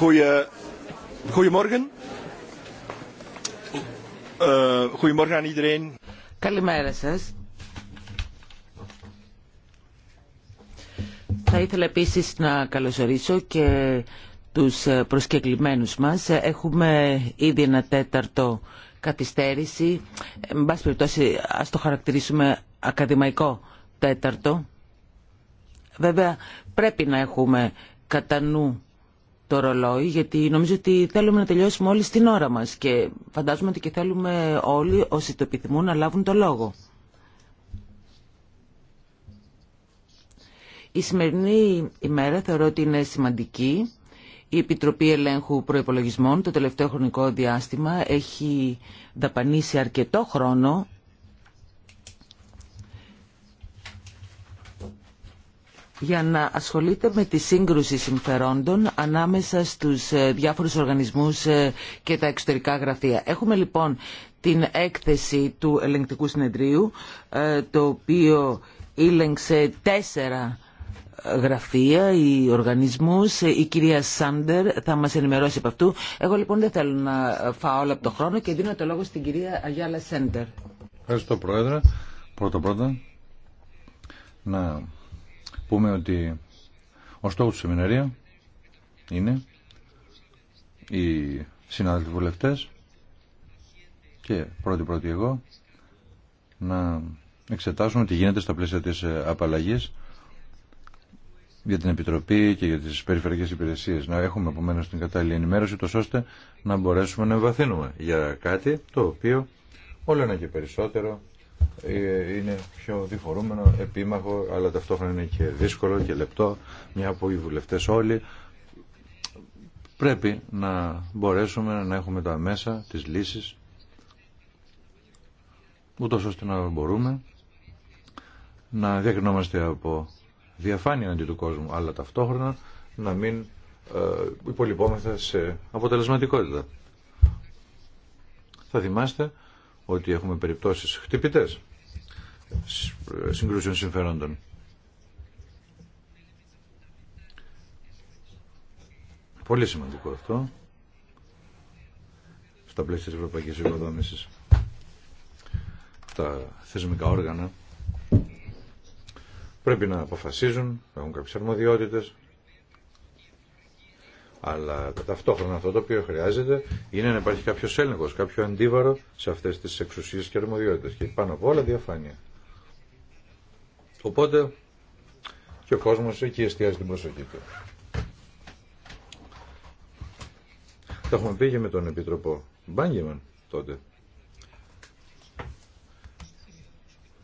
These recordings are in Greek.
Eh, Καλημέρα σας. Θα ήθελα επίσης να καλωσορίσω και τους προσκεκλημένους μας. Έχουμε ήδη ένα τέταρτο καθυστέρηση. Με πάση περιπτώσει ας το χαρακτηρίσουμε ακαδημαϊκό τέταρτο. Βέβαια πρέπει να έχουμε κατά νου το ρολόι γιατί νομίζω ότι θέλουμε να τελειώσουμε όλοι στην ώρα μας και φαντάζομαι ότι και θέλουμε όλοι όσοι το επιθυμούν να λάβουν το λόγο. Η σημερινή ημέρα θεωρώ ότι είναι σημαντική. Η Επιτροπή Ελέγχου προπολογισμών. το τελευταίο χρονικό διάστημα έχει δαπανίσει αρκετό χρόνο για να ασχολείται με τη σύγκρουση συμφερόντων ανάμεσα στους ε, διάφορους οργανισμούς ε, και τα εξωτερικά γραφεία. Έχουμε λοιπόν την έκθεση του ελεγκτικού συνεδρίου, ε, το οποίο ήλεγξε τέσσερα γραφεία ή οργανισμούς. Η κυρία Σάντερ θα μας ενημερώσει από αυτού. Εγώ λοιπόν δεν θέλω να φάω όλο από το χρόνο και δίνω το λόγο στην κυρία Αγιάλα Σέντερ. Ευχαριστώ Πρόεδρε. Πρώτα πρώτα να πούμε ότι ο στόχος του σεμιναρίου είναι οι συνάδελφοι βουλευτέ και πρώτη-πρώτη εγώ να εξετάσουμε τι γίνεται στα πλαίσια της ε, απαλλαγής για την Επιτροπή και για τις περιφερειακές υπηρεσίες. Να έχουμε επομένως την κατάλληλη ενημέρωση, τόσο ώστε να μπορέσουμε να εμβαθύνουμε για κάτι το οποίο όλο ένα και περισσότερο ε, είναι πιο διφορούμενο, επίμαχο, αλλά ταυτόχρονα είναι και δύσκολο και λεπτό, μια από οι βουλευτές όλοι πρέπει να μπορέσουμε να έχουμε τα μέσα, τις λύσεις, ούτως ώστε να μπορούμε να διακρινόμαστε από διαφάνεια αντί του κόσμου, αλλά ταυτόχρονα να μην ε, υπολοιπόμεθα σε αποτελεσματικότητα. Θα θυμάστε ότι έχουμε περιπτώσεις χτυπητές ε, συγκρούσεων συμφερόντων. Πολύ σημαντικό αυτό στα πλαίσια της Ευρωπαϊκής Οικοδόμησης. Τα θεσμικά όργανα πρέπει να αποφασίζουν, έχουν κάποιες αρμοδιότητες, αλλά ταυτόχρονα αυτό το οποίο χρειάζεται είναι να υπάρχει κάποιο έλεγχο, κάποιο αντίβαρο σε αυτέ τι εξουσίε και αρμοδιότητε. Και πάνω από όλα διαφάνεια. Οπότε και ο κόσμο εκεί εστιάζει την προσοχή του. Τα έχουμε πει και με τον Επιτροπό Μπάνγκεμαν τότε.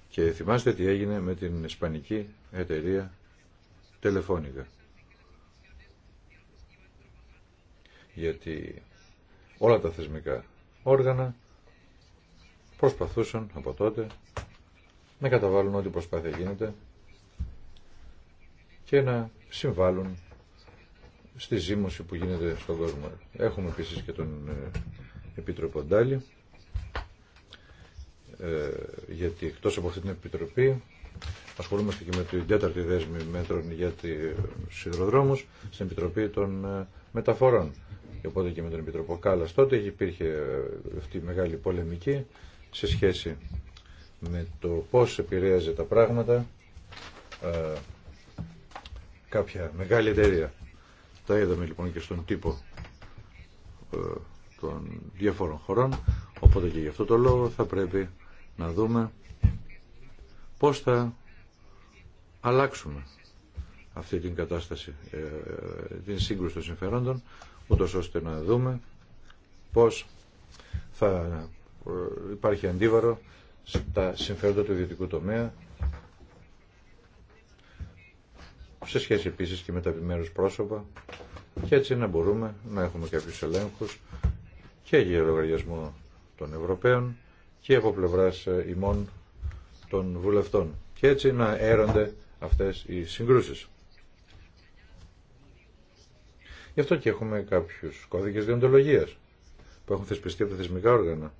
Και θυμάστε τι έγινε με την Ισπανική εταιρεία Τελεφώνικα. γιατί όλα τα θεσμικά όργανα προσπαθούσαν από τότε να καταβάλουν ό,τι προσπάθεια γίνεται και να συμβάλλουν στη ζήμωση που γίνεται στον κόσμο. Έχουμε επίσης και τον ε, Επίτροπο Ντάλη, ε, γιατί εκτός από αυτή την Επιτροπή ασχολούμαστε και με την τέταρτη δέσμη μέτρων για τους σιδηροδρόμους στην Επιτροπή των ε, Μεταφορών. Οπότε και με τον Επιτροπό Κάλλας τότε υπήρχε ε, αυτή η μεγάλη πολεμική σε σχέση με το πώς επηρέαζε τα πράγματα ε, κάποια μεγάλη εταιρεία. Τα είδαμε λοιπόν και στον τύπο των διαφόρων χωρών, οπότε και γι' αυτό το λόγο θα πρέπει να δούμε πώς θα αλλάξουμε αυτή την κατάσταση, ε, την σύγκρουση των συμφερόντων, ούτως ώστε να δούμε πώς θα ε, υπάρχει αντίβαρο στα συμφέροντα του ιδιωτικού τομέα, σε σχέση επίσης και με τα επιμέρους πρόσωπα, και έτσι να μπορούμε να έχουμε κάποιους ελέγχους και για λογαριασμό των Ευρωπαίων και από πλευράς ε, ημών των βουλευτών. Και έτσι να έρονται αυτές οι συγκρούσεις. Γι' αυτό και έχουμε κάποιους κώδικες διοντολογίας που έχουν θεσπιστεί από τα θεσμικά όργανα.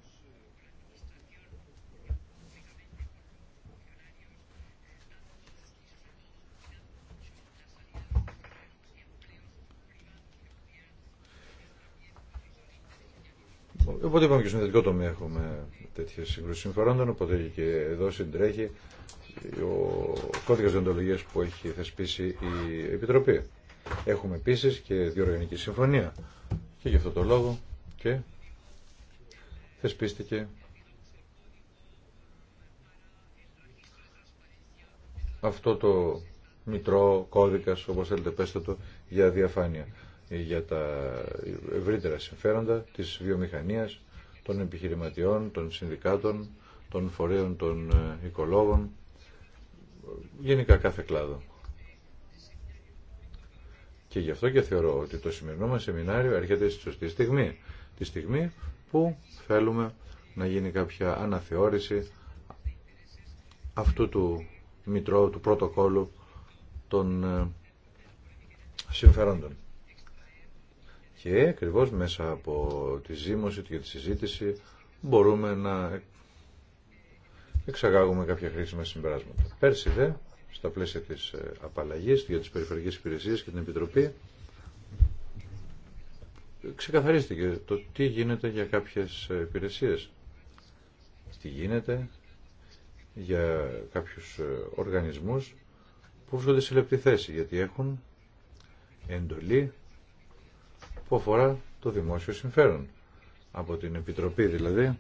Οπότε είπαμε και στον ιδιωτικό τομέα έχουμε τέτοιε σύγκρουση συμφερόντων, οπότε και εδώ συντρέχει ο κώδικας διοντολογία που έχει θεσπίσει η Επιτροπή. Έχουμε επίση και διοργανική συμφωνία και γι' αυτό το λόγο και θεσπίστηκε αυτό το μητρό κώδικας, όπως θέλετε πέστε το, για διαφάνεια για τα ευρύτερα συμφέροντα της βιομηχανίας των επιχειρηματιών, των συνδικάτων, των φορέων των ε, οικολόγων, γενικά κάθε κλάδο. Και γι' αυτό και θεωρώ ότι το σημερινό μας σεμινάριο έρχεται στη σωστή στιγμή. Τη στιγμή που θέλουμε να γίνει κάποια αναθεώρηση αυτού του μητρώου, του πρωτοκόλλου των ε, συμφερόντων. Και ακριβώ μέσα από τη ζήμωση και τη συζήτηση μπορούμε να εξαγάγουμε κάποια χρήσιμα συμπεράσματα. Πέρσι δε, στα πλαίσια της ε, απαλλαγής για τις περιφερειακές υπηρεσίες και την Επιτροπή, ξεκαθαρίστηκε το τι γίνεται για κάποιες ε, υπηρεσίες. Τι γίνεται για κάποιους ε, οργανισμούς που βρίσκονται σε λεπτή θέση, γιατί έχουν εντολή που αφορά το δημόσιο συμφέρον. Από την Επιτροπή δηλαδή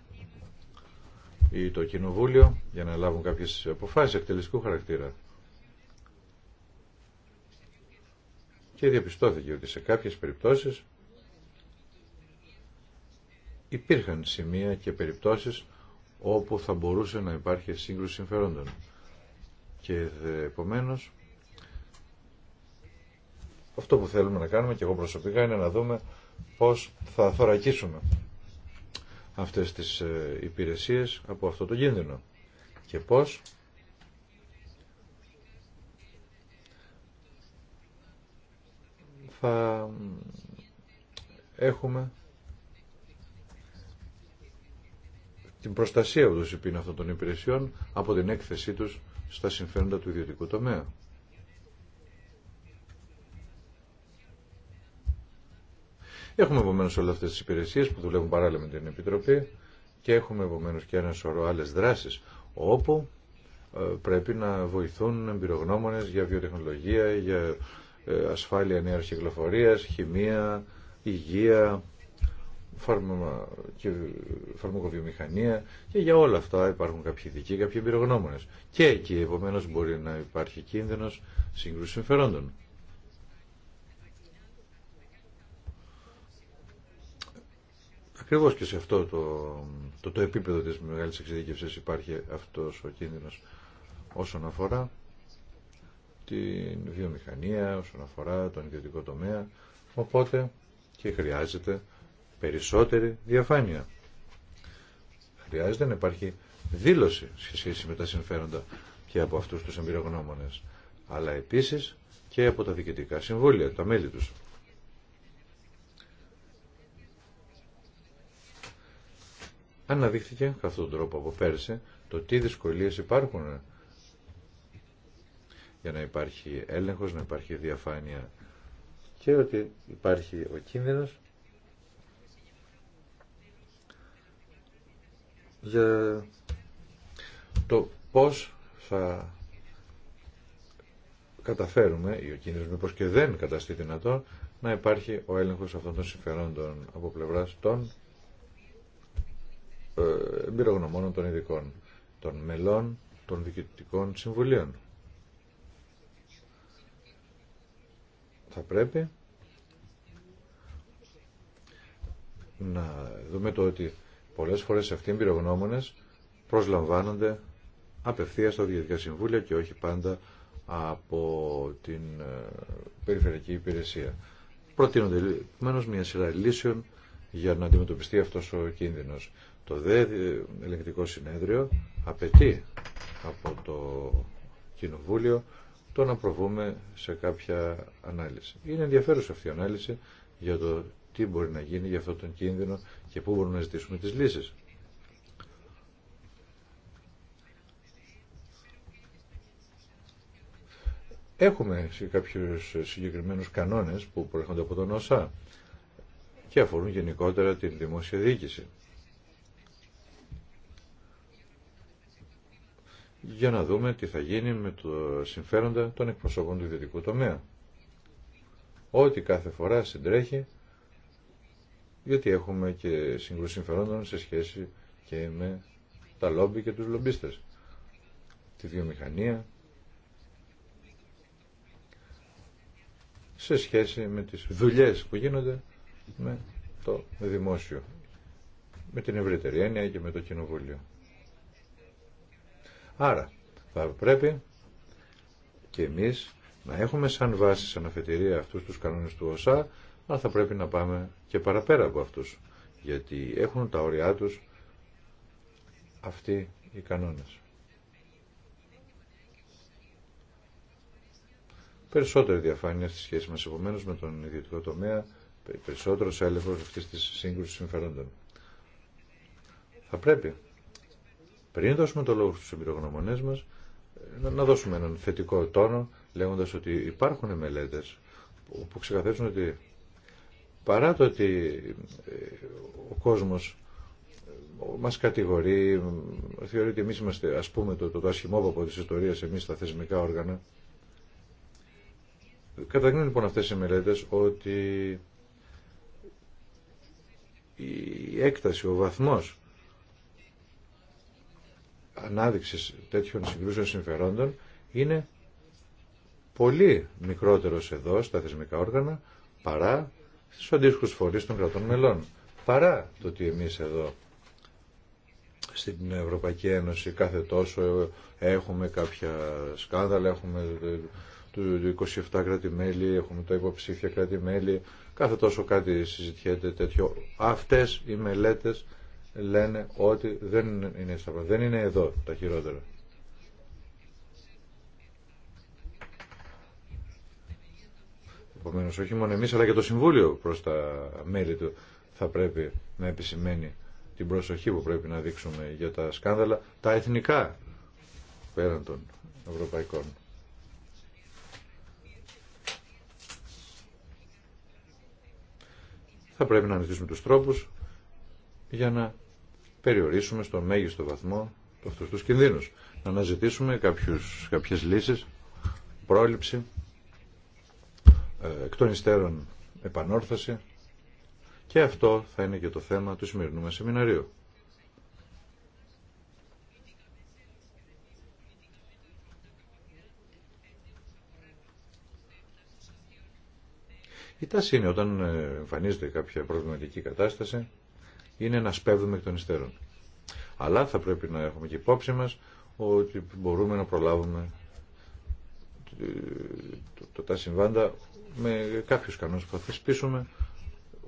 ή το Κοινοβούλιο για να λάβουν κάποιες αποφάσεις εκτελεστικού χαρακτήρα. Και διαπιστώθηκε ότι σε κάποιες περιπτώσεις υπήρχαν σημεία και περιπτώσεις όπου θα μπορούσε να υπάρχει σύγκρουση συμφερόντων. Και επομένως αυτό που θέλουμε να κάνουμε και εγώ προσωπικά είναι να δούμε πώς θα θωρακίσουμε αυτές τις ε, υπηρεσίες από αυτό το κίνδυνο και πώς θα έχουμε την προστασία που τους αυτών των υπηρεσιών από την έκθεσή τους στα συμφέροντα του ιδιωτικού τομέα. Έχουμε επομένω όλε αυτέ τι υπηρεσίε που δουλεύουν παράλληλα με την Επιτροπή και έχουμε επομένω και ένα σωρό άλλε δράσει όπου ε, πρέπει να βοηθούν εμπειρογνώμονε για βιοτεχνολογία, για ε, ασφάλεια νέα κυκλοφορία, χημεία, υγεία, φαρμακοβιομηχανία και για όλα αυτά υπάρχουν κάποιοι ειδικοί, κάποιοι εμπειρογνώμονε. Και εκεί επομένω μπορεί να υπάρχει κίνδυνο σύγκρουση συμφερόντων. Ακριβώς και σε αυτό το, το, το επίπεδο της μεγάλης εξειδίκευσης υπάρχει αυτός ο κίνδυνος όσον αφορά την βιομηχανία, όσον αφορά τον ιδιωτικό τομέα, οπότε και χρειάζεται περισσότερη διαφάνεια. Χρειάζεται να υπάρχει δήλωση σε σχέση με τα συμφέροντα και από αυτούς τους εμπειρογνώμονες, αλλά επίσης και από τα διοικητικά συμβούλια, τα μέλη τους. αναδείχθηκε κατά αυτόν τον τρόπο από πέρσι το τι δυσκολίες υπάρχουν για να υπάρχει έλεγχος, να υπάρχει διαφάνεια και ότι υπάρχει ο κίνδυνος για το πώς θα καταφέρουμε, ή ο κίνδυνος μήπως και δεν καταστεί δυνατόν, να υπάρχει ο έλεγχος αυτών των συμφερόντων από πλευράς των ε, εμπειρογνωμόνων των ειδικών, των μελών των διοικητικών συμβουλίων. Θα πρέπει να δούμε το ότι πολλές φορές αυτοί οι εμπειρογνώμονες προσλαμβάνονται απευθείας στα διοικητικά συμβούλια και όχι πάντα από την ε, περιφερειακή υπηρεσία. Προτείνονται επομένω μια σειρά λύσεων για να αντιμετωπιστεί αυτός ο κίνδυνος. Το δε ε, ελεγκτικό συνέδριο απαιτεί από το Κοινοβούλιο το να προβούμε σε κάποια ανάλυση. Είναι ενδιαφέρουσα αυτή η ανάλυση για το τι μπορεί να γίνει για αυτόν τον κίνδυνο και πού μπορούμε να ζητήσουμε τις λύσεις. Έχουμε σε κάποιους συγκεκριμένους κανόνες που μπορουμε να ζητησουμε τις λυσεις εχουμε από τον ΩΣΑ και αφορούν γενικότερα την δημόσια διοίκηση. για να δούμε τι θα γίνει με το συμφέροντα των εκπροσώπων του ιδιωτικού τομέα. Ό,τι κάθε φορά συντρέχει, γιατί έχουμε και σύγκρουση συμφερόντων σε σχέση και με τα λόμπι και τους λομπίστες, τη βιομηχανία, σε σχέση με τις δουλειές που γίνονται με το δημόσιο, με την ευρύτερη έννοια και με το κοινοβούλιο. Άρα θα πρέπει και εμείς να έχουμε σαν βάση, σαν αφετηρία αυτούς τους κανόνες του ΩΣΑ, αλλά θα πρέπει να πάμε και παραπέρα από αυτούς, γιατί έχουν τα όρια τους αυτοί οι κανόνες. Περισσότερη διαφάνεια στη σχέση μας επομένως με τον ιδιωτικό τομέα, περισσότερος έλεγχο αυτής της σύγκρουσης συμφερόντων. Θα πρέπει πριν δώσουμε το λόγο στους εμπειρογνωμονές μας, να δώσουμε έναν θετικό τόνο, λέγοντας ότι υπάρχουν μελέτες που ξεκαθαρίζουν ότι παρά το ότι ε, ο κόσμος ε, μας κατηγορεί, θεωρεί ότι εμείς είμαστε ας πούμε το, το, το ιστορία της ιστορίας, εμείς τα θεσμικά όργανα, Καταγνύουν λοιπόν αυτές οι μελέτες ότι η έκταση, ο βαθμός ανάδειξης τέτοιων συγκρούσεων συμφερόντων είναι πολύ μικρότερος εδώ στα θεσμικά όργανα παρά στους αντίστοιχους φορείς των κρατών μελών. Παρά το ότι εμείς εδώ στην Ευρωπαϊκή Ένωση κάθε τόσο έχουμε κάποια σκάνδαλα, έχουμε 27 κράτη-μέλη, έχουμε τα υποψήφια κράτη-μέλη, κάθε τόσο κάτι συζητιέται τέτοιο. Αυτές οι μελέτες λένε ότι δεν είναι δεν είναι εδώ τα χειρότερα. Επομένω, όχι μόνο εμεί, αλλά και το Συμβούλιο προς τα μέλη του θα πρέπει να επισημαίνει την προσοχή που πρέπει να δείξουμε για τα σκάνδαλα, τα εθνικά πέραν των ευρωπαϊκών. Θα πρέπει να αναζητήσουμε τους τρόπους για να περιορίσουμε στο μέγιστο βαθμό αυτούς τους κινδύνους. Να αναζητήσουμε κάποιους, κάποιες λύσεις, πρόληψη, ε, εκ των υστέρων επανόρθωση και αυτό θα είναι και το θέμα του σημερινού μας σεμιναρίου. Η τάση είναι όταν εμφανίζεται κάποια προβληματική κατάσταση είναι να σπέβδουμε εκ των υστέρων. Αλλά θα πρέπει να έχουμε και υπόψη μας ότι μπορούμε να προλάβουμε τα συμβάντα με κάποιους κανόνες που θα θεσπίσουμε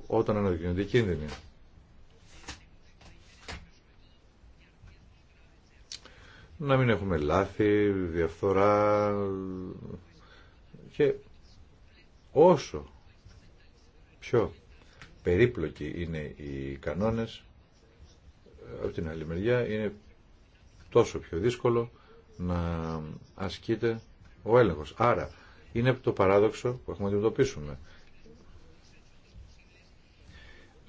όταν αναδεικνύονται οι κίνδυνοι. Να μην έχουμε λάθη, διαφθορά και όσο πιο περίπλοκοι είναι οι κανόνες, από την άλλη μεριά είναι τόσο πιο δύσκολο να ασκείται ο έλεγχος. Άρα είναι το παράδοξο που έχουμε να αντιμετωπίσουμε.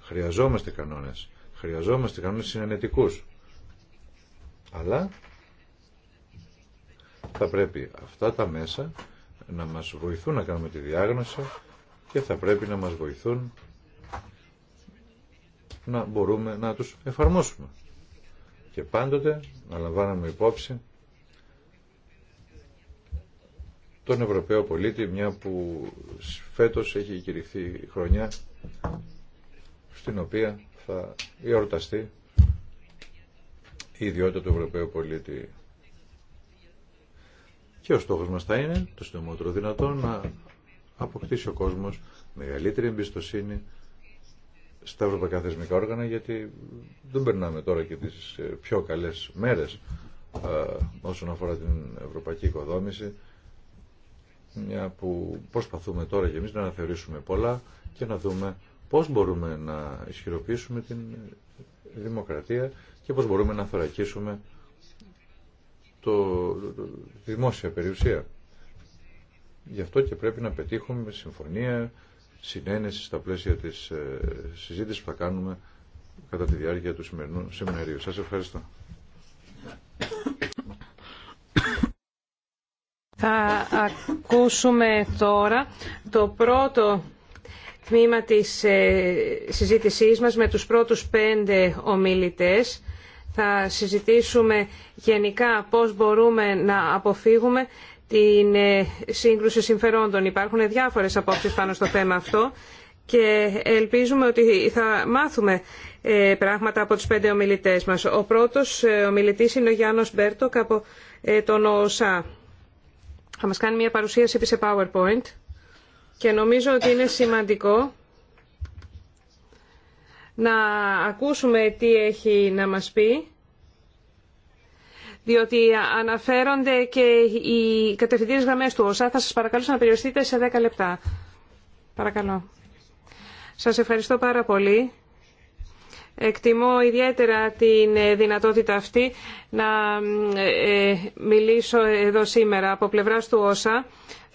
Χρειαζόμαστε κανόνες. Χρειαζόμαστε κανόνες συνενετικούς. Αλλά θα πρέπει αυτά τα μέσα να μας βοηθούν να κάνουμε τη διάγνωση και θα πρέπει να μας βοηθούν να μπορούμε να τους εφαρμόσουμε. Και πάντοτε να λαμβάνουμε υπόψη τον Ευρωπαίο πολίτη, μια που φέτος έχει κηρυχθεί η χρονιά στην οποία θα εορταστεί η ιδιότητα του Ευρωπαίου πολίτη. Και ο στόχος μας θα είναι, το συντομότερο δυνατό, να αποκτήσει ο κόσμος μεγαλύτερη εμπιστοσύνη στα ευρωπαϊκά θεσμικά όργανα γιατί δεν περνάμε τώρα και τις ε, πιο καλές μέρες ε, όσον αφορά την ευρωπαϊκή οικοδόμηση μια που προσπαθούμε τώρα και εμείς να αναθεωρήσουμε πολλά και να δούμε πώς μπορούμε να ισχυροποιήσουμε την δημοκρατία και πώς μπορούμε να θωρακίσουμε το, τη δημόσια περιουσία. Γι' αυτό και πρέπει να πετύχουμε συμφωνία συνένεση στα πλαίσια της ε, συζήτησης που θα κάνουμε κατά τη διάρκεια του σημερινού σεμιναρίου. Σας ευχαριστώ. Θα ακούσουμε τώρα το πρώτο τμήμα της ε, συζήτησής μας με τους πρώτους πέντε ομιλητές. Θα συζητήσουμε γενικά πώς μπορούμε να αποφύγουμε την ε, σύγκρουση συμφερόντων. Υπάρχουν διάφορες απόψεις πάνω στο θέμα αυτό και ελπίζουμε ότι θα μάθουμε ε, πράγματα από τους πέντε ομιλητές μας. Ο πρώτος ε, ομιλητής είναι ο Γιάννος Μπέρτοκ από τον ΟΣΑ. Θα μας κάνει μια παρουσίαση σε PowerPoint και νομίζω ότι είναι σημαντικό να ακούσουμε τι έχει να μας πει διότι αναφέρονται και οι κατευθυντήρες γραμμές του ΩΣΑ. Θα σας παρακαλούσα να περιοριστείτε σε 10 λεπτά. Παρακαλώ. Σας ευχαριστώ πάρα πολύ. Εκτιμώ ιδιαίτερα την ε, δυνατότητα αυτή να ε, ε, μιλήσω εδώ σήμερα από πλευράς του ΩΣΑ.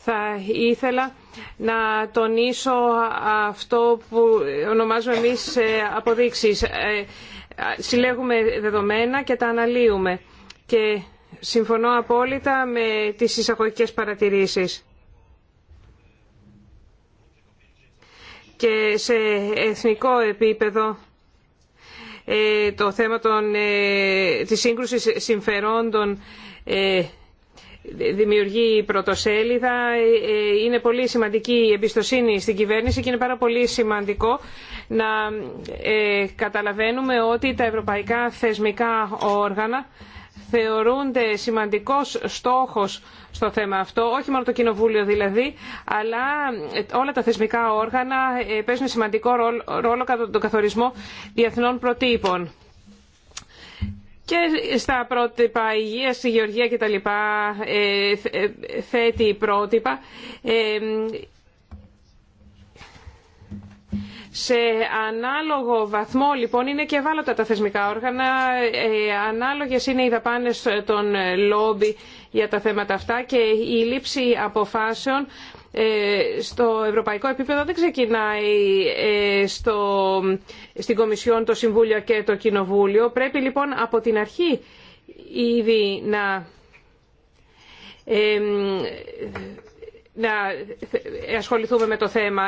Θα ήθελα να τονίσω αυτό που ονομάζουμε εμείς αποδείξεις. Συλλέγουμε δεδομένα και τα αναλύουμε και συμφωνώ απόλυτα με τις εισαγωγικές παρατηρήσεις. Και σε εθνικό επίπεδο ε, το θέμα των, ε, της σύγκρουσης συμφερόντων ε, δημιουργεί πρωτοσέλιδα. Είναι πολύ σημαντική η εμπιστοσύνη στην κυβέρνηση και είναι πάρα πολύ σημαντικό να καταλαβαίνουμε ότι τα ευρωπαϊκά θεσμικά όργανα θεωρούνται σημαντικός στόχος στο θέμα αυτό, όχι μόνο το Κοινοβούλιο δηλαδή, αλλά όλα τα θεσμικά όργανα ε, παίζουν σημαντικό ρόλο κατά τον καθορισμό διεθνών προτύπων. Και στα πρότυπα υγεία, στη γεωργία κτλ. Ε, ε, θέτει πρότυπα σε ανάλογο βαθμό λοιπόν είναι και ευάλωτα τα θεσμικά όργανα, ε, ανάλογες είναι οι δαπάνες των λόμπι για τα θέματα αυτά και η λήψη αποφάσεων ε, στο ευρωπαϊκό επίπεδο δεν ξεκινάει ε, στο, στην Κομισιόν, το Συμβούλιο και το Κοινοβούλιο. Πρέπει λοιπόν από την αρχή ήδη να, να ασχοληθούμε με το θέμα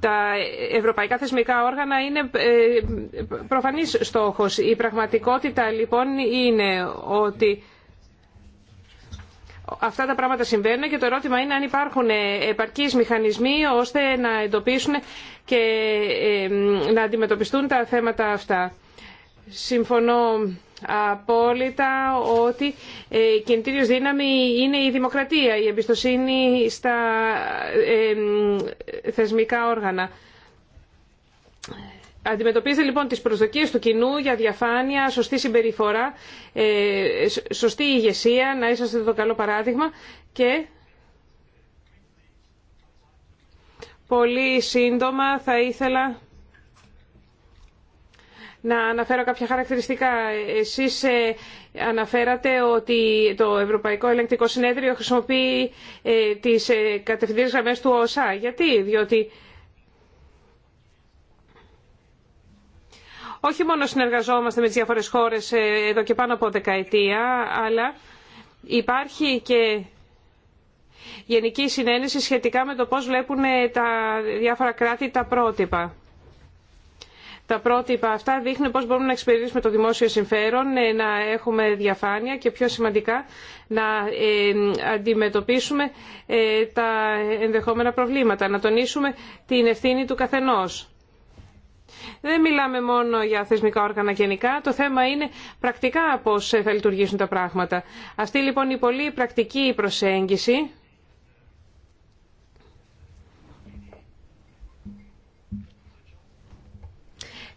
τα ευρωπαϊκά θεσμικά όργανα είναι ε, προφανής στόχος. Η πραγματικότητα λοιπόν είναι ότι αυτά τα πράγματα συμβαίνουν και το ερώτημα είναι αν υπάρχουν ε, επαρκείς μηχανισμοί ώστε να εντοπίσουν και ε, να αντιμετωπιστούν τα θέματα αυτά. Συμφωνώ απόλυτα ότι ε, κινητήριο δύναμη είναι η δημοκρατία, η εμπιστοσύνη στα ε, θεσμικά όργανα. Αντιμετωπίζετε λοιπόν τις προσδοκίες του κοινού για διαφάνεια, σωστή συμπεριφορά, ε, σωστή ηγεσία, να είσαστε το καλό παράδειγμα και πολύ σύντομα θα ήθελα να αναφέρω κάποια χαρακτηριστικά. Εσείς ε, αναφέρατε ότι το Ευρωπαϊκό Ελεκτικό Συνέδριο χρησιμοποιεί ε, τις ε, κατευθυντήρες γραμμές του ΟΣΑ. Γιατί, διότι όχι μόνο συνεργαζόμαστε με τις διάφορες χώρες εδώ και πάνω από δεκαετία, αλλά υπάρχει και γενική συνένεση σχετικά με το πώς βλέπουν τα διάφορα κράτη τα πρότυπα. Τα πρότυπα αυτά δείχνουν πώς μπορούμε να εξυπηρετήσουμε το δημόσιο συμφέρον, ε, να έχουμε διαφάνεια και πιο σημαντικά να ε, αντιμετωπίσουμε ε, τα ενδεχόμενα προβλήματα, να τονίσουμε την ευθύνη του καθενός. Δεν μιλάμε μόνο για θεσμικά όργανα γενικά, το θέμα είναι πρακτικά πώς θα λειτουργήσουν τα πράγματα. Αυτή λοιπόν η πολύ πρακτική προσέγγιση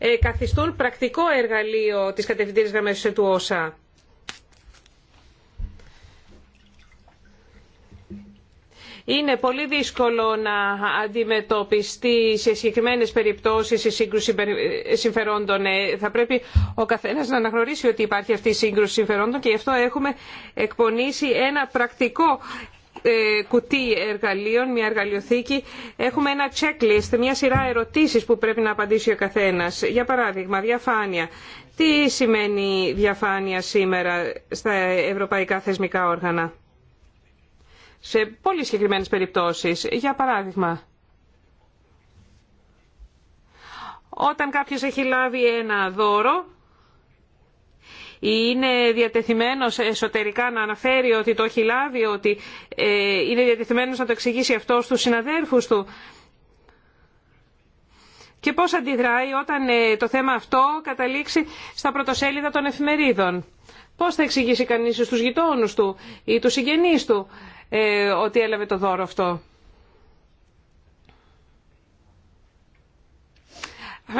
Ε, καθιστούν πρακτικό εργαλείο της κατευθυντήρης γραμμές του ΩΣΑ. είναι πολύ δύσκολο να αντιμετωπιστεί σε συγκεκριμένε περιπτώσει η σύγκρουση συμφερόντων. Ε, θα πρέπει ο καθένα να αναγνωρίσει ότι υπάρχει αυτή η σύγκρουση συμφερόντων και γι' αυτό έχουμε εκπονήσει ένα πρακτικό ε, κουτί εργαλείων, μια εργαλειοθήκη, έχουμε ένα checklist, μια σειρά ερωτήσεις που πρέπει να απαντήσει ο καθένας. Για παράδειγμα, διαφάνεια. Τι σημαίνει διαφάνεια σήμερα στα ευρωπαϊκά θεσμικά όργανα. Σε πολύ συγκεκριμένες περιπτώσεις. Για παράδειγμα, όταν κάποιος έχει λάβει ένα δώρο, είναι διατεθειμένος εσωτερικά να αναφέρει ότι το έχει λάβει, ότι ε, είναι διατεθειμένος να το εξηγήσει αυτό στους συναδέρφους του. Και πώς αντιδράει όταν ε, το θέμα αυτό καταλήξει στα πρωτοσέλιδα των εφημερίδων. Πώς θα εξηγήσει κανείς στους γειτόνους του ή τους συγγενείς του ε, ότι έλαβε το δώρο αυτό.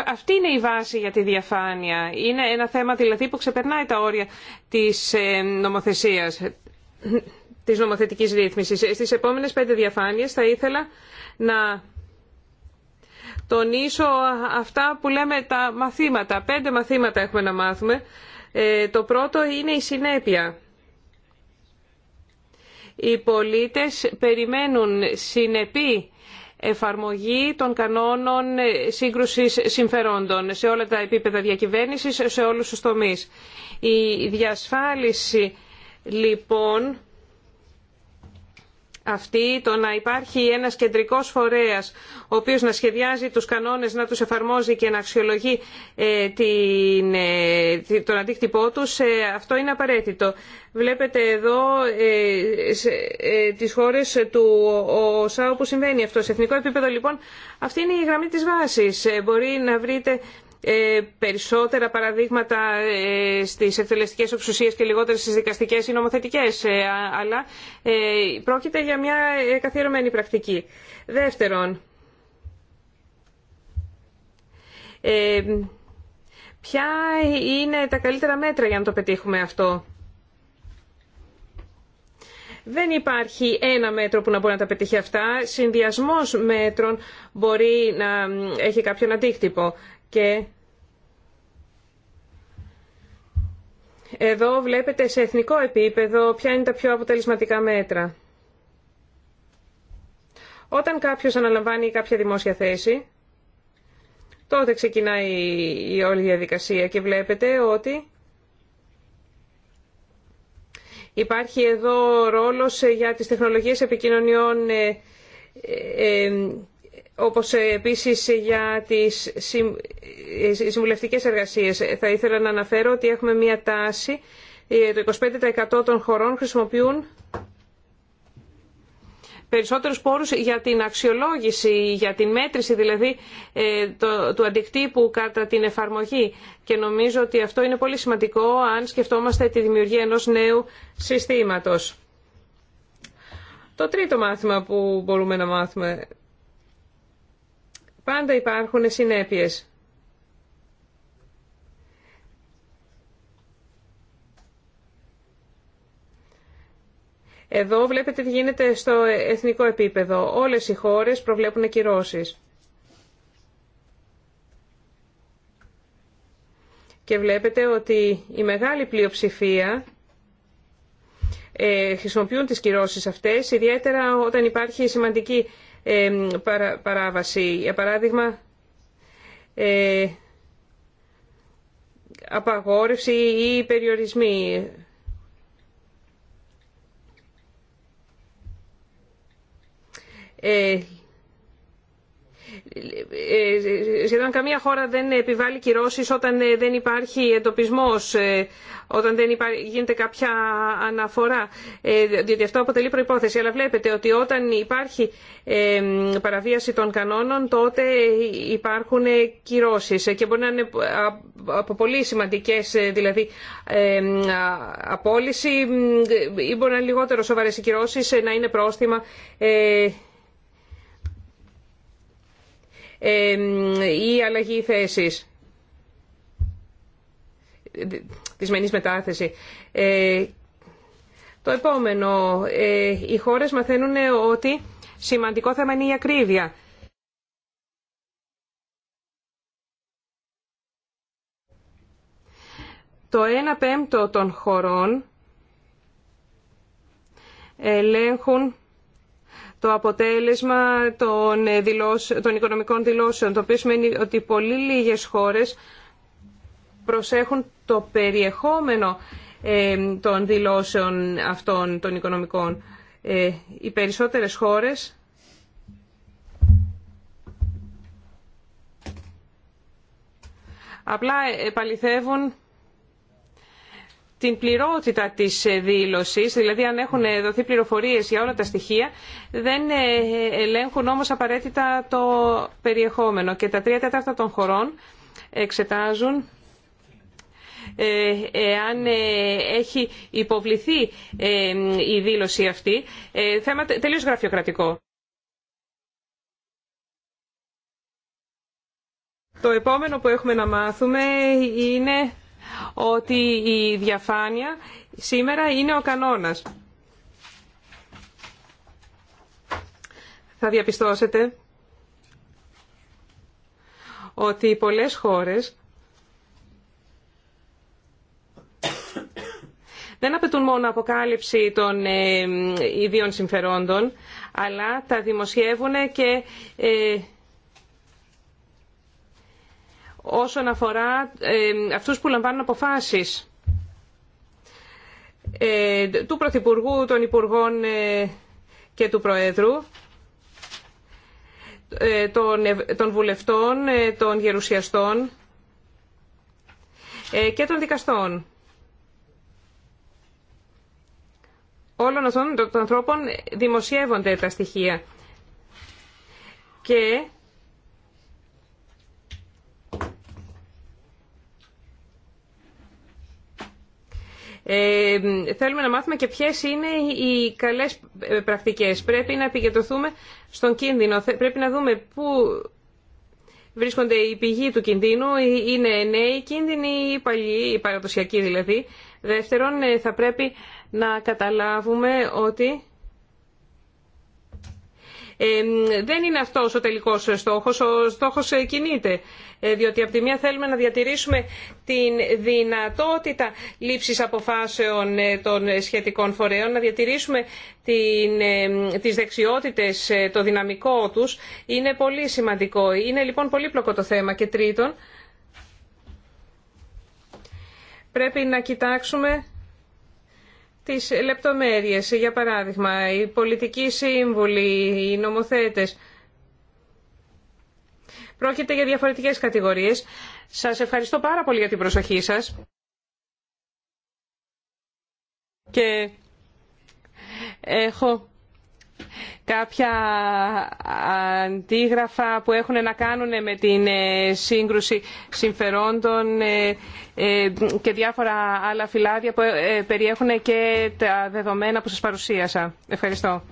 Αυτή είναι η βάση για τη διαφάνεια. Είναι ένα θέμα δηλαδή που ξεπερνάει τα όρια της ε, νομοθεσίας, της νομοθετικής ρύθμισης. Στις επόμενες πέντε διαφάνειες θα ήθελα να τονίσω αυτά που λέμε τα μαθήματα. Πέντε μαθήματα έχουμε να μάθουμε. Ε, το πρώτο είναι η συνέπεια. Οι πολίτες περιμένουν συνεπή εφαρμογή των κανόνων σύγκρουσης συμφερόντων σε όλα τα επίπεδα διακυβέρνησης, σε όλους τους τομείς. Η διασφάλιση λοιπόν αυτή το να υπάρχει ένας κεντρικός φορέας ο οποίος να σχεδιάζει τους κανόνες, να τους εφαρμόζει και να αξιολογεί ε, την, ε, τον αντίκτυπό τους, ε, αυτό είναι απαραίτητο. Βλέπετε εδώ τις χώρες του ΟΣΑ που συμβαίνει αυτό. Σε εθνικό επίπεδο λοιπόν αυτή είναι η γραμμή της βάσης. Μπορεί να βρείτε ε, περισσότερα παραδείγματα ε, στις εκτελεστικές εξουσίες και λιγότερε στις δικαστικές ή νομοθετικές, ε, αλλά πρόκειται για μια καθιερωμένη πρακτική. Δεύτερον, ποια είναι τα καλύτερα μέτρα για να το πετύχουμε αυτό. Δεν υπάρχει ένα μέτρο που να μπορεί να τα πετύχει αυτά. Συνδυασμός μέτρων μπορεί να έχει κάποιον αντίκτυπο. Και εδώ βλέπετε σε εθνικό επίπεδο ποια είναι τα πιο αποτελεσματικά μέτρα. Όταν κάποιος αναλαμβάνει κάποια δημόσια θέση, τότε ξεκινάει η όλη διαδικασία και βλέπετε ότι υπάρχει εδώ ρόλος για τις τεχνολογίες επικοινωνιών ε, ε, ε, όπως ε, επίσης για τις ε, συμβουλευτικές εργασίες. Θα ήθελα να αναφέρω ότι έχουμε μία τάση, ε, το 25% των χωρών χρησιμοποιούν περισσότερους πόρους για την αξιολόγηση, για την μέτρηση δηλαδή του αντικτύπου κατά την εφαρμογή. Και νομίζω ότι αυτό είναι πολύ σημαντικό αν σκεφτόμαστε τη δημιουργία ενός νέου συστήματος. Το τρίτο μάθημα που μπορούμε να μάθουμε Πάντα υπάρχουν συνέπειες. Εδώ βλέπετε τι γίνεται στο εθνικό επίπεδο. Όλες οι χώρες προβλέπουν κυρώσεις. Και βλέπετε ότι η μεγάλη πλειοψηφία ε, χρησιμοποιούν τις κυρώσεις αυτές, ιδιαίτερα όταν υπάρχει σημαντική παράβαση. Για παράδειγμα, ε, απαγόρευση ή περιορισμοί. Ε, ε, σχεδόν καμία χώρα δεν επιβάλλει κυρώσεις όταν ε, δεν υπάρχει εντοπισμός, ε, όταν δεν γίνεται κάποια αναφορά, διότι αυτό αποτελεί προϋπόθεση. Αλλά βλέπετε ότι όταν υπάρχει παραβίαση των κανόνων, τότε υπάρχουν κυρώσεις και μπορεί να είναι από πολύ σημαντικές, δηλαδή απόλυση ή μπορεί να είναι λιγότερο σοβαρές οι κυρώσεις, να είναι πρόστιμα ή αλλαγή Τη μενή μετάθεση. Ε, το επόμενο, ε, οι χώρες μαθαίνουν ότι σημαντικό θέμα είναι η ακρίβεια. Το 1 πέμπτο των χωρών ελέγχουν το αποτέλεσμα των, των οικονομικών δηλώσεων, το οποίο σημαίνει ότι πολύ λίγες χώρες προσέχουν το περιεχόμενο ε, των δηλώσεων αυτών των οικονομικών. Ε, οι περισσότερες χώρες απλά επαληθεύουν την πληρότητα της ε, δήλωσης, δηλαδή αν έχουν ε, δοθεί πληροφορίες για όλα τα στοιχεία, δεν ε, ελέγχουν όμως απαραίτητα το περιεχόμενο. Και τα τρία τέταρτα των χωρών εξετάζουν αν έχει υποβληθεί η δήλωση αυτή. Θέμα τελείως γραφειοκρατικό. Το επόμενο που έχουμε να μάθουμε είναι ότι η διαφάνεια σήμερα είναι ο κανόνας. Θα διαπιστώσετε ότι πολλές χώρες δεν απαιτούν μόνο αποκάλυψη των ε, ιδίων συμφερόντων, αλλά τα δημοσιεύουν και ε, όσον αφορά ε, αυτούς που λαμβάνουν αποφάσεις ε, του Πρωθυπουργού, των Υπουργών ε, και του Προέδρου, των βουλευτών, των γερουσιαστών και των δικαστών. Όλων αυτών των ανθρώπων δημοσιεύονται τα στοιχεία. Και Ε, θέλουμε να μάθουμε και ποιες είναι οι καλές ε, πρακτικές. Πρέπει να επικεντρωθούμε στον κίνδυνο. Πρέπει να δούμε πού βρίσκονται οι πηγή του κινδύνου. Ε, είναι νέοι κίνδυνοι ή παλιοί, οι παραδοσιακοί δηλαδή. Δεύτερον, ε, θα πρέπει να καταλάβουμε ότι δεν είναι αυτός ο τελικός στόχος. Ο στόχος ε, κινείται, ε, διότι από τη μία θέλουμε να διατηρήσουμε την δυνατότητα λήψης αποφάσεων ε, των σχετικών φορέων, να διατηρήσουμε την, τις δεξιότητες, το δυναμικό τους. Είναι πολύ σημαντικό. Είναι λοιπόν πολύπλοκο το θέμα. Και τρίτον, πρέπει να κοιτάξουμε τις λεπτομέρειες. Για παράδειγμα, οι πολιτικοί σύμβουλοι, οι νομοθέτες. Πρόκειται για διαφορετικές κατηγορίες. Σας ευχαριστώ πάρα πολύ για την προσοχή σας. Και έχω κάποια αντίγραφα που έχουν να κάνουν με την ε, σύγκρουση συμφερόντων ε, ε, και διάφορα άλλα φυλάδια που περιέχουν και τα δεδομένα που σας παρουσίασα. Ευχαριστώ.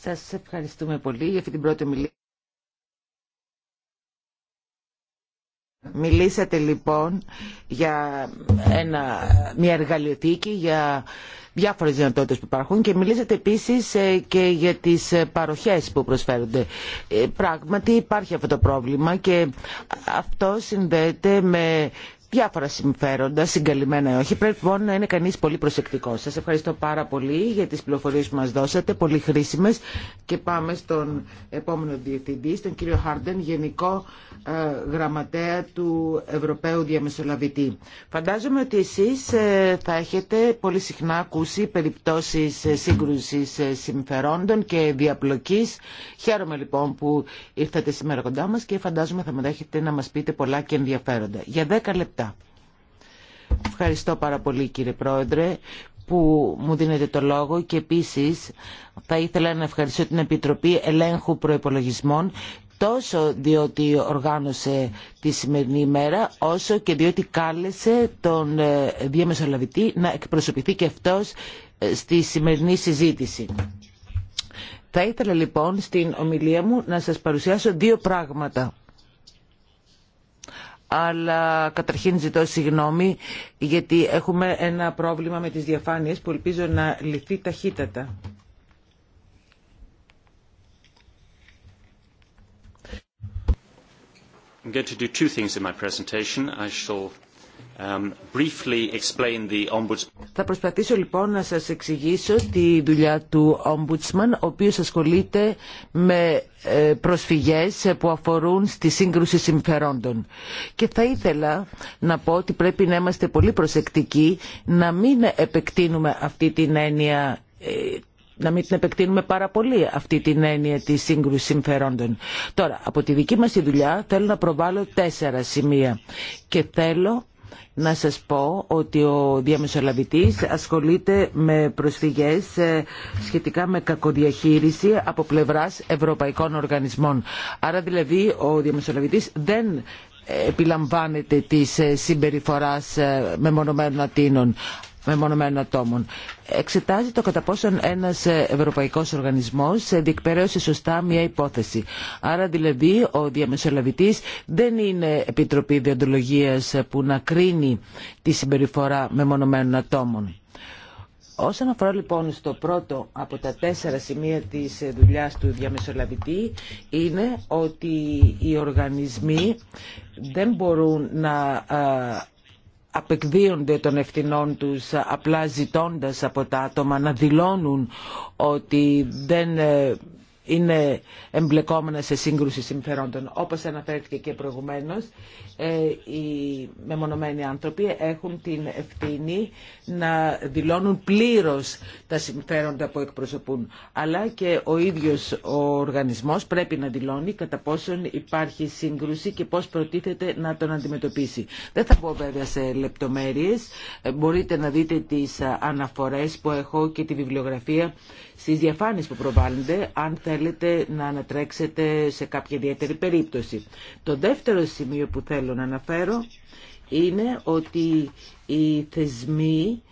Σας ευχαριστούμε πολύ για αυτή την πρώτη ομιλία. Μιλήσατε λοιπόν για ένα, μια εργαλειοθήκη για διάφορες δυνατότητες που υπάρχουν και μιλήσατε επίσης ε, και για τις ε, παροχές που προσφέρονται. Ε, πράγματι υπάρχει αυτό το πρόβλημα και αυτό συνδέεται με διάφορα συμφέροντα, συγκαλυμμένα ή όχι. Πρέπει μόνο να είναι κανεί πολύ προσεκτικό. Σα ευχαριστώ πάρα πολύ για τι πληροφορίε που μα δώσατε, πολύ χρήσιμε Και πάμε στον επόμενο διευθυντή, στον κύριο Χάρντεν, Γενικό ε, Γραμματέα του Ευρωπαίου Διαμεσολαβητή. Φαντάζομαι ότι εσείς ε, θα έχετε πολύ συχνά ακούσει περιπτώσεις ε, σύγκρουσης συμφερόντων και διαπλοκή. Χαίρομαι λοιπόν που ήρθατε σήμερα κοντά μα και φαντάζομαι θα μετέχετε να μα πείτε πολλά και ενδιαφέροντα. Για 10 λεπτά Ευχαριστώ πάρα πολύ κύριε Πρόεδρε που μου δίνετε το λόγο και επίσης θα ήθελα να ευχαριστήσω την Επιτροπή Ελέγχου Προεπολογισμών τόσο διότι οργάνωσε τη σημερινή ημέρα, όσο και διότι κάλεσε τον ε, διαμεσολαβητή να εκπροσωπηθεί και αυτός ε, στη σημερινή συζήτηση. Θα ήθελα λοιπόν στην ομιλία μου να σας παρουσιάσω δύο πράγματα αλλά καταρχήν ζητώ συγγνώμη γιατί έχουμε ένα πρόβλημα με τις διαφάνειες που ελπίζω να λυθεί ταχύτατα. to do my Um, θα προσπαθήσω λοιπόν να σας εξηγήσω τη δουλειά του Ομπούτσμαν ο οποίος ασχολείται με ε, προσφυγές που αφορούν στη σύγκρουση συμφερόντων. Και θα ήθελα να πω ότι πρέπει να είμαστε πολύ προσεκτικοί να μην επεκτείνουμε αυτή την έννοια ε, να μην την επεκτείνουμε πάρα πολύ αυτή την έννοια τη σύγκρουση συμφερόντων. Τώρα, από τη δική μα δουλειά θέλω να προβάλλω τέσσερα σημεία και θέλω να σας πω ότι ο διαμεσολαβητής ασχολείται με προσφυγές ε, σχετικά με κακοδιαχείριση από πλευράς ευρωπαϊκών οργανισμών. Άρα δηλαδή ο διαμεσολαβητής δεν επιλαμβάνεται της ε, συμπεριφοράς ε, μεμονωμένων Αττίνων μεμονωμένων ατόμων. Εξετάζει το κατά πόσον ένας ε, ευρωπαϊκός οργανισμός ε, διεκπαιρέωσε σωστά μια υπόθεση. Άρα δηλαδή ο διαμεσολαβητής δεν είναι επιτροπή διοντολογίας που να κρίνει τη συμπεριφορά μεμονωμένων ατόμων. Όσον αφορά λοιπόν στο πρώτο από τα τέσσερα σημεία της ε, δουλειάς του διαμεσολαβητή είναι ότι οι οργανισμοί δεν μπορούν να απεκδίονται των ευθυνών τους απλά ζητώντας από τα άτομα να δηλώνουν ότι δεν ε, είναι εμπλεκόμενα σε σύγκρουση συμφερόντων. Όπως αναφέρθηκε και προηγουμένως, ε, οι μεμονωμένοι άνθρωποι έχουν την ευθύνη να δηλώνουν πλήρως τα συμφέροντα που εκπροσωπούν. Αλλά και ο ίδιος ο οργανισμός πρέπει να δηλώνει κατά πόσον υπάρχει σύγκρουση και πώς προτίθεται να τον αντιμετωπίσει. Δεν θα πω βέβαια σε λεπτομέρειες. Ε, μπορείτε να δείτε τις ε, αναφορές που έχω και τη βιβλιογραφία Στι διαφάνειε που προβάλλονται αν θέλετε να ανατρέξετε σε κάποια ιδιαίτερη περίπτωση. Το δεύτερο σημείο που θέλω να αναφέρω είναι ότι οι θεσμοί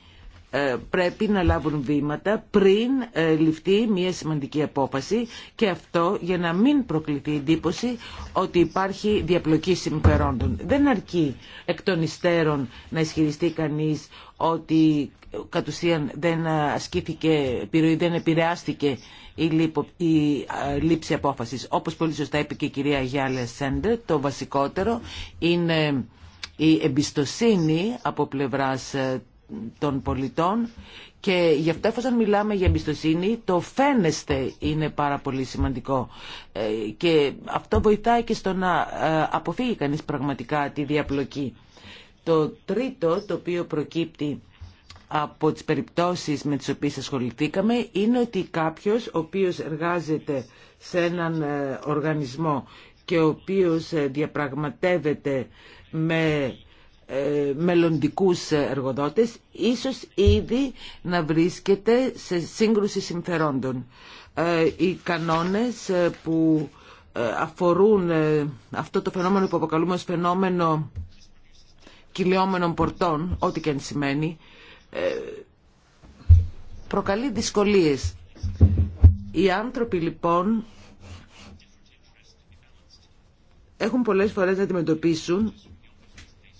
ε, πρέπει να λάβουν βήματα πριν ε, ληφθεί μια σημαντική απόφαση και αυτό για να μην προκληθεί εντύπωση ότι υπάρχει διαπλοκή συμφερόντων. Δεν αρκεί εκ των υστέρων να ισχυριστεί κανείς ότι ε, κατ' ουσίαν δεν ασκήθηκε επιρροή, δεν επηρεάστηκε η, λήψη απόφασης. Όπως πολύ σωστά είπε και η κυρία Γιάλε Σέντερ, το βασικότερο είναι η εμπιστοσύνη από πλευράς των πολιτών και γι' αυτό εφόσον μιλάμε για εμπιστοσύνη το φαίνεστε είναι πάρα πολύ σημαντικό ε, και αυτό βοηθάει και στο να ε, αποφύγει κανείς πραγματικά τη διαπλοκή. Το τρίτο το οποίο προκύπτει από τις περιπτώσεις με τις οποίες ασχοληθήκαμε είναι ότι κάποιος ο οποίος εργάζεται σε έναν ε, οργανισμό και ο οποίος διαπραγματεύεται με ε, μελλοντικούς εργοδότες, ίσως ήδη να βρίσκεται σε σύγκρουση συμφερόντων. Ε, οι κανόνες ε, που αφορούν αυτό το φαινόμενο που αποκαλούμε ως φαινόμενο κυλιόμενων πορτών, ό,τι και αν σημαίνει, προκαλεί δυσκολίες. Οι άνθρωποι λοιπόν έχουν πολλές φορές να αντιμετωπίσουν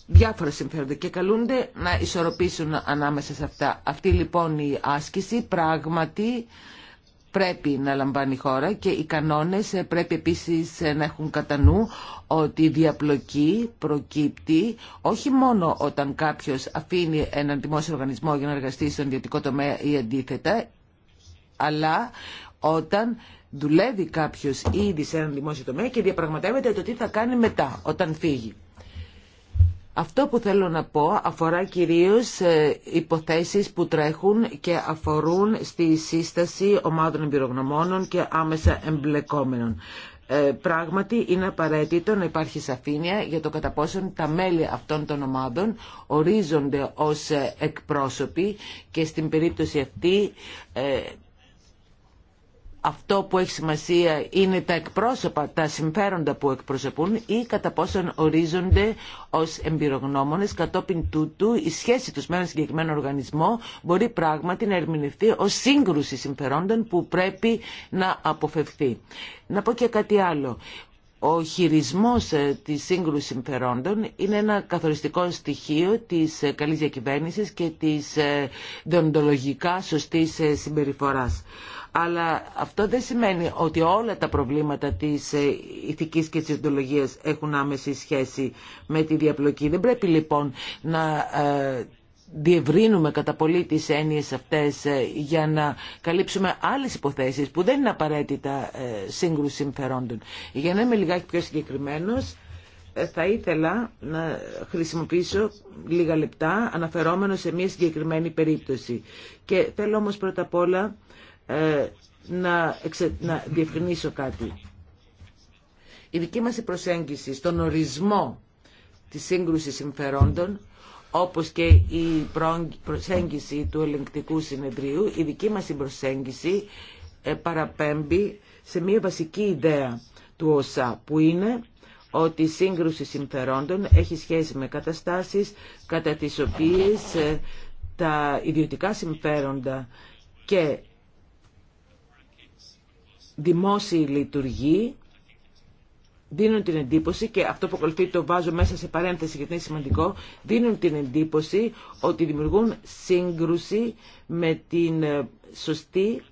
διάφορα συμφέροντα και καλούνται να ισορροπήσουν ανάμεσα σε αυτά. Αυτή λοιπόν η άσκηση πράγματι πρέπει να λαμβάνει η χώρα και οι κανόνες πρέπει επίσης να έχουν κατά νου ότι η διαπλοκή προκύπτει όχι μόνο όταν κάποιος αφήνει έναν δημόσιο οργανισμό για να εργαστεί στον ιδιωτικό τομέα ή αντίθετα, αλλά όταν δουλεύει κάποιος ήδη σε έναν δημόσιο τομέα και διαπραγματεύεται το τι θα κάνει μετά όταν φύγει. Αυτό που θέλω να πω αφορά κυρίως ε, υποθέσεις που τρέχουν και αφορούν στη σύσταση ομάδων εμπειρογνωμόνων και άμεσα εμπλεκόμενων. Ε, πράγματι είναι απαραίτητο να υπάρχει σαφήνεια για το κατά πόσον τα μέλη αυτών των ομάδων ορίζονται ως ε, εκπρόσωποι και στην περίπτωση αυτή αυτό που έχει σημασία είναι τα εκπρόσωπα, τα συμφέροντα που εκπροσωπούν ή κατά πόσον ορίζονται ως εμπειρογνώμονες κατόπιν τούτου η σχέση τους με έναν συγκεκριμένο οργανισμό μπορεί πράγματι να ερμηνευτεί ως σύγκρουση συμφερόντων που πρέπει να αποφευθεί. Να πω και κάτι άλλο. Ο χειρισμός ε, της σύγκρουσης συμφερόντων είναι ένα καθοριστικό στοιχείο της ε, καλή διακυβέρνησης και της ε, δοντολογικά σωστής συμπεριφορά αλλά αυτό δεν σημαίνει ότι όλα τα προβλήματα της ε, ηθικής και της ιδεολογίας έχουν άμεση σχέση με τη διαπλοκή. Δεν πρέπει λοιπόν να ε, διευρύνουμε κατά πολύ τις έννοιες αυτές ε, για να καλύψουμε άλλες υποθέσεις που δεν είναι απαραίτητα σύγκρουση συμφερόντων. Για να είμαι λιγάκι πιο συγκεκριμένος, θα ήθελα να χρησιμοποιήσω λίγα λεπτά αναφερόμενο σε μια συγκεκριμένη περίπτωση. Και θέλω όμως πρώτα απ' όλα ε, να, να διευκρινίσω κάτι. Η δική μας προσέγγιση στον ορισμό της σύγκρουσης συμφερόντων όπως και η προσέγγιση του ελεγκτικού συνεδρίου, η δική μας προσέγγιση ε, παραπέμπει σε μια βασική ιδέα του ΩΣΑ, που είναι ότι η σύγκρουση συμφερόντων έχει σχέση με καταστάσεις κατά τις οποίες ε, τα ιδιωτικά συμφέροντα και δημόσιοι λειτουργοί δίνουν την εντύπωση, και αυτό που ακολουθεί το βάζω μέσα σε παρένθεση γιατί είναι σημαντικό, δίνουν την εντύπωση ότι δημιουργούν σύγκρουση με την ε, σωστή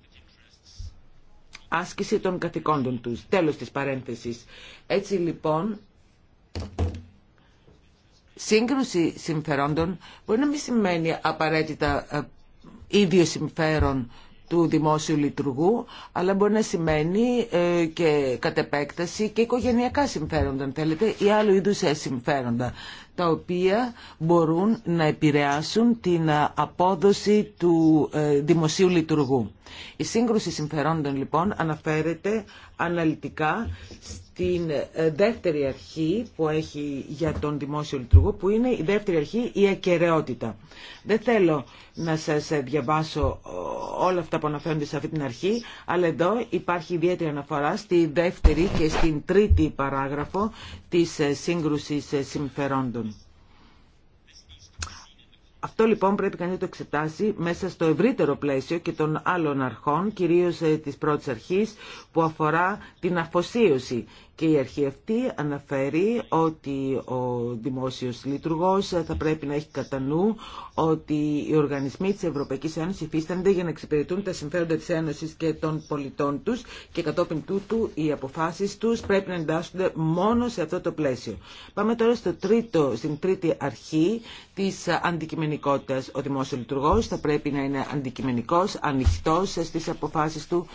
άσκηση των καθηκόντων τους. Τέλος της παρένθεσης. Έτσι λοιπόν, σύγκρουση συμφερόντων μπορεί να μην σημαίνει απαραίτητα ε, ίδιο συμφέρον του δημόσιου λειτουργού, αλλά μπορεί να σημαίνει ε, και κατ' επέκταση και οικογενειακά συμφέροντα, αν θέλετε, ή άλλου είδους ε, συμφέροντα, τα οποία μπορούν να επηρεάσουν την ε, απόδοση του δημοσίου λειτουργού. Η σύγκρουση συμφερόντων, λοιπόν, αναφέρεται αναλυτικά την ε, δεύτερη αρχή που έχει για τον δημόσιο λειτουργό, που είναι η δεύτερη αρχή, η ακαιρεότητα. Δεν θέλω να σας ε, διαβάσω ε, όλα αυτά που αναφέρονται σε αυτή την αρχή, αλλά εδώ υπάρχει ιδιαίτερη αναφορά στη δεύτερη και στην τρίτη παράγραφο της σύγκρουσης συμφερόντων. Αυτό λοιπόν πρέπει κανείς να το εξετάσει μέσα στο ευρύτερο πλαίσιο και των άλλων αρχών, κυρίως ε, της πρώτης αρχής που αφορά την αφοσίωση και η αρχή αυτή αναφέρει ότι ο δημόσιος λειτουργός θα πρέπει να έχει κατά νου ότι οι οργανισμοί της Ευρωπαϊκής Ένωσης υφίστανται για να εξυπηρετούν τα συμφέροντα της Ένωσης και των πολιτών τους και κατόπιν τούτου οι αποφάσεις τους πρέπει να εντάσσονται μόνο σε αυτό το πλαίσιο. Πάμε τώρα στο τρίτο, στην τρίτη αρχή της αντικειμενικότητας. Ο δημόσιος λειτουργός θα πρέπει να είναι αντικειμενικός, ανοιχτός στις αποφάσεις του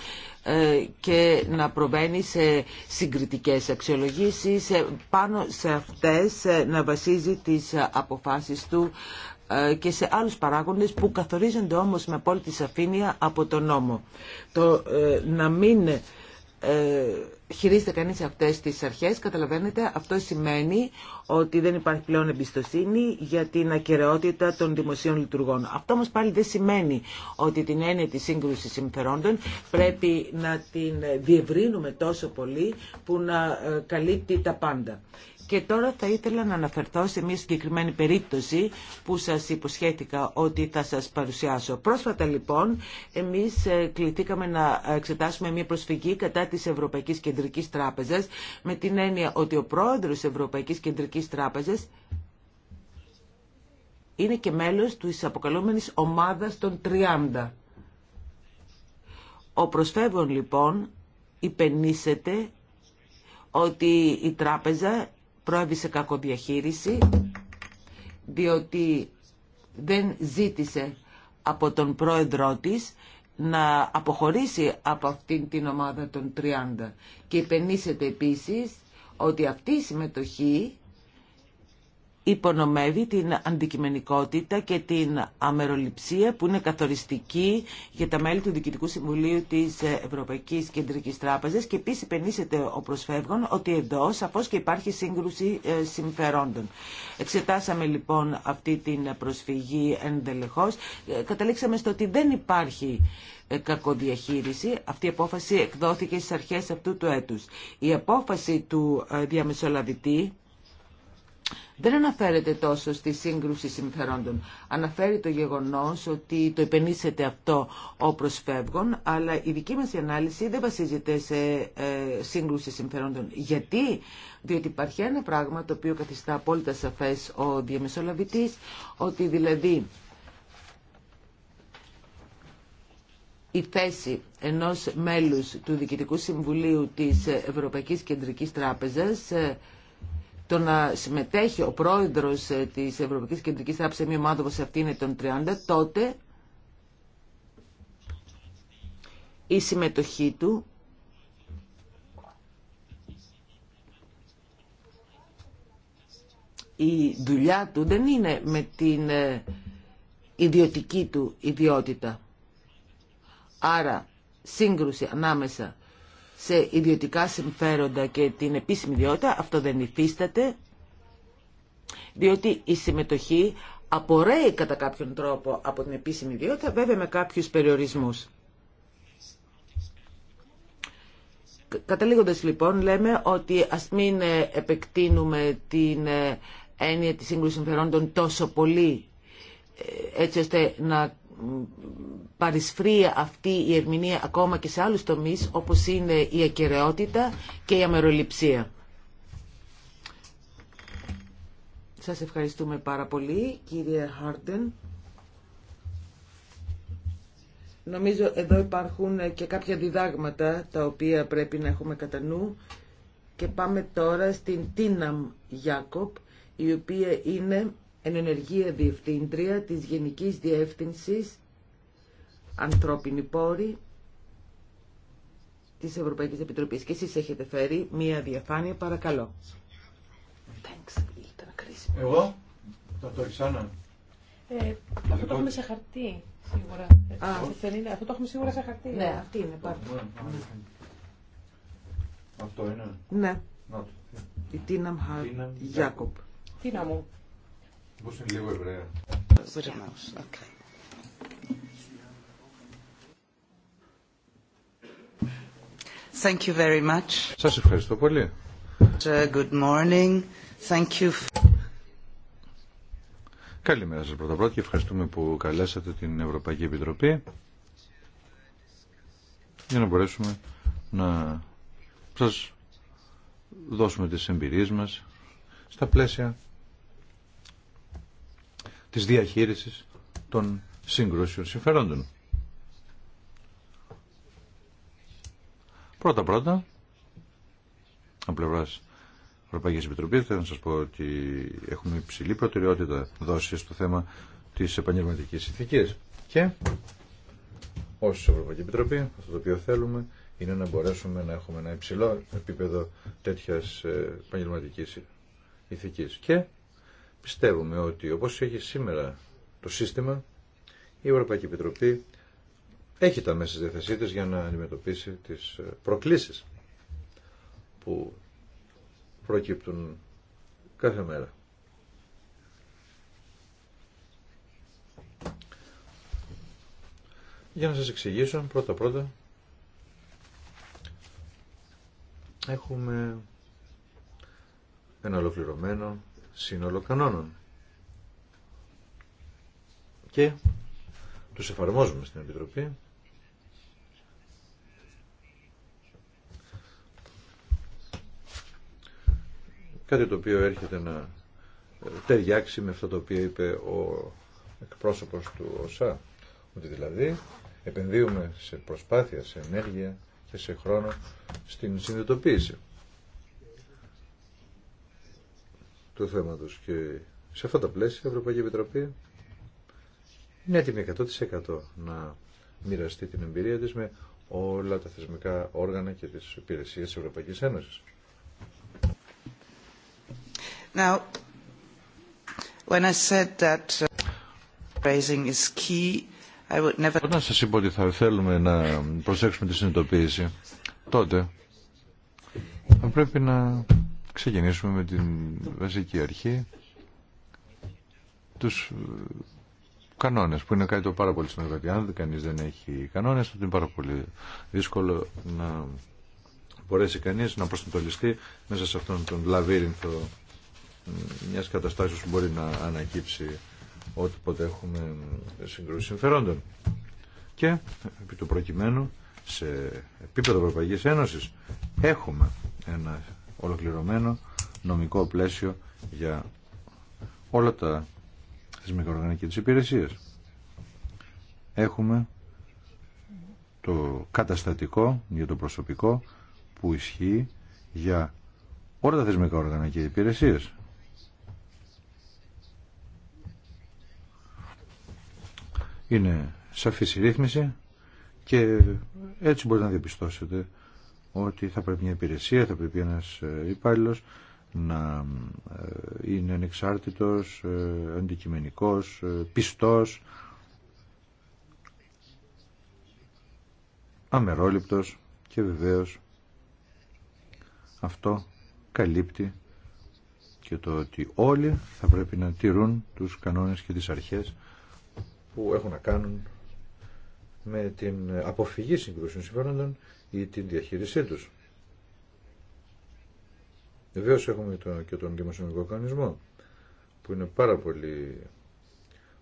ε, και να προβαίνει σε συγκριτικές αξιολογήσεις, πάνω σε αυτές ε, να βασίζει τις αποφάσεις του ε, και σε άλλους παράγοντες που καθορίζονται όμως με απόλυτη σαφήνεια από τον νόμο. Το να μην χειρίζεται κανείς αυτέ τις αρχές, καταλαβαίνετε, αυτό σημαίνει ότι δεν υπάρχει πλέον εμπιστοσύνη για την ακαιρεότητα των δημοσίων λειτουργών. Αυτό όμω πάλι δεν σημαίνει ότι την έννοια τη σύγκρουση συμφερόντων πρέπει να την διευρύνουμε τόσο πολύ που να ε, καλύπτει τα πάντα. Και τώρα θα ήθελα να αναφερθώ σε μια συγκεκριμένη περίπτωση που σας υποσχέθηκα ότι θα σας παρουσιάσω. Πρόσφατα λοιπόν εμείς ε, κληθήκαμε να εξετάσουμε μια προσφυγή κατά της Ευρωπαϊκής Κεντρικής Τράπεζας με την έννοια ότι ο πρόεδρος της Ευρωπαϊκής Κεντρικής Τράπεζας είναι και μέλος του αποκαλούμενης ομάδας των 30. Ο προσφεύγων λοιπόν υπενήσεται ότι η τράπεζα πρόβησε κακοδιαχείριση διότι δεν ζήτησε από τον πρόεδρό της να αποχωρήσει από αυτήν την ομάδα των 30. Και υπενήσεται επίσης ότι αυτή η συμμετοχή υπονομεύει την αντικειμενικότητα και την αμεροληψία που είναι καθοριστική για τα μέλη του Διοικητικού Συμβουλίου της Ευρωπαϊκής Κεντρικής Τράπεζας και επίση υπενήσεται ο προσφεύγων ότι εδώ σαφώς και υπάρχει σύγκρουση ε, συμφερόντων. Εξετάσαμε λοιπόν αυτή την προσφυγή εντελεχώς. Ε, καταλήξαμε στο ότι δεν υπάρχει ε, κακοδιαχείριση. Αυτή η απόφαση εκδόθηκε στις αρχές αυτού του έτους. Η απόφαση του διαμεσολαβητή δεν αναφέρεται τόσο στη σύγκρουση συμφερόντων. Αναφέρει το γεγονός ότι το επενήσεται αυτό ο προσφεύγων, αλλά η δική μας ανάλυση δεν βασίζεται σε ε, σύγκρουση συμφερόντων. Γιατί? Διότι υπάρχει ένα πράγμα το οποίο καθιστά απόλυτα σαφές ο διαμεσολαβητής, ότι δηλαδή η θέση ενός μέλους του Διοικητικού Συμβουλίου της Ευρωπαϊκής Κεντρικής Τράπεζας ε, το να συμμετέχει ο πρόεδρος ε, της Ευρωπαϊκής Κεντρικής Τράπεζας σε μια ομάδα όπως αυτή είναι των 30, τότε η συμμετοχή του η δουλειά του δεν είναι με την ε, ιδιωτική του ιδιότητα. Άρα σύγκρουση ανάμεσα σε ιδιωτικά συμφέροντα και την επίσημη ιδιότητα, αυτό δεν υφίσταται, διότι η συμμετοχή απορρέει κατά κάποιον τρόπο από την επίσημη ιδιότητα, βέβαια με κάποιους περιορισμούς. Καταλήγοντας λοιπόν λέμε ότι ας μην ε, επεκτείνουμε την ε, έννοια της σύγκρουσης συμφερόντων τόσο πολύ ε, έτσι ώστε να παρισφρεί αυτή η ερμηνεία ακόμα και σε άλλους τομείς όπως είναι η ακεραιότητα και η αμεροληψία. Σας ευχαριστούμε πάρα πολύ κύριε Χάρντεν. Νομίζω εδώ υπάρχουν και κάποια διδάγματα τα οποία πρέπει να έχουμε κατά νου και πάμε τώρα στην Τίναμ Γιάκοπ η οποία είναι ενεργεία διευθύντρια της Γενικής Διεύθυνσης Ανθρώπινη Πόρη της Ευρωπαϊκής Επιτροπής. Και εσείς έχετε φέρει μία διαφάνεια, παρακαλώ. Thanks. Εγώ, θα το ξανά. Ε, αυτό το ε, έχουμε σε χαρτί, σίγουρα. Α, είναι, αυτό το έχουμε σίγουρα σε χαρτί. Ναι, αυτή είναι πάρα. Ναι. Αυτό είναι. Ναι. Η Τίναμ Γιάκοπ. Τίνα μου. Σα Σας ευχαριστώ πολύ. Good morning. Thank you. Καλημέρα σας πρώτα πρώτα και ευχαριστούμε που καλέσατε την Ευρωπαϊκή Επιτροπή για να μπορέσουμε να σας δώσουμε τις εμπειρίες μας στα πλαίσια της διαχείρισης των συγκρούσεων συμφερόντων. Πρώτα-πρώτα, από πλευρά Ευρωπαϊκή Επιτροπή, θέλω να σα πω ότι έχουμε υψηλή προτεραιότητα δώσει στο θέμα τη επαγγελματική ηθική. Και ω Ευρωπαϊκή Επιτροπή, αυτό το οποίο θέλουμε είναι να μπορέσουμε να έχουμε ένα υψηλό επίπεδο τέτοια ε, επαγγελματική ηθική. Και πιστεύουμε ότι όπως έχει σήμερα το σύστημα, η Ευρωπαϊκή Επιτροπή έχει τα μέσα στη της για να αντιμετωπίσει τις ε, προκλήσεις που προκύπτουν κάθε μέρα. Για να σας εξηγήσω πρώτα πρώτα έχουμε ένα ολοκληρωμένο σύνολο κανόνων. Και τους εφαρμόζουμε στην Επιτροπή. Κάτι το οποίο έρχεται να ε, ταιριάξει με αυτό το οποίο είπε ο εκπρόσωπος του ΩΣΑ Ότι δηλαδή επενδύουμε σε προσπάθεια, σε ενέργεια και σε χρόνο στην συνειδητοποίηση. του θέματος και σε αυτά τα πλαίσια η Ευρωπαϊκή Επιτροπή είναι έτοιμη 100% να μοιραστεί την εμπειρία της με όλα τα θεσμικά όργανα και τις υπηρεσίες της Ευρωπαϊκής Ένωσης. Now, when I said that raising is key, I would never... Όταν σας είπα ότι θα θέλουμε να προσέξουμε τη συνειδητοποίηση, τότε θα πρέπει να ξεκινήσουμε με την βασική αρχή τους ε, κανόνες που είναι κάτι το πάρα πολύ σημαντικό αν κανείς δεν έχει κανόνες θα είναι πάρα πολύ δύσκολο να μπορέσει κανείς να προστατολιστεί μέσα σε αυτόν τον λαβύρινθο ε, μιας καταστάσεως που μπορεί να ανακύψει ποτέ έχουμε συγκρούσει συμφερόντων και επί του προκειμένου σε επίπεδο Ευρωπαϊκής Ένωσης έχουμε ένα ολοκληρωμένο νομικό πλαίσιο για όλα τα θεσμικά οργανωτικά και Έχουμε το καταστατικό για το προσωπικό που ισχύει για όλα τα θεσμικά όργανα και υπηρεσίες. Είναι σαφής η ρύθμιση και έτσι μπορείτε να διαπιστώσετε ότι θα πρέπει μια υπηρεσία, θα πρέπει ένας ε, υπάλληλο να ε, είναι ανεξάρτητος, ε, αντικειμενικός, πιστός, αμερόληπτος και βεβαίως αυτό καλύπτει και το ότι όλοι θα πρέπει να τηρούν τους κανόνες και τις αρχές που έχουν να κάνουν με την αποφυγή συγκρούσεων συμφέροντων ή την διαχείρισή τους. Βεβαίω έχουμε και τον δημοσιονομικό κανονισμό που είναι πάρα πολύ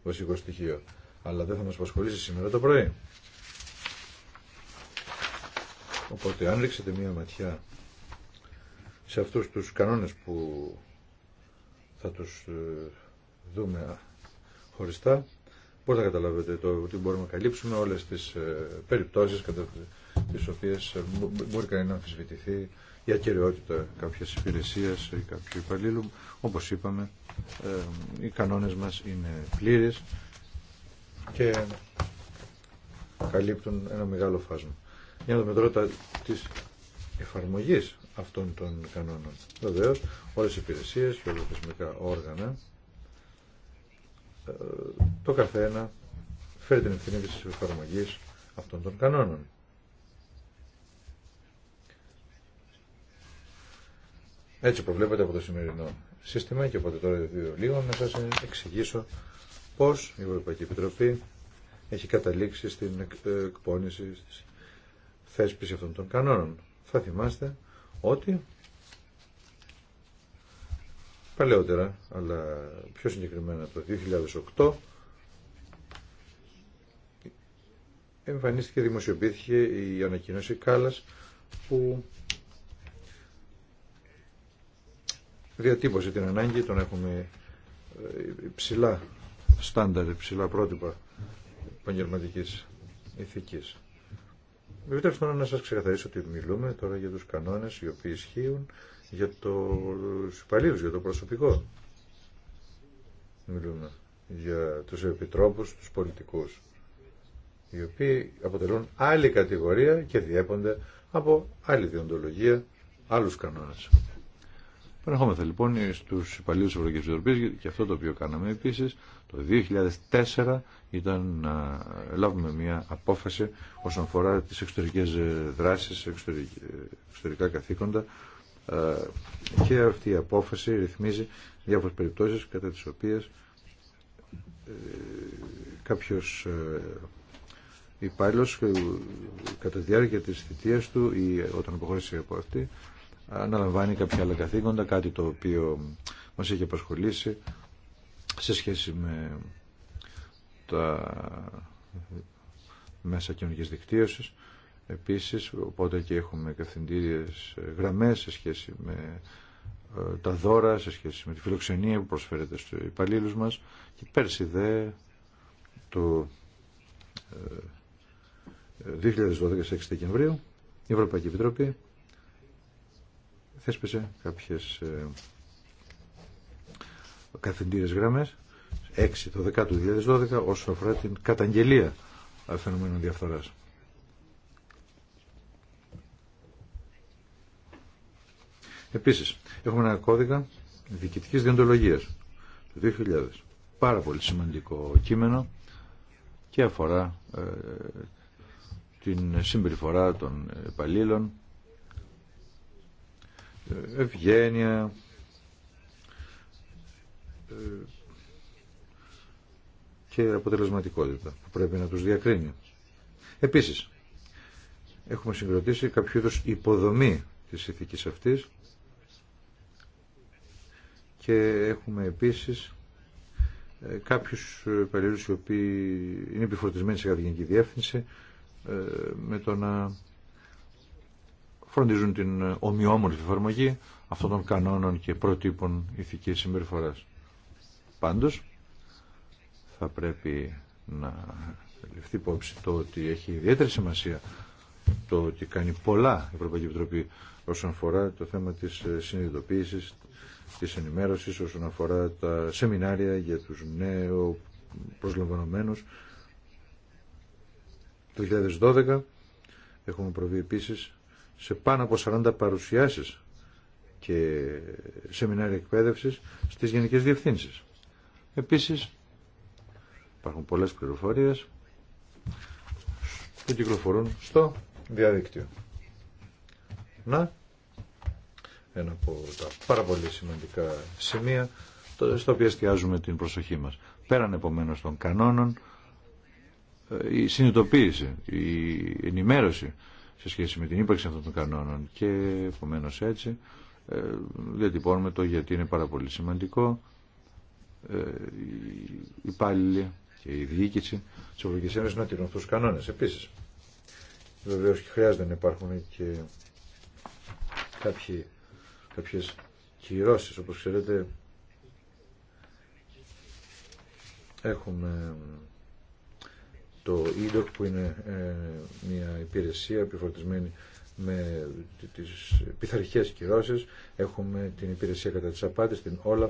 βασικό στοιχείο αλλά δεν θα μας απασχολήσει σήμερα το πρωί. Οπότε αν ρίξετε μία ματιά σε αυτούς τους κανόνες που θα τους ε, δούμε χωριστά, πώς θα καταλάβετε το, ότι μπορούμε να καλύψουμε όλες τις ε, περιπτώσεις κατά τις οποίες ε, μπορεί κανεί να αμφισβητηθεί για κυριότητα κάποια υπηρεσίας ή κάποιου υπαλλήλου. Όπως είπαμε, ε, οι κανόνες μας είναι πλήρες και καλύπτουν ένα μεγάλο φάσμα. Για να δούμε τώρα τα, τις εφαρμογής αυτών των κανόνων. Βεβαίω, όλες οι υπηρεσίες και όλα τα όργανα, ε, το καθένα φέρει την ευθύνη της εφαρμογής αυτών των κανόνων. Έτσι προβλέπεται από το σημερινό σύστημα και οπότε τώρα δύο λίγο να σας εξηγήσω πώς η Ευρωπαϊκή Επιτροπή έχει καταλήξει στην ε, εκπόνηση της θέσπιση αυτών των κανόνων. Θα θυμάστε ότι παλαιότερα, αλλά πιο συγκεκριμένα το 2008, εμφανίστηκε, δημοσιοποιήθηκε η ανακοίνωση Κάλλας που Διατύπωση την ανάγκη τον έχουμε ε, ψηλά στάνταρ, ψηλά πρότυπα επαγγελματική ηθικής. Επιτρέψτε να σα ξεκαθαρίσω ότι μιλούμε τώρα για τους κανόνε οι οποίοι ισχύουν για το υπαλλήλου, για το προσωπικό. Μιλούμε για τους επιτρόπους, τους πολιτικού, οι οποίοι αποτελούν άλλη κατηγορία και διέπονται από άλλη διοντολογία, άλλους κανόνες. Ερχόμαστε λοιπόν στους υπαλλήλους της Ευρωπαϊκής και αυτό το οποίο κάναμε επίση. το 2004 ήταν να λάβουμε μια απόφαση όσον αφορά τις εξωτερικέ ε, δράσεις, ε, εξωτερικά καθήκοντα ε, και αυτή η απόφαση ρυθμίζει διάφορε περιπτώσεις κατά τις οποίες κάποιο. υπάλληλος κατά τη διάρκεια της θητεία του ή όταν αποχώρησε από αυτή αναλαμβάνει κάποια άλλα καθήκοντα, κάτι το οποίο μας έχει απασχολήσει σε σχέση με τα μέσα κοινωνικής δικτύωσης. Επίσης, οπότε και έχουμε καθυντήριες γραμμές σε σχέση με ε, τα δώρα, σε σχέση με τη φιλοξενία που προσφέρεται στους υπαλλήλους μας. Και πέρσι δε το ε, ε, 2012 6 Δεκεμβρίου η Ευρωπαϊκή Επιτροπή θέσπισε κάποιες ε, καθεντήρες γραμμές 6 το 10 του 2012 όσον αφορά την καταγγελία φαινομένων διαφθοράς. Επίσης, έχουμε ένα κώδικα διοικητικής διοντολογίας του 2000. Πάρα πολύ σημαντικό κείμενο και αφορά ε, την συμπεριφορά των ε, υπαλλήλων ευγένεια, και αποτελεσματικότητα που πρέπει να τους διακρίνει. Επίσης, έχουμε συγκροτήσει κάποιο είδους υποδομή της ηθικής αυτής και έχουμε επίσης ε, κάποιους υπαλλήλους οι οποίοι είναι επιφορτισμένοι σε καθηγενική διεύθυνση ε, με το να φροντίζουν την ομοιόμορφη εφαρμογή αυτών των κανόνων και προτύπων ηθικής συμπεριφοράς. Πάντως, θα πρέπει να ληφθεί υπόψη το ότι έχει ιδιαίτερη σημασία το ότι κάνει πολλά η Ευρωπαϊκή Επιτροπή όσον αφορά το θέμα της ε, συνειδητοποίησης, της ενημέρωσης, όσον αφορά τα σεμινάρια για τους νέους προσλαμβανομένους. Το 2012 έχουμε προβεί επίσης σε πάνω από 40 παρουσιάσεις και σεμινάρια εκπαίδευσης στις γενικές διευθύνσεις. Επίσης, υπάρχουν πολλές πληροφορίες που κυκλοφορούν στο διαδίκτυο. Να, ένα από τα πάρα πολύ σημαντικά σημεία στο οποία εστιάζουμε την προσοχή μας. Πέραν επομένως των κανόνων, ε, η συνειδητοποίηση, η ενημέρωση σε σχέση με την ύπαρξη αυτών των κανόνων και επομένω έτσι ε, διατυπώνουμε το γιατί είναι πάρα πολύ σημαντικό ε, οι υπάλληλοι και η διοίκηση της Ευρωπαϊκής Ένωσης να τηρούν αυτούς κανόνες επίσης. Βεβαίω και χρειάζεται να υπάρχουν και κάποιοι, κάποιες κυρώσεις όπως ξέρετε έχουμε το EDOC που είναι ε, μια υπηρεσία επιφορτισμένη με τις πειθαρχικές κυρώσεις. Έχουμε την υπηρεσία κατά της απάτης, την OLAF,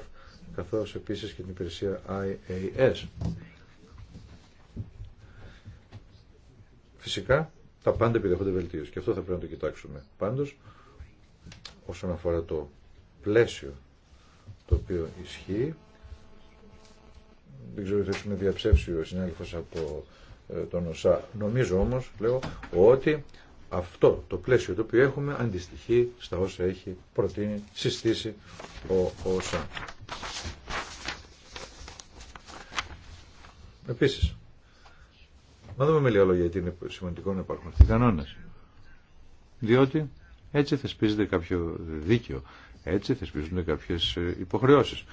καθώς επίσης και την υπηρεσία IAS. Φυσικά, τα πάντα επιδεχόνται βελτίωση και αυτό θα πρέπει να το κοιτάξουμε. Πάντως, όσον αφορά το πλαίσιο το οποίο ισχύει, δεν ξέρω αν θα έχουμε διαψεύσει ο συνάδελφος από ε, τον ΩΣΑ. Νομίζω όμως, λέω, ότι αυτό το πλαίσιο το οποίο έχουμε αντιστοιχεί στα όσα έχει προτείνει, συστήσει ο ΩΣΑ. Επίσης, να δούμε με λίγα λόγια γιατί είναι σημαντικό να υπάρχουν αυτοί οι κανόνες. Διότι έτσι θεσπίζεται κάποιο δίκαιο. Έτσι θεσπίζονται κάποιες υποχρεώσεις.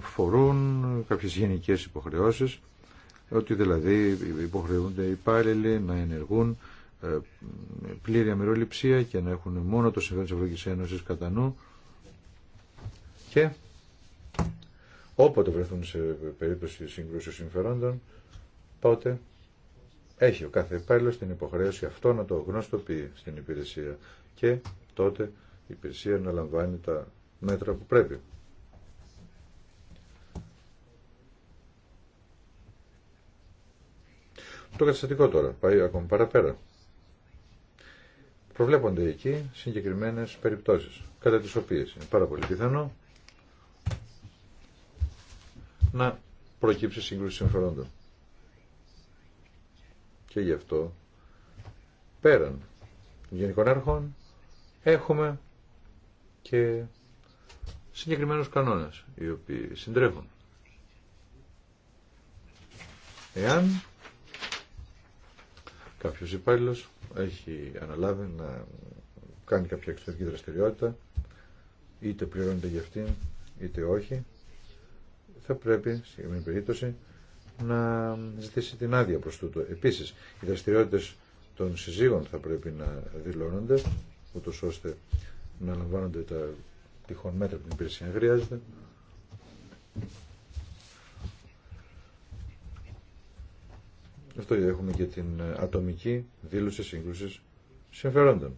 Φορούν κάποιες γενικές υποχρεώσεις ότι δηλαδή υποχρεούνται οι υπάλληλοι να ενεργούν ε, πλήρη αμερόληψία και να έχουν μόνο το συμφέρον της Ευρωπαϊκής Ένωσης κατά νου και όποτε βρεθούν σε περίπτωση σύγκρουση συμφερόντων τότε έχει ο κάθε υπάλληλο την υποχρέωση αυτό να το γνωστοποιεί στην υπηρεσία και τότε η υπηρεσία να λαμβάνει τα μέτρα που πρέπει. το καταστατικό τώρα, πάει ακόμα παραπέρα. Προβλέπονται εκεί συγκεκριμένες περιπτώσεις, κατά τις οποίες είναι πάρα πολύ πιθανό να προκύψει σύγκρουση συμφερόντων. Και γι' αυτό, πέραν των γενικών έρχων έχουμε και συγκεκριμένους κανόνες, οι οποίοι συντρέχουν. Εάν κάποιος υπάλληλος έχει αναλάβει να κάνει κάποια εξωτερική δραστηριότητα είτε πληρώνεται για αυτήν είτε όχι θα πρέπει σε μια περίπτωση να ζητήσει την άδεια προς τούτο. Επίσης οι δραστηριότητες των συζύγων θα πρέπει να δηλώνονται ούτως ώστε να λαμβάνονται τα τυχόν μέτρα που την υπηρεσία χρειάζεται Αυτό έχουμε και την ε, ατομική δήλωση σύγκρουση συμφερόντων.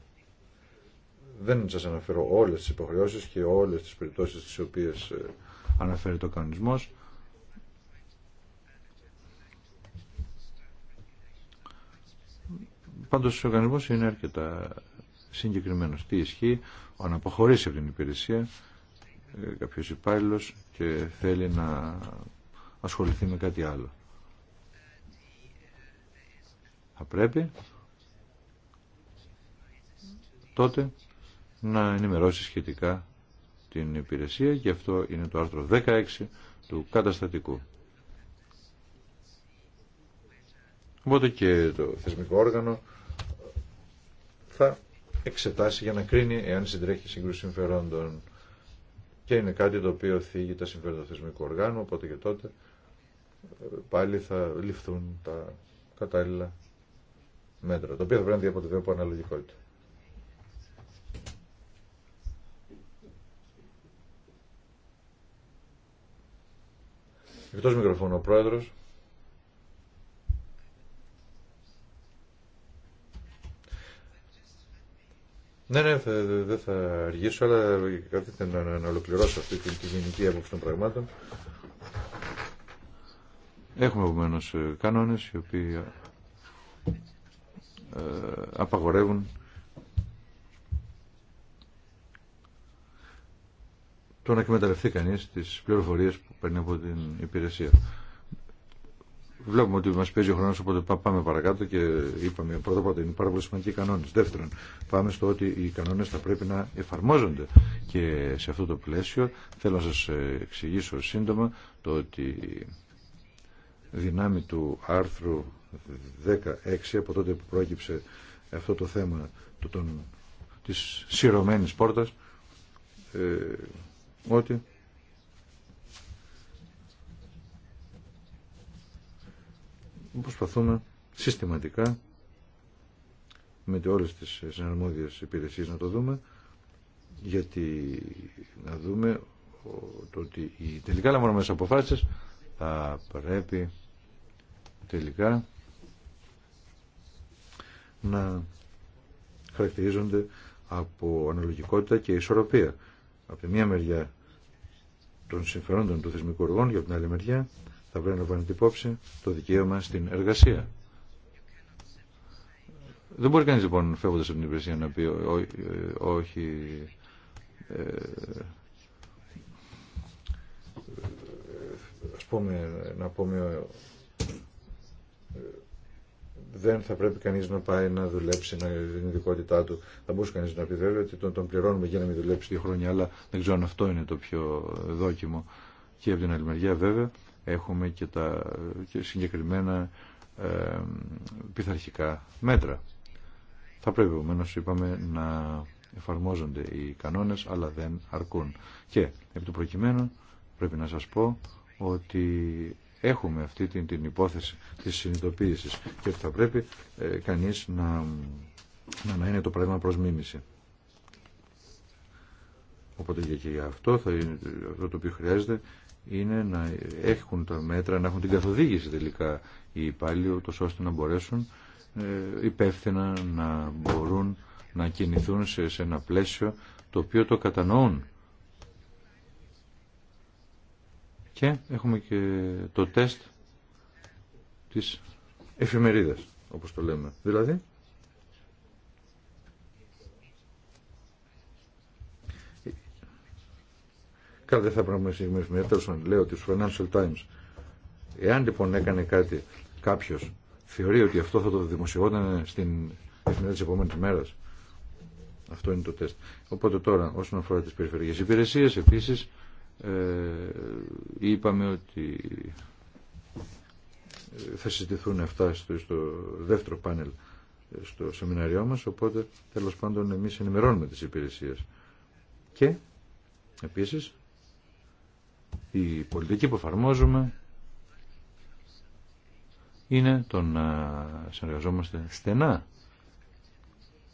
Δεν σα αναφέρω όλες τις υποχρεώσεις και όλες τις περιπτώσει τι οποίες ε, αναφέρει το κανονισμό. Πάντω, ο οργανισμό είναι αρκετά συγκεκριμένο. Τι ισχύει, αν αποχωρήσει από την υπηρεσία ε, κάποιο υπάλληλο και θέλει να ασχοληθεί με κάτι άλλο. Θα πρέπει τότε να ενημερώσει σχετικά την υπηρεσία και αυτό είναι το άρθρο 16 του καταστατικού. Οπότε και το θεσμικό όργανο θα εξετάσει για να κρίνει εάν συντρέχει σύγκρουση συμφερόντων και είναι κάτι το οποίο θίγει τα συμφέροντα του θεσμικού οργάνου, οπότε και τότε πάλι θα ληφθούν τα κατάλληλα μέτρο, το οποίο θα πρέπει να διαποτεθεί από αναλογικότητα. Εκτός μικροφώνου ο πρόεδρος. Ναι, ναι, δεν θα αργήσω, αλλά καθίστε να, να ολοκληρώσω αυτή τη, τη γενική άποψη των πραγμάτων. Έχουμε επομένως, ε, κανόνες οι οποίοι ε, απαγορεύουν το να εκμεταλλευτεί κανείς τις πληροφορίες που παίρνει από την υπηρεσία. Βλέπουμε ότι μας παίζει ο χρόνος, οπότε πάμε παρακάτω και είπαμε πρώτα πρώτα είναι πάρα πολύ σημαντικοί οι κανόνες. Δεύτερον, πάμε στο ότι οι κανόνες θα πρέπει να εφαρμόζονται και σε αυτό το πλαίσιο θέλω να σας εξηγήσω σύντομα το ότι δυνάμει του άρθρου 16 από τότε που πρόκυψε αυτό το θέμα το, τον της σειρωμένης πόρτας ε, ότι προσπαθούμε συστηματικά με όλες τις συναρμόδιες υπηρεσίες να το δούμε γιατί να δούμε το ότι οι τελικά λαμβανόμενες αποφάσεις θα πρέπει τελικά να χαρακτηρίζονται από αναλογικότητα και ισορροπία. Από τη μία μεριά των συμφερόντων του θεσμικού οργών και από την άλλη μεριά θα πρέπει να λαμβάνεται υπόψη το δικαίωμα στην εργασία. Δεν μπορεί κανείς λοιπόν φεύγοντας από την υπηρεσία να πει ε, όχι ε, ε, ας πούμε, να πούμε ε, δεν θα πρέπει κανεί να πάει να δουλέψει να, την ειδικότητά του. Θα μπορούσε κανεί να πει βέβαια ότι τον, τον πληρώνουμε για να μην δουλέψει δύο χρόνια, αλλά δεν ξέρω αν αυτό είναι το πιο δόκιμο. Και από την άλλη μεριά βέβαια έχουμε και τα συγκεκριμένα ε, πειθαρχικά μέτρα. Θα πρέπει επομένω, είπαμε, να εφαρμόζονται οι κανόνε, αλλά δεν αρκούν. Και επί του προκειμένου πρέπει να σα πω ότι έχουμε αυτή την, την υπόθεση της συνειδητοποίησης και θα πρέπει ε, κανείς να, να, είναι το πράγμα προς μίμηση. Οπότε και για αυτό, αυτό το οποίο χρειάζεται είναι να έχουν τα μέτρα, να έχουν την καθοδήγηση τελικά οι υπάλληλοι, ούτως ώστε να μπορέσουν ε, υπεύθυνα να μπορούν να κινηθούν σε, σε ένα πλαίσιο το οποίο το κατανοούν Και έχουμε και το τεστ της εφημερίδας, όπως το λέμε. Δηλαδή, κάτι δεν θα πρέπει να είμαι λέω ότι στους Financial Times, εάν λοιπόν έκανε κάτι κάποιος θεωρεί ότι αυτό θα το δημοσιόταν στην εφημερίδα της επόμενη μέρα. Αυτό είναι το τεστ. Οπότε τώρα, όσον αφορά τις περιφερειακές υπηρεσίες, επίσης ε, είπαμε ότι ε, θα συζητηθούν αυτά στο, στο δεύτερο πάνελ ε, στο σεμιναριό μας, οπότε τέλος πάντων εμείς ενημερώνουμε τις υπηρεσίες. Και επίσης η πολιτική που εφαρμόζουμε είναι το να συνεργαζόμαστε στενά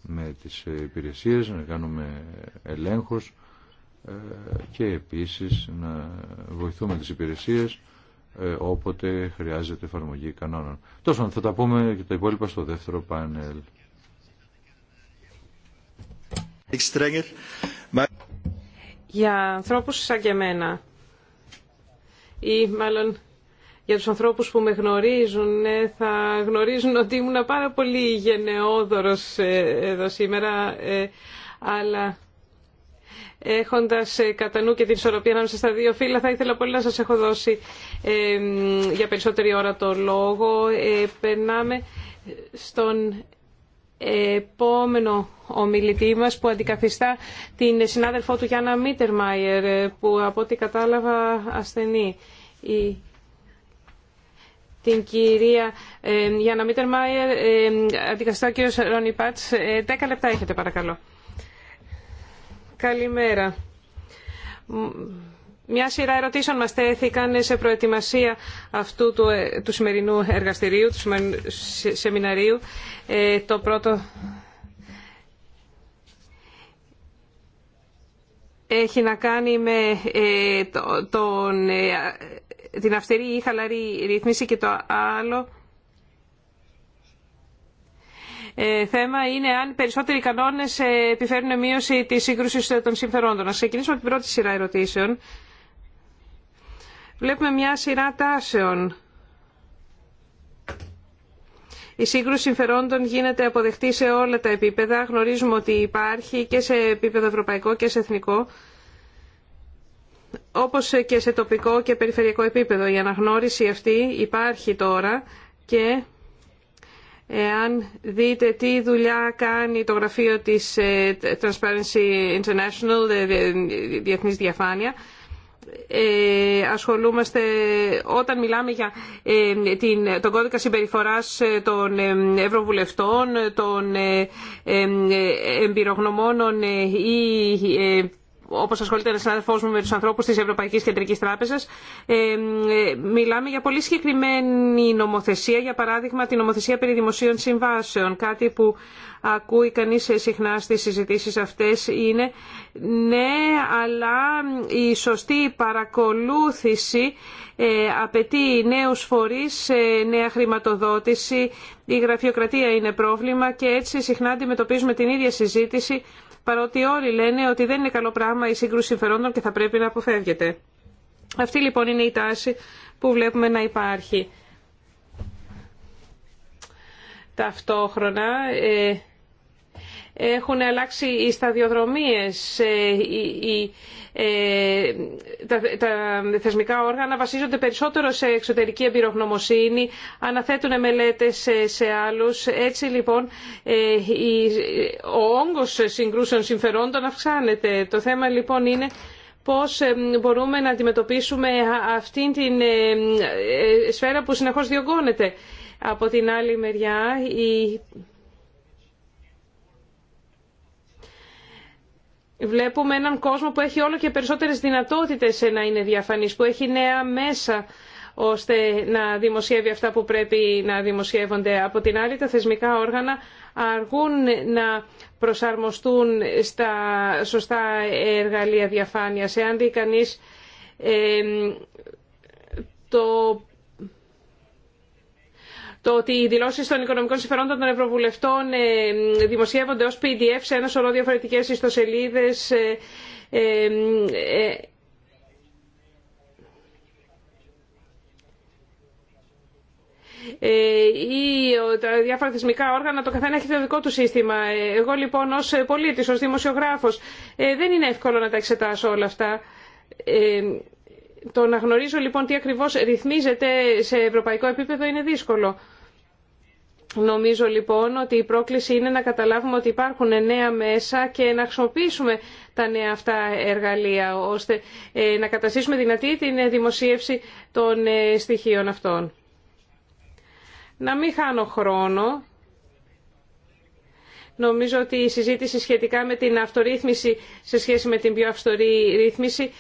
με τις υπηρεσίες, να κάνουμε ελέγχους, ε, και επίσης να βοηθούμε τις υπηρεσίες ε, όποτε χρειάζεται εφαρμογή κανόνων. Τόσο θα τα πούμε και τα υπόλοιπα στο δεύτερο πάνελ. Για ανθρώπους σαν και εμένα ή μάλλον για τους ανθρώπους που με γνωρίζουν ε, θα γνωρίζουν ότι ήμουν πάρα πολύ γενναιόδωρος εδώ σήμερα αλλά έχοντα ε, κατά νου και την ισορροπία ανάμεσα στα δύο φύλλα, θα ήθελα πολύ να σα έχω δώσει ε, για περισσότερη ώρα το λόγο. Ε, περνάμε στον επόμενο ομιλητή μας που αντικαθιστά την συνάδελφό του Γιάννα Μίτερμαϊερ που από ό,τι κατάλαβα ασθενεί. Η... Την κυρία ε, Γιάννα Μίτερμαϊερ ε, αντικαθιστά ο κύριος Ρόνι Πάτς. 10 λεπτά έχετε παρακαλώ. Καλημέρα. Μια σειρά ερωτήσεων μας τέθηκαν σε προετοιμασία αυτού του, ε, του σημερινού εργαστηρίου, του σημερινού σεμιναρίου. Ε, το πρώτο έχει να κάνει με ε, το, τον, την αυστηρή ή χαλαρή ρύθμιση και το άλλο ε, θέμα είναι αν περισσότεροι κανόνε ε, επιφέρουν μείωση τη σύγκρουση των συμφερόντων. Να ξεκινήσουμε από την πρώτη σειρά ερωτήσεων. Βλέπουμε μια σειρά τάσεων. Η σύγκρουση συμφερόντων γίνεται αποδεκτή σε όλα τα επίπεδα. Γνωρίζουμε ότι υπάρχει και σε επίπεδο ευρωπαϊκό και σε εθνικό όπως και σε τοπικό και περιφερειακό επίπεδο. Η αναγνώριση αυτή υπάρχει τώρα και Εάν δείτε τι δουλειά κάνει το γραφείο της ε, Transparency International, ε, Διεθνής Διαφάνεια, ε, ασχολούμαστε όταν μιλάμε για τον κώδικα συμπεριφοράς των ευρωβουλευτών, των εμπειρογνωμόνων ή όπως ασχολείται ένα συνάδελφό μου με τους ανθρώπους της Ευρωπαϊκής Κεντρικής Τράπεζας, ε, ε, μιλάμε για πολύ συγκεκριμένη νομοθεσία, για παράδειγμα την νομοθεσία περί δημοσίων συμβάσεων. Κάτι που ακούει κανείς συχνά στις συζητήσεις αυτές είναι ναι, αλλά η σωστή παρακολούθηση ε, απαιτεί νέους φορείς, νέα χρηματοδότηση, η γραφειοκρατία είναι πρόβλημα και έτσι συχνά αντιμετωπίζουμε την ίδια συζήτηση παρότι όλοι λένε ότι δεν είναι καλό πράγμα η σύγκρουση συμφερόντων και θα πρέπει να αποφεύγεται. Αυτή λοιπόν είναι η τάση που βλέπουμε να υπάρχει. Ταυτόχρονα ε, έχουν αλλάξει οι σταδιοδρομίες. Ε, οι, ε, τα, τα θεσμικά όργανα βασίζονται περισσότερο σε εξωτερική εμπειρογνωμοσύνη, αναθέτουν μελέτες σε, σε άλλους. Έτσι λοιπόν ε, ο όγκος συγκρούσεων συμφερόντων αυξάνεται. Το θέμα λοιπόν είναι πώς μπορούμε να αντιμετωπίσουμε αυτήν την σφαίρα που συνεχώς διωγγώνεται. Από την άλλη μεριά, η βλέπουμε έναν κόσμο που έχει όλο και περισσότερες δυνατότητες να είναι διαφανής, που έχει νέα μέσα ώστε να δημοσιεύει αυτά που πρέπει να δημοσιεύονται. Από την άλλη, τα θεσμικά όργανα αργούν να προσαρμοστούν στα σωστά εργαλεία διαφάνειας. Εάν δει κανείς το το ότι οι δηλώσει των οικονομικών συμφερόντων των Ευρωβουλευτών ε, δημοσιεύονται ω PDF σε ένα σωρό διαφορετικέ ιστοσελίδε. Ε, ε, ή τα διάφορα θεσμικά όργανα, το καθένα έχει το δικό του σύστημα. Εγώ λοιπόν ως πολίτης, ως δημοσιογράφος, δεν είναι εύκολο να τα εξετάσω όλα αυτά. Το να γνωρίζω λοιπόν τι ακριβώς ρυθμίζεται σε ευρωπαϊκό επίπεδο είναι δύσκολο. Νομίζω λοιπόν ότι η πρόκληση είναι να καταλάβουμε ότι υπάρχουν νέα μέσα και να χρησιμοποιήσουμε τα νέα αυτά εργαλεία ώστε ε, να καταστήσουμε δυνατή την δημοσίευση των ε, στοιχείων αυτών. Να μην χάνω χρόνο. Νομίζω ότι η συζήτηση σχετικά με την αυτορύθμιση σε σχέση με την πιο αυστορή ρύθμιση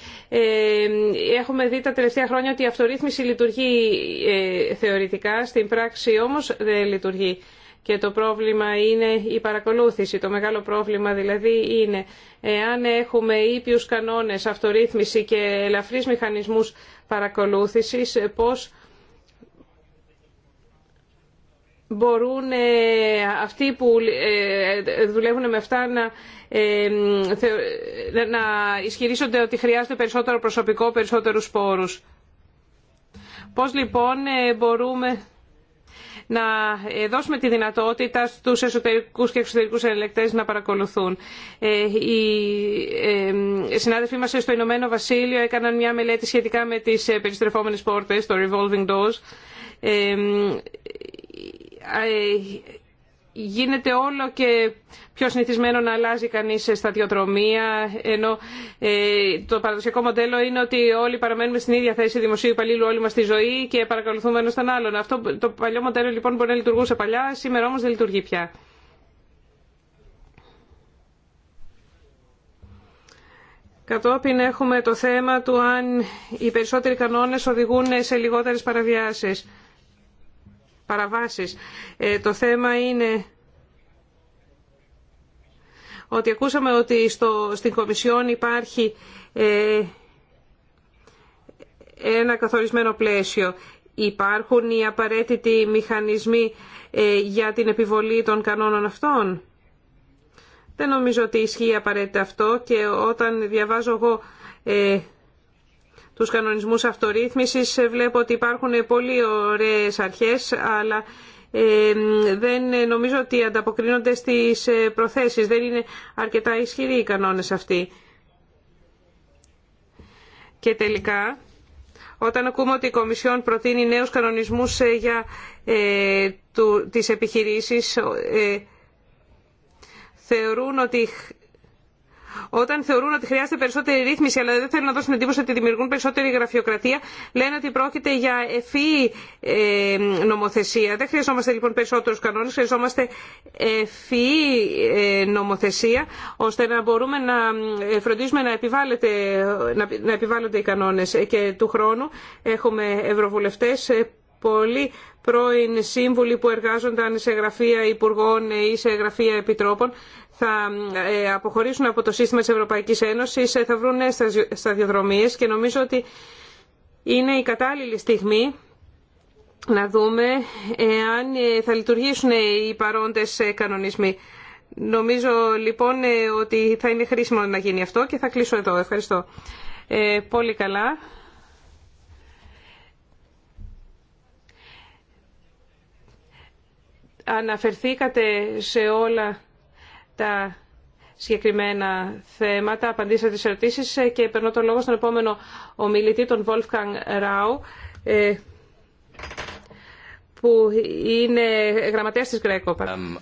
έχουμε δει τα τελευταία χρόνια ότι η αυτορύθμιση λειτουργεί ε, θεωρητικά, στην πράξη όμως δεν λειτουργεί. Και το πρόβλημα είναι η παρακολούθηση. Το μεγάλο πρόβλημα δηλαδή είναι εάν έχουμε ήπιους κανόνες αυτορύθμιση και ελαφρύς μηχανισμούς παρακολούθησης, πώς μπορούν ε, αυτοί που ε, ε, δουλεύουν με αυτά να, να ισχυρίζονται ότι χρειάζεται περισσότερο προσωπικό, περισσότερους πόρους. Πώς λοιπόν μπορούμε να δώσουμε τη δυνατότητα στους εσωτερικούς και εξωτερικούς ελεκτές να παρακολουθούν. Οι συνάδελφοί μας στο Ηνωμένο Βασίλειο έκαναν μια μελέτη σχετικά με τις περιστρεφόμενες πόρτες, το Revolving Doors, ε, γίνεται όλο και πιο συνηθισμένο να αλλάζει κανείς σταδιοδρομία ενώ ε, το παραδοσιακό μοντέλο είναι ότι όλοι παραμένουμε στην ίδια θέση δημοσίου υπαλλήλου όλη μας τη ζωή και παρακολουθούμε ένα τον άλλον. Αυτό το παλιό μοντέλο λοιπόν μπορεί να λειτουργούσε παλιά, σήμερα όμως δεν λειτουργεί πια. Κατόπιν έχουμε το θέμα του αν οι περισσότεροι κανόνες οδηγούν σε λιγότερες παραβιάσεις παραβάσεις. Ε, το θέμα είναι ότι ακούσαμε ότι στο, στην Κομισιόν υπάρχει ε, ένα καθορισμένο πλαίσιο. Υπάρχουν οι απαραίτητοι μηχανισμοί ε, για την επιβολή των κανόνων αυτών. Δεν νομίζω ότι ισχύει απαραίτητα αυτό και όταν διαβάζω εγώ τους κανονισμούς αυτορύθμισης. Ε, βλέπω ότι υπάρχουν ε, πολύ ωραίες αρχές, αλλά ε, δεν νομίζω ότι ανταποκρίνονται στις προθέσεις. Δεν είναι αρκετά ισχυροί οι κανόνες αυτοί. Και τελικά, όταν ακούμε ότι η Κομισιόν προτείνει νέους κανονισμούς για ε, του, τις επιχειρήσεις, θεωρούν ότι όταν θεωρούν ότι χρειάζεται περισσότερη ρύθμιση αλλά δεν θέλουν να δώσουν εντύπωση ότι δημιουργούν περισσότερη γραφειοκρατία, λένε ότι πρόκειται για ευφυή ε, νομοθεσία. Δεν χρειαζόμαστε λοιπόν περισσότερου κανόνε, χρειαζόμαστε ευφύ ε, νομοθεσία ώστε να μπορούμε να ε, φροντίζουμε να, να επιβάλλονται οι κανόνε. Και του χρόνου έχουμε ευρωβουλευτέ πολύ πρώην σύμβουλοι που εργάζονταν σε γραφεία υπουργών ή σε γραφεία επιτρόπων θα ε, αποχωρήσουν από το σύστημα της Ευρωπαϊκής Ένωσης, ε, θα βρουν νέες σταδιοδρομίες και νομίζω ότι είναι η κατάλληλη στιγμή να δούμε αν ε, θα λειτουργήσουν οι παρόντες κανονισμοί. Νομίζω λοιπόν ότι θα είναι χρήσιμο να γίνει αυτό και θα κλείσω εδώ. Ευχαριστώ. πολύ καλά. Αναφερθήκατε σε όλα τα συγκεκριμένα θέματα, απαντήσατε τις ερωτήσεις ε, και περνώ το λόγο στον επόμενο ομιλητή, τον Wolfgang Rau, ε, που είναι γραμματέας της Γκρέκο. Um,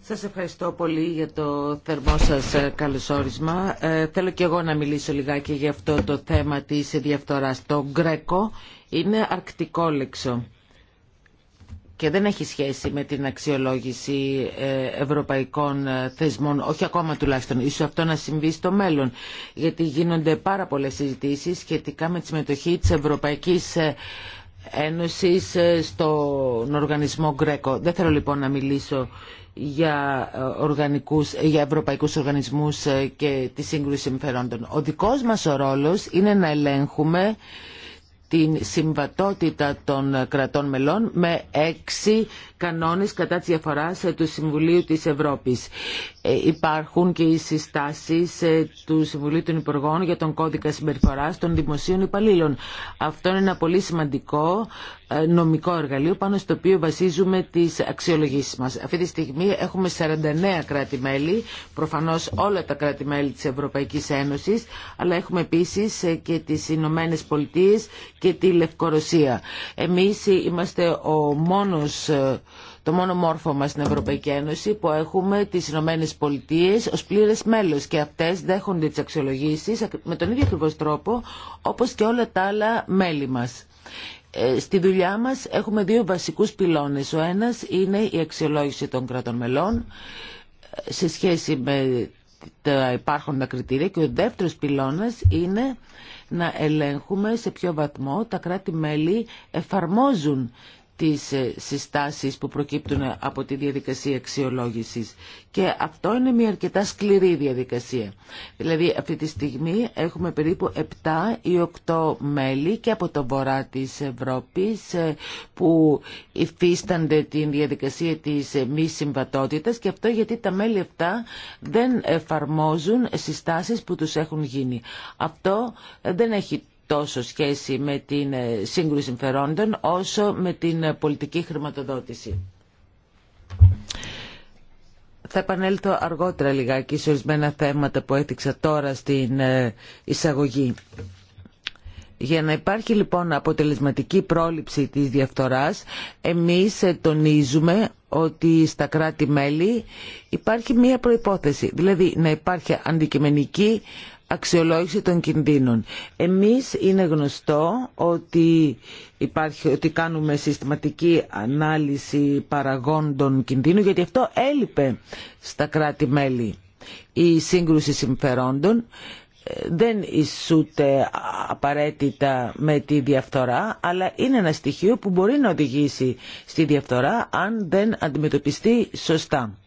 σας ευχαριστώ πολύ για το θερμό σας ε, καλωσόρισμα. θέλω και εγώ να μιλήσω λιγάκι για αυτό το θέμα της διαφθοράς. Το Γκρέκο είναι αρκτικό λεξο και δεν έχει σχέση με την αξιολόγηση ε, ευρωπαϊκών ε, θεσμών, όχι ακόμα τουλάχιστον, ίσως αυτό να συμβεί στο μέλλον, γιατί γίνονται πάρα πολλές συζητήσεις σχετικά με τη συμμετοχή της Ευρωπαϊκής ε, Ένωσης στον οργανισμό Γκρέκο. Δεν θέλω λοιπόν να μιλήσω για, οργανικούς, για ευρωπαϊκούς οργανισμούς και τη σύγκρουση συμφερόντων. Ο δικός μας ο ρόλος είναι να ελέγχουμε την συμβατότητα των κρατών μελών με έξι κανόνες κατά της διαφοράς του Συμβουλίου της Ευρώπης υπάρχουν και οι συστάσεις ε, του Συμβουλίου των Υπουργών για τον κώδικα συμπεριφοράς των δημοσίων υπαλλήλων. Αυτό είναι ένα πολύ σημαντικό ε, νομικό εργαλείο πάνω στο οποίο βασίζουμε τις αξιολογήσεις μας. Αυτή τη στιγμή έχουμε 49 κράτη-μέλη, προφανώς όλα τα κράτη-μέλη της Ευρωπαϊκής Ένωσης, αλλά έχουμε επίσης ε, και τις Ηνωμένε Πολιτείε και τη Λευκορωσία. Εμείς είμαστε ο μόνος το μόνο μόρφωμα στην Ευρωπαϊκή Ένωση που έχουμε τις Ηνωμένε Πολιτείε ως πλήρες μέλος και αυτές δέχονται τις αξιολογήσεις με τον ίδιο ακριβώ τρόπο όπως και όλα τα άλλα μέλη μας. Ε, στη δουλειά μας έχουμε δύο βασικούς πυλώνες. Ο ένας είναι η αξιολόγηση των κρατών μελών ε, σε σχέση με τα υπάρχοντα κριτήρια και ο δεύτερος πυλώνας είναι να ελέγχουμε σε ποιο βαθμό τα κράτη-μέλη εφαρμόζουν τις ε, συστάσεις που προκύπτουν από τη διαδικασία αξιολόγησης. Και αυτό είναι μια αρκετά σκληρή διαδικασία. Δηλαδή αυτή τη στιγμή έχουμε περίπου 7 ή 8 μέλη και από το βορρά της Ευρώπης ε, που υφίστανται την διαδικασία της ε, μη συμβατότητας και αυτό γιατί τα μέλη αυτά δεν εφαρμόζουν συστάσεις που τους έχουν γίνει. Αυτό δεν έχει τόσο σχέση με την ε, σύγκρουση συμφερόντων όσο με την ε, πολιτική χρηματοδότηση. Θα επανέλθω αργότερα λιγάκι σε ορισμένα θέματα που έθιξα τώρα στην ε, εισαγωγή. Για να υπάρχει λοιπόν αποτελεσματική πρόληψη της διαφθοράς, εμείς τονίζουμε ότι στα κράτη-μέλη υπάρχει μία προϋπόθεση, δηλαδή να υπάρχει αντικειμενική αξιολόγηση των κινδύνων. Εμείς είναι γνωστό ότι, υπάρχει, ότι κάνουμε συστηματική ανάλυση παραγόντων κινδύνου, γιατί αυτό έλειπε στα κράτη-μέλη. Η σύγκρουση συμφερόντων ε, δεν ισούται απαραίτητα με τη διαφθορά, αλλά είναι ένα στοιχείο που μπορεί να οδηγήσει στη διαφθορά αν δεν αντιμετωπιστεί σωστά.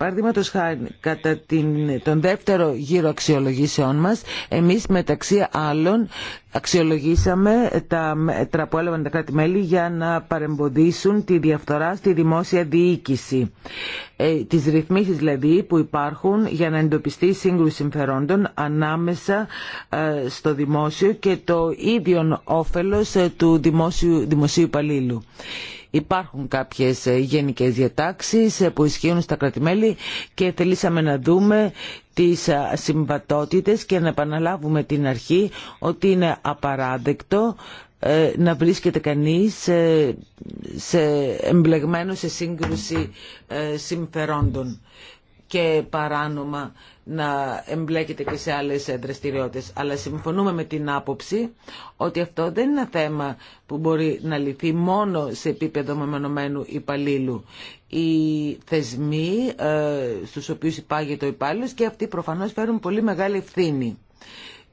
Παραδείγματο χάρη, κατά την, τον δεύτερο γύρο αξιολογήσεών μα, εμεί μεταξύ άλλων αξιολογήσαμε τα μέτρα που έλαβαν τα κράτη-μέλη για να παρεμποδίσουν τη διαφθορά στη δημόσια διοίκηση. Ε, τις ρυθμίσεις δηλαδή που υπάρχουν για να εντοπιστεί σύγκρουση συμφερόντων ανάμεσα ε, στο δημόσιο και το ίδιο όφελος ε, του δημόσιου, δημοσίου υπαλλήλου. Υπάρχουν κάποιες ε, γενικές διατάξεις ε, που ισχύουν στα κρατημέλη και θελήσαμε να δούμε τις ε, συμβατότητες και να επαναλάβουμε την αρχή ότι είναι απαράδεκτο να βρίσκεται κανείς σε, εμπλεγμένο σε σύγκρουση συμφερόντων και παράνομα να εμπλέκεται και σε άλλες δραστηριότητες. Αλλά συμφωνούμε με την άποψη ότι αυτό δεν είναι ένα θέμα που μπορεί να λυθεί μόνο σε επίπεδο μεμονωμένου υπαλλήλου. Οι θεσμοί ε, στους οποίους υπάγεται ο υπάλληλο και αυτοί προφανώς φέρουν πολύ μεγάλη ευθύνη.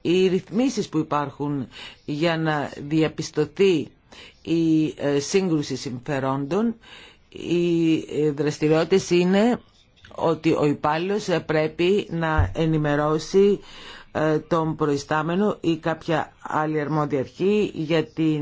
Οι ρυθμίσεις που υπάρχουν για να διαπιστωθεί η ε, σύγκρουση συμφερόντων οι ε, δραστηριότητες είναι ότι ο υπάλληλος πρέπει να ενημερώσει ε, τον προϊστάμενο ή κάποια άλλη αρμόδια αρχή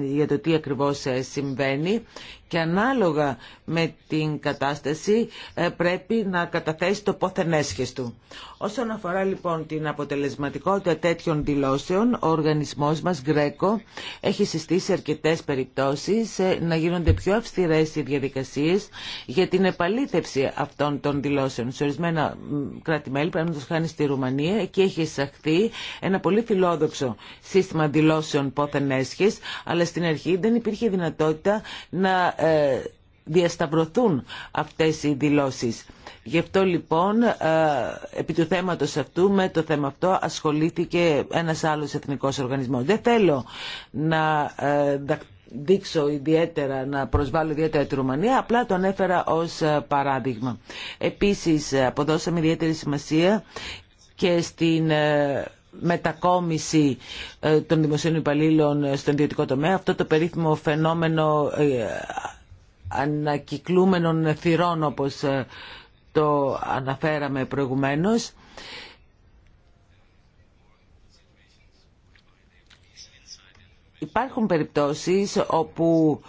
για το τι ακριβώς ε, συμβαίνει και ανάλογα με την κατάσταση ε, πρέπει να καταθέσει το πόθεν του. Όσον αφορά λοιπόν την αποτελεσματικότητα τέτοιων δηλώσεων, ο οργανισμός μας Γκρέκο έχει συστήσει αρκετές περιπτώσεις ε, να γίνονται πιο αυστηρές οι διαδικασίες για την επαλήθευση αυτών των δηλώσεων. Σε ορισμένα κράτη-μέλη, παραδείγματος χάνει στη Ρουμανία, εκεί έχει εισαχθεί ένα πολύ φιλόδοξο σύστημα δηλώσεων πόθεν αλλά στην αρχή δεν υπήρχε δυνατότητα να ε, διασταυρωθούν αυτές οι δηλώσεις. Γι' αυτό λοιπόν ε, επί του θέματος αυτού με το θέμα αυτό ασχολήθηκε ένας άλλος εθνικός οργανισμός. Δεν θέλω να ε, δείξω ιδιαίτερα, να προσβάλλω ιδιαίτερα τη Ρουμανία, απλά το ανέφερα ως παράδειγμα. Επίσης αποδώσαμε ιδιαίτερη σημασία και στην μετακόμιση ε, των δημοσίων υπαλλήλων ε, στον ιδιωτικό τομέα, αυτό το περίφημο φαινόμενο ε, ανακυκλούμενων θυρών όπως το αναφέραμε προηγουμένως. Υπάρχουν περιπτώσεις όπου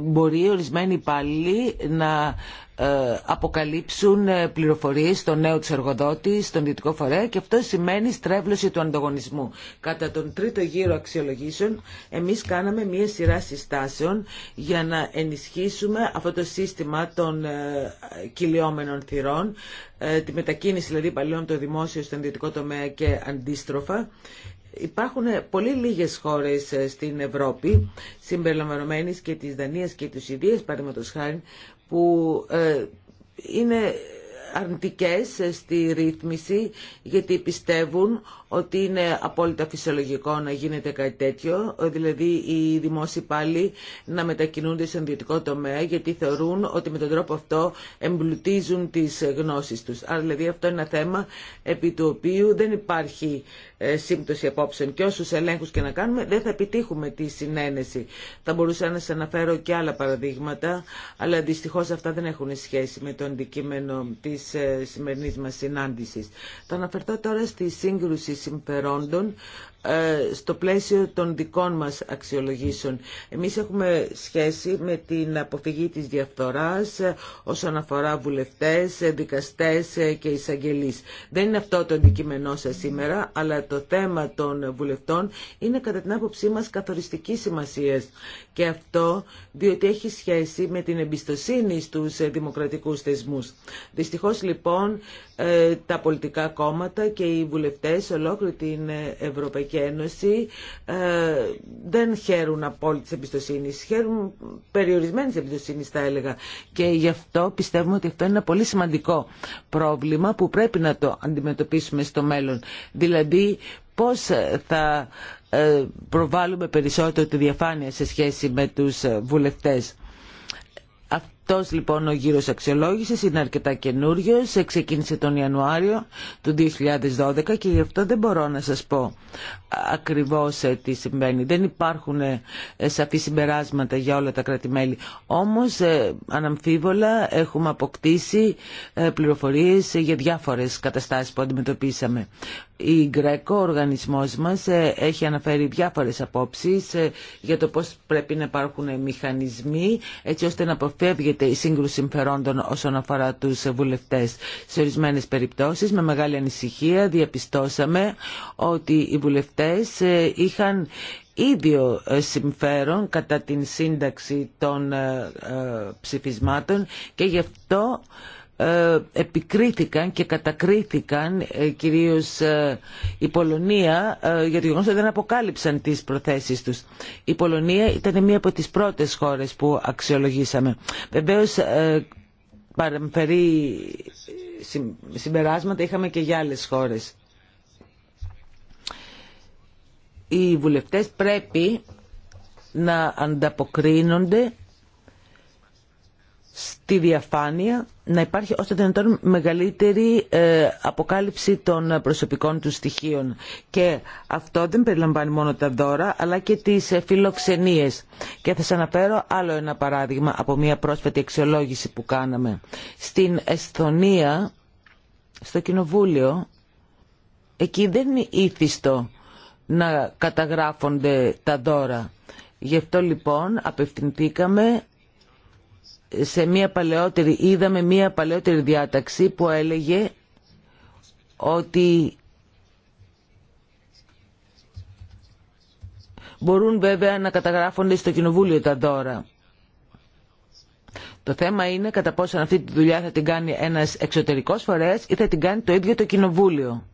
μπορεί ορισμένοι υπάλληλοι να ε, αποκαλύψουν ε, πληροφορίες στον νέο της εργοδότη, στον δυτικό φορέα και αυτό σημαίνει στρέβλωση του ανταγωνισμού. Κατά τον τρίτο γύρο αξιολογήσεων εμείς κάναμε μία σειρά συστάσεων για να ενισχύσουμε αυτό το σύστημα των ε, κυλιόμενων θυρών, τη μετακίνηση δηλαδή παλιών από το δημόσιο στον δυτικό τομέα και αντίστροφα Υπάρχουν πολύ λίγες χώρες ε, στην Ευρώπη, συμπεριλαμβανομένης και της Δανίας και της Ιδίας, παραδείγματος χάρη, που ε, είναι αρνητικές ε, στη ρύθμιση γιατί πιστεύουν ότι είναι απόλυτα φυσιολογικό να γίνεται κάτι τέτοιο, δηλαδή οι δημόσιοι πάλι να μετακινούνται στον ιδιωτικό τομέα γιατί θεωρούν ότι με τον τρόπο αυτό εμπλουτίζουν τις γνώσεις τους. Άρα δηλαδή αυτό είναι ένα θέμα επί του οποίου δεν υπάρχει ε, σύμπτωση απόψεων και όσους ελέγχους και να κάνουμε δεν θα επιτύχουμε τη συνένεση. Θα μπορούσα να σας αναφέρω και άλλα παραδείγματα, αλλά δυστυχώς αυτά δεν έχουν σχέση με το αντικείμενο της ε, σημερινής μας συνάντησης. Θα αναφερθώ τώρα στη σύγκρουση συμφερόντων ε, στο πλαίσιο των δικών μας αξιολογήσεων. Εμείς έχουμε σχέση με την αποφυγή της διαφθοράς ε, όσον αφορά βουλευτές, ε, δικαστές και εισαγγελείς. Δεν είναι αυτό το αντικείμενό σας σήμερα, αλλά το θέμα των βουλευτών είναι κατά την άποψή μας καθοριστική σημασία. Και αυτό διότι έχει σχέση με την εμπιστοσύνη στους δημοκρατικούς θεσμούς. Δυστυχώς λοιπόν τα πολιτικά κόμματα και οι βουλευτές ολόκληρη την Ευρωπαϊκή Ευρωπαϊκή Ένωση ε, δεν χαίρουν απόλυτη εμπιστοσύνη, χαίρουν περιορισμένη εμπιστοσύνη θα έλεγα. Και γι' αυτό πιστεύουμε ότι αυτό είναι ένα πολύ σημαντικό πρόβλημα που πρέπει να το αντιμετωπίσουμε στο μέλλον. Δηλαδή πώς θα ε, προβάλλουμε περισσότερο τη διαφάνεια σε σχέση με τους ε, βουλευτές. Αυτός λοιπόν ο γύρος αξιολόγησης είναι αρκετά καινούριο, ε, ξεκίνησε τον Ιανουάριο του 2012 και γι' αυτό δεν μπορώ να σας πω ακριβώς ε, τι συμβαίνει. Δεν υπάρχουν ε, σαφή συμπεράσματα για όλα τα κράτη-μέλη. Όμως αναμφίβολα έχουμε αποκτήσει πληροφορίες για διάφορες καταστάσεις που αντιμετωπίσαμε. Η Γκρέκο, ο οργανισμός μας, ε, έχει αναφέρει διάφορες απόψεις ε, για το πώς πρέπει να υπάρχουν μηχανισμοί έτσι ώστε να αποφεύγεται η σύγκρουση συμφερόντων όσον αφορά τους βουλευτές. Σε ορισμένες περιπτώσεις, με μεγάλη ανησυχία, διαπιστώσαμε ότι οι βουλευτές ε, είχαν ίδιο συμφέρον κατά την σύνταξη των ψηφισμάτων και γι' αυτό ε, επικρίθηκαν και κατακρίθηκαν ε, κυρίως ε, η Πολωνία για το ότι δεν αποκάλυψαν τις προθέσεις τους. Η Πολωνία ήταν μία από τις πρώτες χώρες που αξιολογήσαμε. Βεβαίως παρεμφερεί συμπεράσματα είχαμε και για άλλες χώρες. Οι βουλευτές πρέπει να ανταποκρίνονται στη διαφάνεια να υπάρχει ώστε δυνατόν μεγαλύτερη ε, αποκάλυψη των προσωπικών του στοιχείων. Και αυτό δεν περιλαμβάνει μόνο τα δώρα αλλά και τις ε, φιλοξενίες. Και θα σας αναφέρω άλλο ένα παράδειγμα από μια πρόσφατη αξιολόγηση που κάναμε. Στην Εσθονία, στο Κοινοβούλιο, εκεί δεν είναι ήθιστο να καταγράφονται τα δώρα. Γι' αυτό λοιπόν απευθυνθήκαμε σε μια παλαιότερη, είδαμε μια παλαιότερη διάταξη που έλεγε ότι μπορούν βέβαια να καταγράφονται στο κοινοβούλιο τα δώρα. Το θέμα είναι κατά πόσο αυτή τη δουλειά θα την κάνει ένας εξωτερικός φορέας ή θα την κάνει το ίδιο το κοινοβούλιο.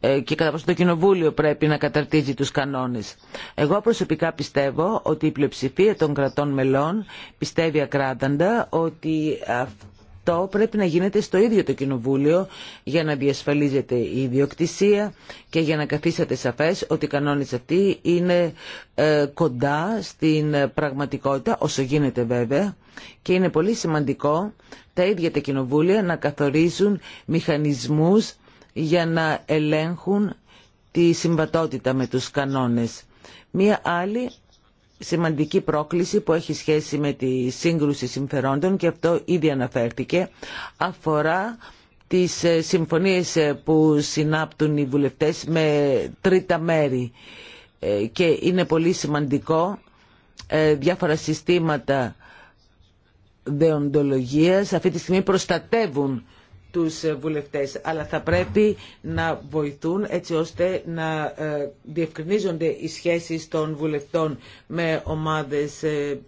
Ε, και κατά πόσο το Κοινοβούλιο πρέπει να καταρτίζει τους κανόνες. Εγώ προσωπικά πιστεύω ότι η πλειοψηφία των κρατών μελών πιστεύει ακράταντα ότι αυτό πρέπει να γίνεται στο ίδιο το Κοινοβούλιο για να διασφαλίζεται η ιδιοκτησία και για να καθίσατε σαφές ότι οι κανόνες αυτοί είναι ε, κοντά στην πραγματικότητα, όσο γίνεται βέβαια, και είναι πολύ σημαντικό τα ίδια τα κοινοβούλια να καθορίζουν μηχανισμούς για να ελέγχουν τη συμβατότητα με τους κανόνες. Μία άλλη σημαντική πρόκληση που έχει σχέση με τη σύγκρουση συμφερόντων και αυτό ήδη αναφέρθηκε αφορά τις ε, συμφωνίες ε, που συνάπτουν οι βουλευτές με τρίτα μέρη ε, και είναι πολύ σημαντικό διάφορα συστήματα δεοντολογίας αυτή τη στιγμή προστατεύουν τους ε, βουλευτές, αλλά θα πρέπει να βοηθούν έτσι ώστε να ε, διευκρινίζονται οι σχέσεις των βουλευτών με ομάδες ε,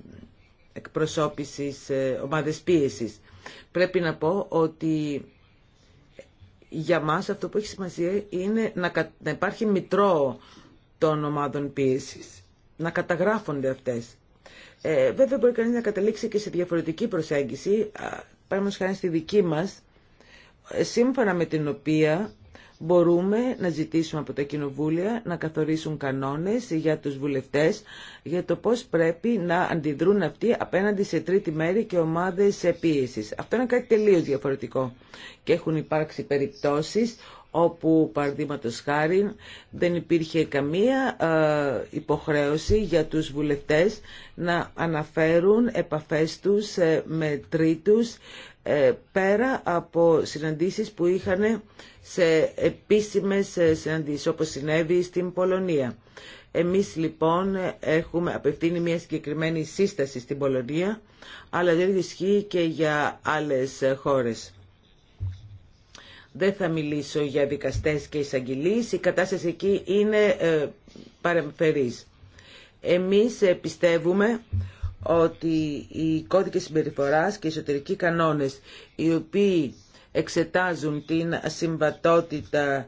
εκπροσώπησης, ομάδες πίεσης. Πρέπει να πω ότι για μας αυτό που έχει σημασία είναι να υπάρχει μητρό των ομάδων πίεσης, να καταγράφονται αυτές. Ε, βέβαια μπορεί κανείς να καταλήξει και σε διαφορετική προσέγγιση, πάμε χάρη στη δική μας, σύμφωνα με την οποία μπορούμε να ζητήσουμε από τα κοινοβούλια να καθορίσουν κανόνες για τους βουλευτές για το πώς πρέπει να αντιδρούν αυτοί απέναντι σε τρίτη μέρη και ομάδες πίεση. Αυτό είναι κάτι τελείως διαφορετικό. Και έχουν υπάρξει περιπτώσεις όπου παραδείγματο χάρη δεν υπήρχε καμία υποχρέωση για τους βουλευτές να αναφέρουν επαφές τους ε, με τρίτους ε, πέρα από συναντήσεις που είχαν σε επίσημες ε, συναντήσεις όπως συνέβη στην Πολωνία. Εμείς λοιπόν έχουμε απευθύνει μια συγκεκριμένη σύσταση στην Πολωνία αλλά δεν ισχύει και για άλλες χώρες. Δεν θα μιλήσω για δικαστές και εισαγγελείς, η κατάσταση εκεί είναι ε, παρεμφερής. Εμείς πιστεύουμε ότι οι κώδικες συμπεριφοράς και οι εσωτερικοί κανόνες οι οποίοι εξετάζουν την ασυμβατότητα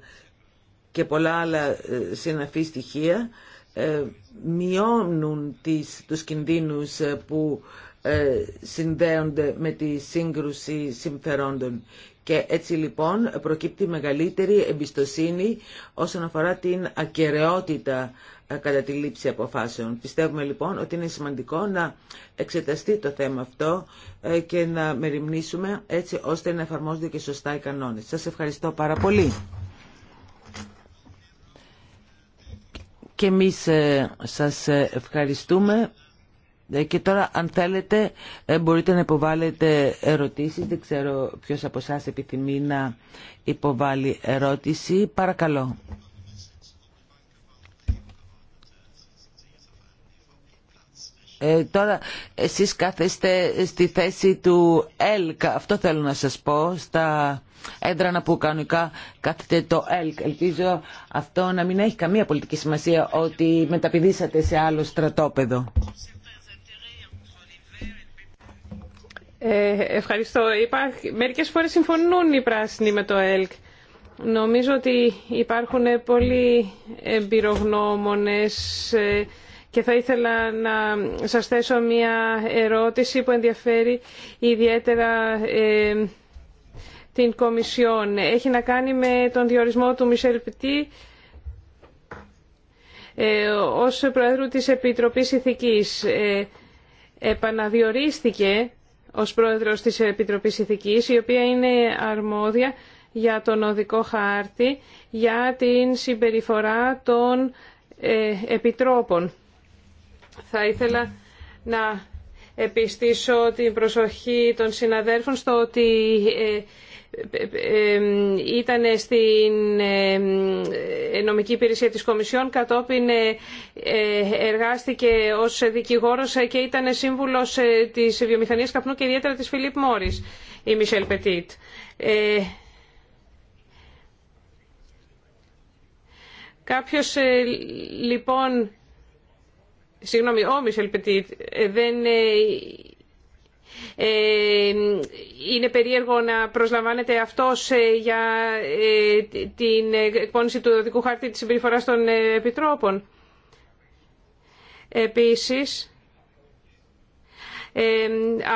και πολλά άλλα ε, συναφή στοιχεία ε, μειώνουν τις, τους κινδύνους ε, που συνδέονται με τη σύγκρουση συμφερόντων. Και έτσι λοιπόν προκύπτει μεγαλύτερη εμπιστοσύνη όσον αφορά την ακαιρεότητα ε, κατά τη λήψη αποφάσεων. Πιστεύουμε λοιπόν ότι είναι σημαντικό να εξεταστεί το θέμα αυτό ε, και να μεριμνήσουμε έτσι ώστε να εφαρμόζονται και σωστά οι κανόνες. Σας ευχαριστώ πάρα πολύ. Και εμείς ε, σας ευχαριστούμε. Ε, και τώρα αν θέλετε ε, μπορείτε να υποβάλλετε ερωτήσεις. Δεν ξέρω ποιος από εσά επιθυμεί να υποβάλει ερώτηση. Παρακαλώ. Ε, τώρα εσείς κάθεστε στη θέση του ΕΛΚ. Αυτό θέλω να σας πω. Στα να που κανονικά κάθεται το ΕΛΚ. Ελπίζω αυτό να μην έχει καμία πολιτική σημασία ότι μεταπηδήσατε σε άλλο στρατόπεδο. Ε, ευχαριστώ. Μέρικέ Μερικές φορές συμφωνούν οι πράσινοι με το ΕΛΚ. Νομίζω ότι υπάρχουν πολλοί εμπειρογνώμονες ε, και θα ήθελα να σας θέσω μια ερώτηση που ενδιαφέρει ιδιαίτερα ε, την Κομισιόν. Έχει να κάνει με τον διορισμό του Μισελ Πιτή ως Προέδρου της Επιτροπής Ηθικής. Επαναδιορίστηκε ως πρόεδρος της Επιτροπής Ηθικής, η οποία είναι αρμόδια για τον οδικό χάρτη, για την συμπεριφορά των ε, επιτρόπων. Θα ήθελα να επιστήσω την προσοχή των συναδέλφων στο ότι ε, ήταν στην ε, νομική υπηρεσία της Κομισιόν, κατόπιν ε, εργάστηκε ως δικηγόρος και ήταν σύμβουλος ε, της βιομηχανίας καπνού και ιδιαίτερα της Φιλίπ Μόρις, η Μισελ Πετίτ. Κάποιος λοιπόν, συγγνώμη, ο Μισελ Πετίτ δεν ε, είναι περίεργο να προσλαμβάνεται αυτός για ε, την εκπόνηση του δοτικού χάρτη της συμπεριφορά των ε, επιτρόπων. Επίσης,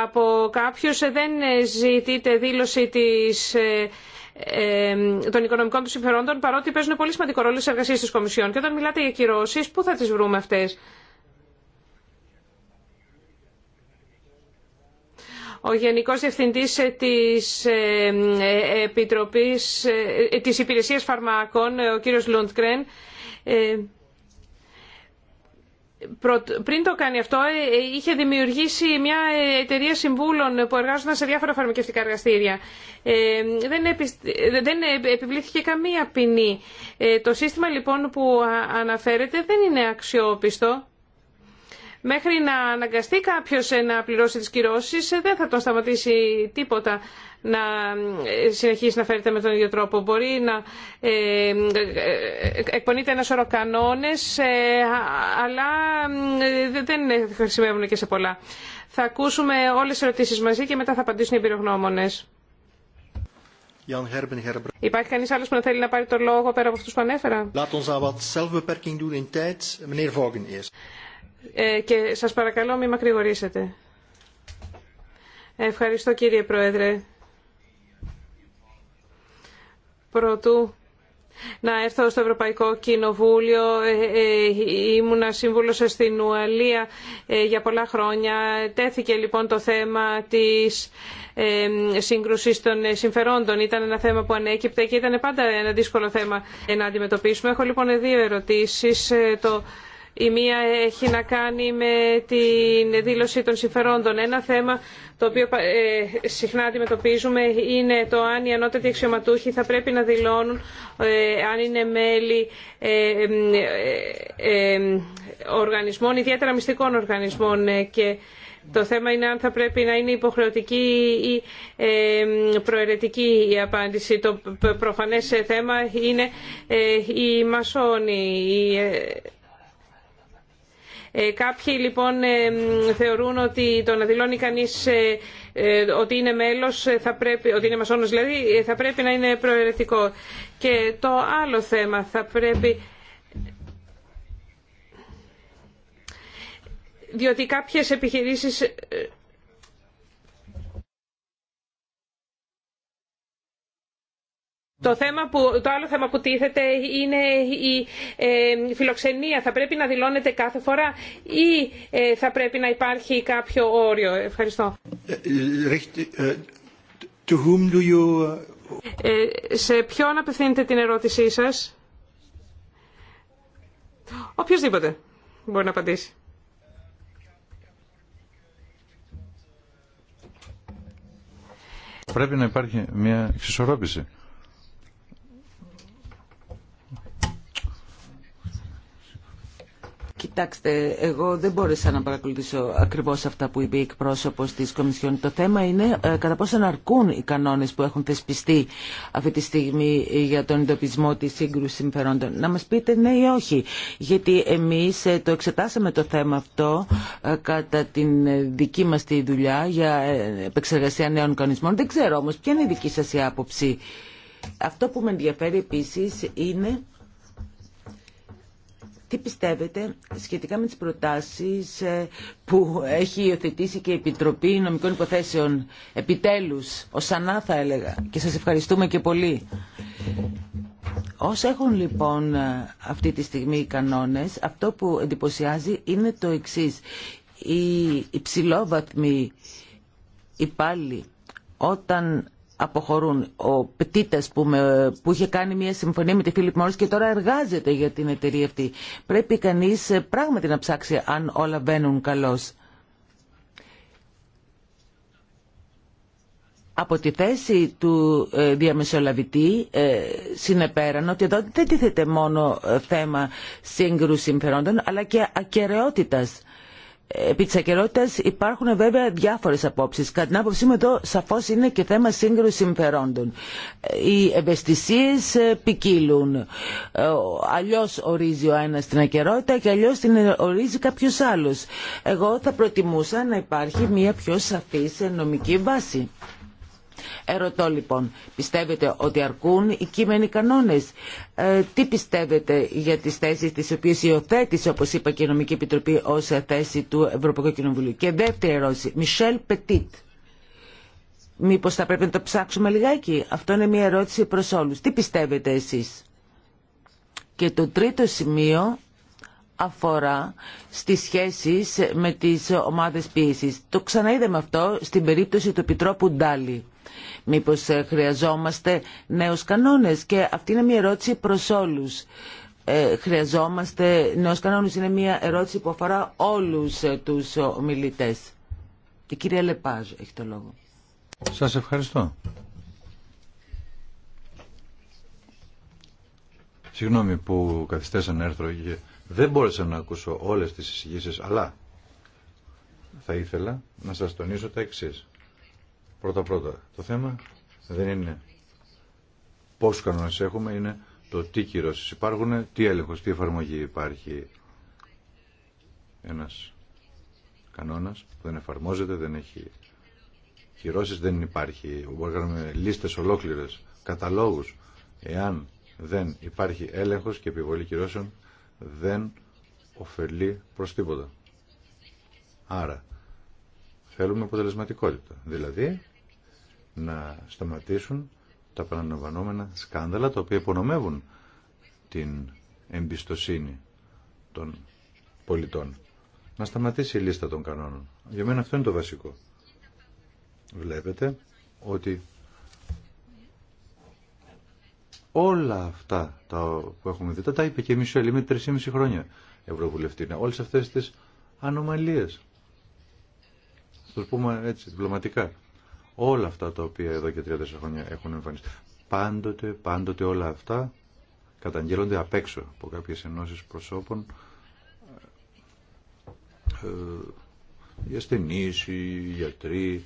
από κάποιους δεν ζητείται δήλωση της των οικονομικών του συμφερόντων, παρότι παίζουν πολύ σημαντικό ρόλο στι εργασίες τη Κομισιόν. Και όταν μιλάτε για κυρώσεις, πού θα τις βρούμε αυτές. Ο Γενικός Διευθυντής της, ε, ε, Επιτροπής, ε, της Υπηρεσίας Φαρμακών, ο κύριος Λούντκρεν, πριν το κάνει αυτό, είχε δημιουργήσει μια εταιρεία συμβούλων που εργάζονταν σε διάφορα φαρμακευτικά εργαστήρια. Δεν επιβλήθηκε καμία ποινή. Το σύστημα λοιπόν που αναφέρεται δεν είναι αξιόπιστο μέχρι να αναγκαστεί κάποιο ε, να πληρώσει τι κυρώσει, ε, δεν θα τον σταματήσει τίποτα να ε, συνεχίσει να φέρεται με τον ίδιο τρόπο. Μπορεί να εκπονείται ένα σωρό κανόνες, αλλά δεν χρησιμεύουν και σε πολλά. Θα ακούσουμε όλες τις ερωτήσει μαζί και μετά θα απαντήσουν οι εμπειρογνώμονε. Υπάρχει κανεί άλλο που να θέλει να πάρει το λόγο πέρα από αυτού που ανέφερα. Ε, και σας παρακαλώ μην μακρηγορήσετε. Ευχαριστώ κύριε Πρόεδρε. Πρωτού να έρθω στο Ευρωπαϊκό Κοινοβούλιο. Ε, ε, ήμουνα σύμβουλος στην Ουαλία για πολλά χρόνια. Τέθηκε λοιπόν το θέμα της σύγκρουση των συμφερόντων. Ήταν ένα θέμα που ανέκυπτε και ήταν πάντα ένα δύσκολο θέμα να αντιμετωπίσουμε. Έχω λοιπόν δύο ερωτήσεις. Το η μία έχει να κάνει με την δήλωση των συμφερόντων. Ένα θέμα το οποίο ε, συχνά αντιμετωπίζουμε είναι το αν οι ανώτατοι αξιωματούχοι θα πρέπει να δηλώνουν ε, αν είναι μέλη ε, οργανισμών, ιδιαίτερα μυστικών οργανισμών και το θέμα είναι αν θα πρέπει να είναι υποχρεωτική ή προαιρετική η απάντηση. Το προφανές θέμα είναι οι μασόνοι, ε, κάποιοι λοιπόν ε, θεωρούν ότι το να δηλώνει κανείς ε, ότι είναι μέλος, θα πρέπει, ότι είναι μασόνος δηλαδή, θα πρέπει να είναι προαιρετικό. Και το άλλο θέμα θα πρέπει... Διότι κάποιες επιχειρήσεις Το, θέμα που, το άλλο θέμα που τίθεται είναι η ε, φιλοξενία. Θα πρέπει να δηλώνεται κάθε φορά ή ε, θα πρέπει να υπάρχει κάποιο όριο. Ευχαριστώ. σε ποιον απευθύνεται την ερώτησή σας. Οποιοςδήποτε μπορεί να απαντήσει. Πρέπει να υπάρχει μια εξισορρόπηση Κοιτάξτε, εγώ δεν μπόρεσα να παρακολουθήσω ακριβώς αυτά που είπε η εκπρόσωπος της Κομισιόν. Το θέμα είναι ε, κατά πόσο να αρκούν οι κανόνες που έχουν θεσπιστεί αυτή τη στιγμή για τον εντοπισμό της σύγκρουσης συμφερόντων. Να μας πείτε ναι ή όχι. Γιατί εμείς ε, το εξετάσαμε το θέμα αυτό ε, κατά την δική μας τη δουλειά για επεξεργασία νέων κανονισμών. Δεν ξέρω όμως ποια είναι η δική σας άποψη. Αυτό που με ενδιαφέρει επίση είναι τι πιστεύετε σχετικά με τις προτάσεις ε, που έχει υιοθετήσει και η Επιτροπή Νομικών Υποθέσεων επιτέλους, ως ανά θα έλεγα, και σας ευχαριστούμε και πολύ. Όσοι έχουν λοιπόν ε, αυτή τη στιγμή οι κανόνες, αυτό που εντυπωσιάζει είναι το εξής. Οι υψηλόβαθμοι υπάλληλοι όταν αποχωρούν. Ο Πτήτας που, που είχε κάνει μια συμφωνία με τη Φίλιπ Μόρι και τώρα εργάζεται για την εταιρεία αυτή. Πρέπει κανείς ε, πράγματι να ψάξει αν όλα βαίνουν καλώς. Από τη θέση του ε, διαμεσολαβητή ε, συνεπέραν ότι εδώ δεν τίθεται μόνο θέμα σύγκρου συμφερόντων αλλά και ακαιρεότητας επί τη υπάρχουν βέβαια διάφορες απόψεις. Κατά την άποψή μου εδώ σαφώς είναι και θέμα σύγκρουση συμφερόντων. Οι ευαισθησίε ε, ποικίλουν. Ε, αλλιώ ορίζει ο ένα την ακερότητα και αλλιώ την ορίζει κάποιο άλλο. Εγώ θα προτιμούσα να υπάρχει μια πιο σαφή νομική βάση. Ερωτώ λοιπόν, πιστεύετε ότι αρκούν οι κείμενοι κανόνες. Ε, τι πιστεύετε για τις θέσεις τις οποίες υιοθέτησε, όπως είπα και η Νομική Επιτροπή, ως θέση του Ευρωπαϊκού Κοινοβουλίου. Και δεύτερη ερώτηση, Μισελ Πετίτ. Μήπως θα πρέπει να το ψάξουμε λιγάκι. Αυτό είναι μια ερώτηση προς όλους. Τι πιστεύετε εσείς. Και το τρίτο σημείο αφορά στις σχέσεις με τις ομάδες πίεσης. Το ξαναείδαμε αυτό στην περίπτωση του Επιτρόπου Ντάλι. Μήπως ε, χρειαζόμαστε νέους κανόνες και αυτή είναι μια ερώτηση προς όλους. Ε, χρειαζόμαστε νέους κανόνες είναι μια ερώτηση που αφορά όλους ε, τους ομιλητές. Η κυρία Λεπάζ έχει το λόγο. Σας ευχαριστώ. Συγγνώμη που καθυστέρησα να δεν μπόρεσα να ακούσω όλες τις εισηγήσεις, αλλά θα ήθελα να σας τονίσω τα εξή. πρωτα Πρώτα-πρώτα, το θέμα δεν είναι πόσους κανόνες έχουμε, είναι το τι κυρώσεις υπάρχουν, τι έλεγχος, τι εφαρμογή υπάρχει. Ένας κανόνας που δεν εφαρμόζεται, δεν έχει κυρώσεις, δεν υπάρχει. Μπορεί να κάνουμε λίστες ολόκληρες, καταλόγους. Εάν δεν υπάρχει έλεγχος και επιβολή κυρώσεων, δεν ωφελεί προς τίποτα. Άρα, θέλουμε αποτελεσματικότητα. Δηλαδή, να σταματήσουν τα παραλαμβανόμενα σκάνδαλα τα οποία υπονομεύουν την εμπιστοσύνη των πολιτών. Να σταματήσει η λίστα των κανόνων. Για μένα αυτό είναι το βασικό. Βλέπετε ότι Όλα αυτά τα που έχουμε δει, τα, τα είπε και η Μισελ, είμαι 3,5 χρόνια ευρωβουλευτή. Όλες αυτές τις ανομαλίες. Θα το πούμε έτσι, διπλωματικά. Όλα αυτά τα οποία εδώ και τέσσερα χρόνια έχουν εμφανιστεί. Πάντοτε, πάντοτε όλα αυτά καταγγέλλονται απ' έξω από κάποιες ενώσεις προσώπων ε, ε οι ασθενείς, οι γιατροί,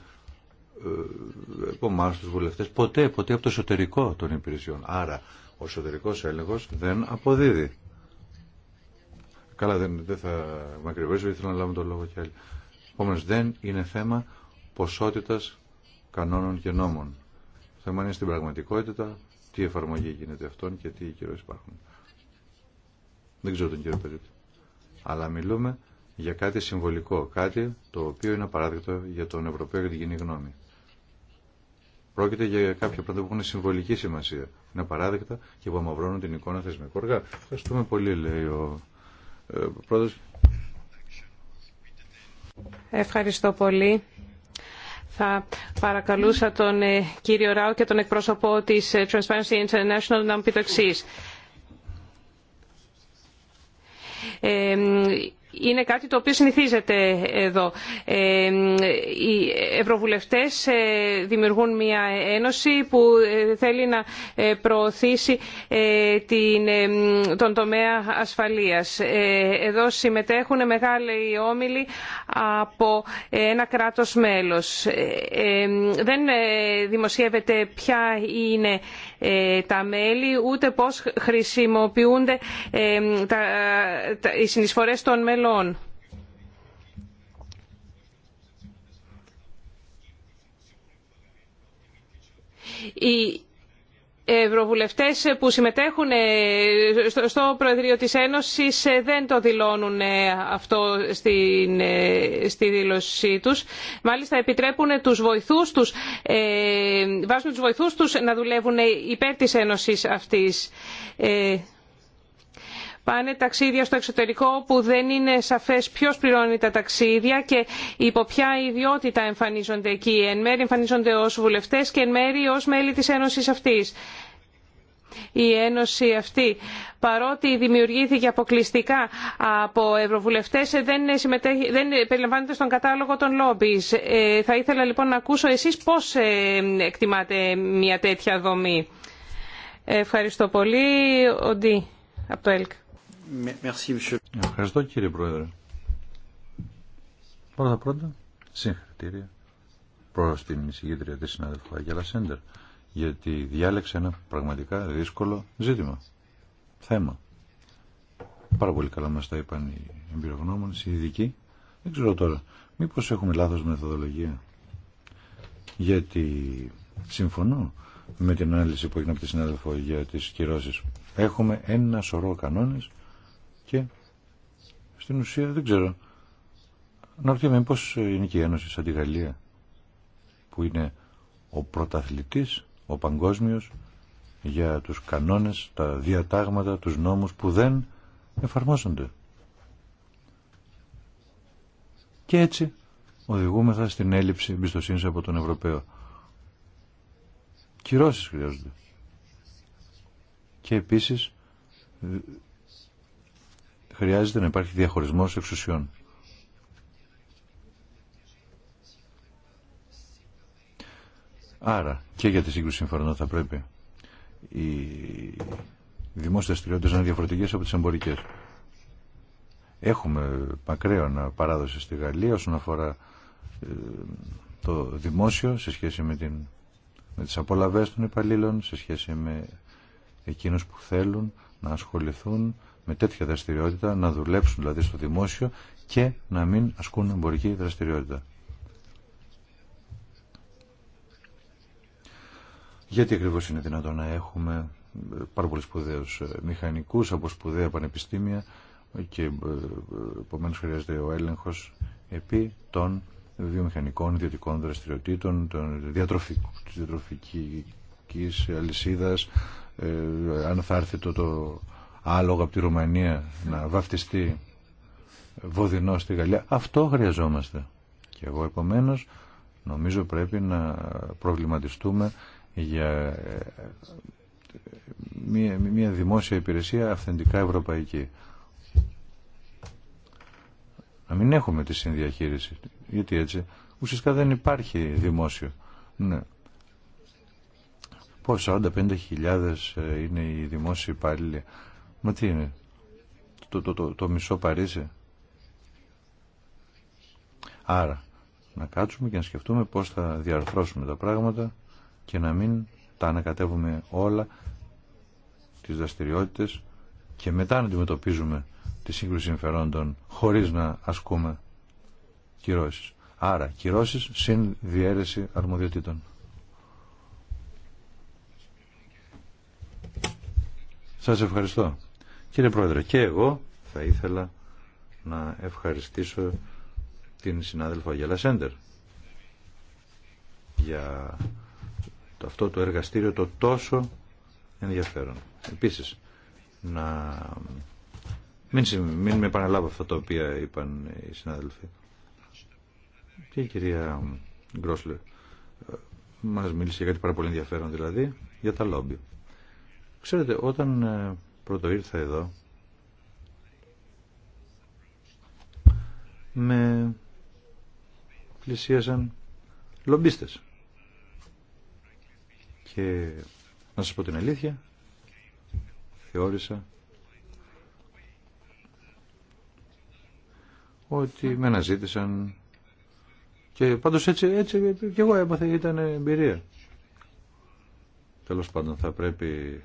ε, από εμά του βουλευτέ, ποτέ, ποτέ από το εσωτερικό των υπηρεσιών. Άρα ο εσωτερικό έλεγχο δεν αποδίδει. Καλά δεν, δεν θα ακριβώ, ήθελα να λάβω τον λόγο κι άλλοι. Επομένω δεν είναι θέμα ποσότητα κανόνων και νόμων. θέμα είναι στην πραγματικότητα τι εφαρμογή γίνεται αυτών και τι κυρίως υπάρχουν. Δεν ξέρω τον κύριο Περιπτή Αλλά μιλούμε για κάτι συμβολικό, κάτι το οποίο είναι απαράδεκτο για τον Ευρωπαίο και την κοινή γνώμη. Πρόκειται για κάποια πράγματα που έχουν συμβολική σημασία. Είναι παράδεκτα και που αμαυρώνουν την εικόνα θεσμικού οργά. Ευχαριστούμε πολύ, λέει ο ε, πρόεδρος. Ευχαριστώ πολύ. Θα παρακαλούσα τον ε, κύριο Ράου και τον εκπρόσωπο της ε, Transparency International να μου πει το εξής είναι κάτι το οποίο συνηθίζεται εδώ. Ε, οι ευρωβουλευτές ε, δημιουργούν μια ένωση που ε, θέλει να προωθήσει τον τομέα ασφαλείας. Εδώ συμμετέχουν μεγάλοι όμιλοι από ένα κράτος μέλος. Δεν δημοσιεύεται ποια είναι ε, τα μέλη, ούτε πώς χρησιμοποιούνται ε, οι συνεισφορές των μελών ευρωβουλευτές που συμμετέχουν ε, στο Προεδρείο της Ένωσης ε, δεν το δηλώνουν ε, αυτό στη δήλωσή τους. Μάλιστα επιτρέπουν τους βοηθούς τους, βάζουν τους βοηθούς τους να δουλεύουν υπέρ τη Ένωσης αυτής πάνε ταξίδια στο εξωτερικό που δεν είναι σαφές ποιος πληρώνει τα ταξίδια και υπό ποια ιδιότητα εμφανίζονται εκεί. Εν μέρει εμφανίζονται ως βουλευτές και εν μέρει ως μέλη της Ένωσης αυτής. Η Ένωση αυτή, παρότι δημιουργήθηκε αποκλειστικά από ευρωβουλευτές, δεν, δεν περιλαμβάνεται στον κατάλογο των λόμπις. Ε, θα ήθελα λοιπόν να ακούσω εσείς πώς ε, εκτιμάτε μια τέτοια δομή. Ευχαριστώ πολύ. Ο από το ΕΛΚ. Ευχαριστώ κύριε Πρόεδρε. Πρώτα πρώτα, συγχαρητήρια προ την εισηγήτρια τη συνάδελφου Αγγέλα Σέντερ γιατί διάλεξε ένα πραγματικά δύσκολο ζήτημα, θέμα. Πάρα πολύ καλά μα τα είπαν οι εμπειρογνώμονες, οι ειδικοί. Δεν ξέρω τώρα, μήπω έχουμε λάθο μεθοδολογία. Γιατί συμφωνώ με την ανάλυση που έγινε από τη συνάδελφο για τι κυρώσει. Έχουμε ένα σωρό κανόνε. Και στην ουσία δεν ξέρω. Να ρωτήσουμε πώ είναι και η Ένωση σαν τη Γαλλία που είναι ο πρωταθλητής, ο παγκόσμιος για τους κανόνες, τα διατάγματα, τους νόμους που δεν εφαρμόζονται. Και έτσι οδηγούμεθα στην έλλειψη εμπιστοσύνη από τον Ευρωπαίο. Κυρώσεις χρειάζονται. Και επίσης χρειάζεται να υπάρχει διαχωρισμός εξουσιών. Άρα και για τη σύγκρουση συμφωνών θα πρέπει οι δημόσιες δραστηριότητε να είναι διαφορετικές από τις εμπορικές. Έχουμε μακραίων παράδοση στη Γαλλία όσον αφορά ε, το δημόσιο σε σχέση με, την, με τις απολαβές των υπαλλήλων, σε σχέση με εκείνους που θέλουν να ασχοληθούν με τέτοια δραστηριότητα, να δουλέψουν δηλαδή στο δημόσιο και να μην ασκούν εμπορική δραστηριότητα. Γιατί ακριβώ είναι δυνατόν να έχουμε ε, πάρα πολλού σπουδαίου ε, μηχανικού από σπουδαία πανεπιστήμια και ε, επομένω χρειάζεται ο έλεγχο επί των βιομηχανικών ιδιωτικών δραστηριοτήτων, των διατροφικής αλυσίδας, ε, αν θα έρθει το, το Άλογα από τη Ρουμανία να βαφτιστεί βοδινό στη Γαλλία. Αυτό χρειαζόμαστε. Και εγώ επομένω νομίζω πρέπει να προβληματιστούμε για ε, μια, μια δημόσια υπηρεσία αυθεντικά ευρωπαϊκή. Να μην έχουμε τη συνδιαχείριση. Γιατί έτσι ουσιαστικά δεν υπάρχει δημόσιο. Ναι. πως ε, είναι οι δημόσιοι υπάλληλοι Μα τι είναι, το, το, το, μισό Παρίσι. Άρα, να κάτσουμε και να σκεφτούμε πώς θα διαρθρώσουμε τα πράγματα και να μην τα ανακατεύουμε όλα τις δραστηριότητε και μετά να αντιμετωπίζουμε τη σύγκρουση συμφερόντων χωρίς να ασκούμε κυρώσεις. Άρα, κυρώσεις συν διαίρεση αρμοδιοτήτων. Σας ευχαριστώ. Κύριε Πρόεδρε, και εγώ θα ήθελα να ευχαριστήσω την συνάδελφο Αγιά Σέντερ για αυτό το εργαστήριο το τόσο ενδιαφέρον. Επίσης, να μην, με επαναλάβω αυτά τα οποία είπαν οι συνάδελφοι. Και η κυρία Γκρόσλερ ε, μας μίλησε για κάτι πάρα πολύ ενδιαφέρον δηλαδή, για τα λόμπι. Ξέρετε, όταν ε, πρώτο ήρθα εδώ με πλησίασαν λομπίστες. Και να σας πω την αλήθεια, θεώρησα ότι με αναζήτησαν και πάντως έτσι, έτσι και εγώ έμαθα ήταν εμπειρία. Τέλος πάντων θα πρέπει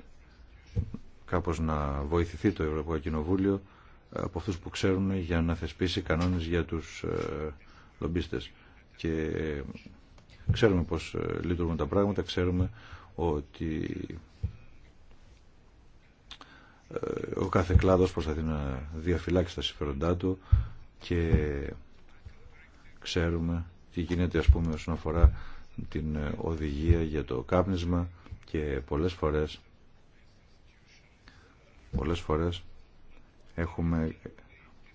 κάπως να βοηθηθεί το Ευρωπαϊκό Κοινοβούλιο ε, από αυτούς που ξέρουν για να θεσπίσει κανόνες για τους ε, λομπίστες. Και ε, ξέρουμε πώς λειτουργούν τα πράγματα, ξέρουμε ότι ο κάθε κλάδος προσπαθεί να διαφυλάξει τα συμφέροντά του και ξέρουμε τι γίνεται ας πούμε όσον αφορά την οδηγία για το κάπνισμα και πολλές φορές Πολλές φορές έχουμε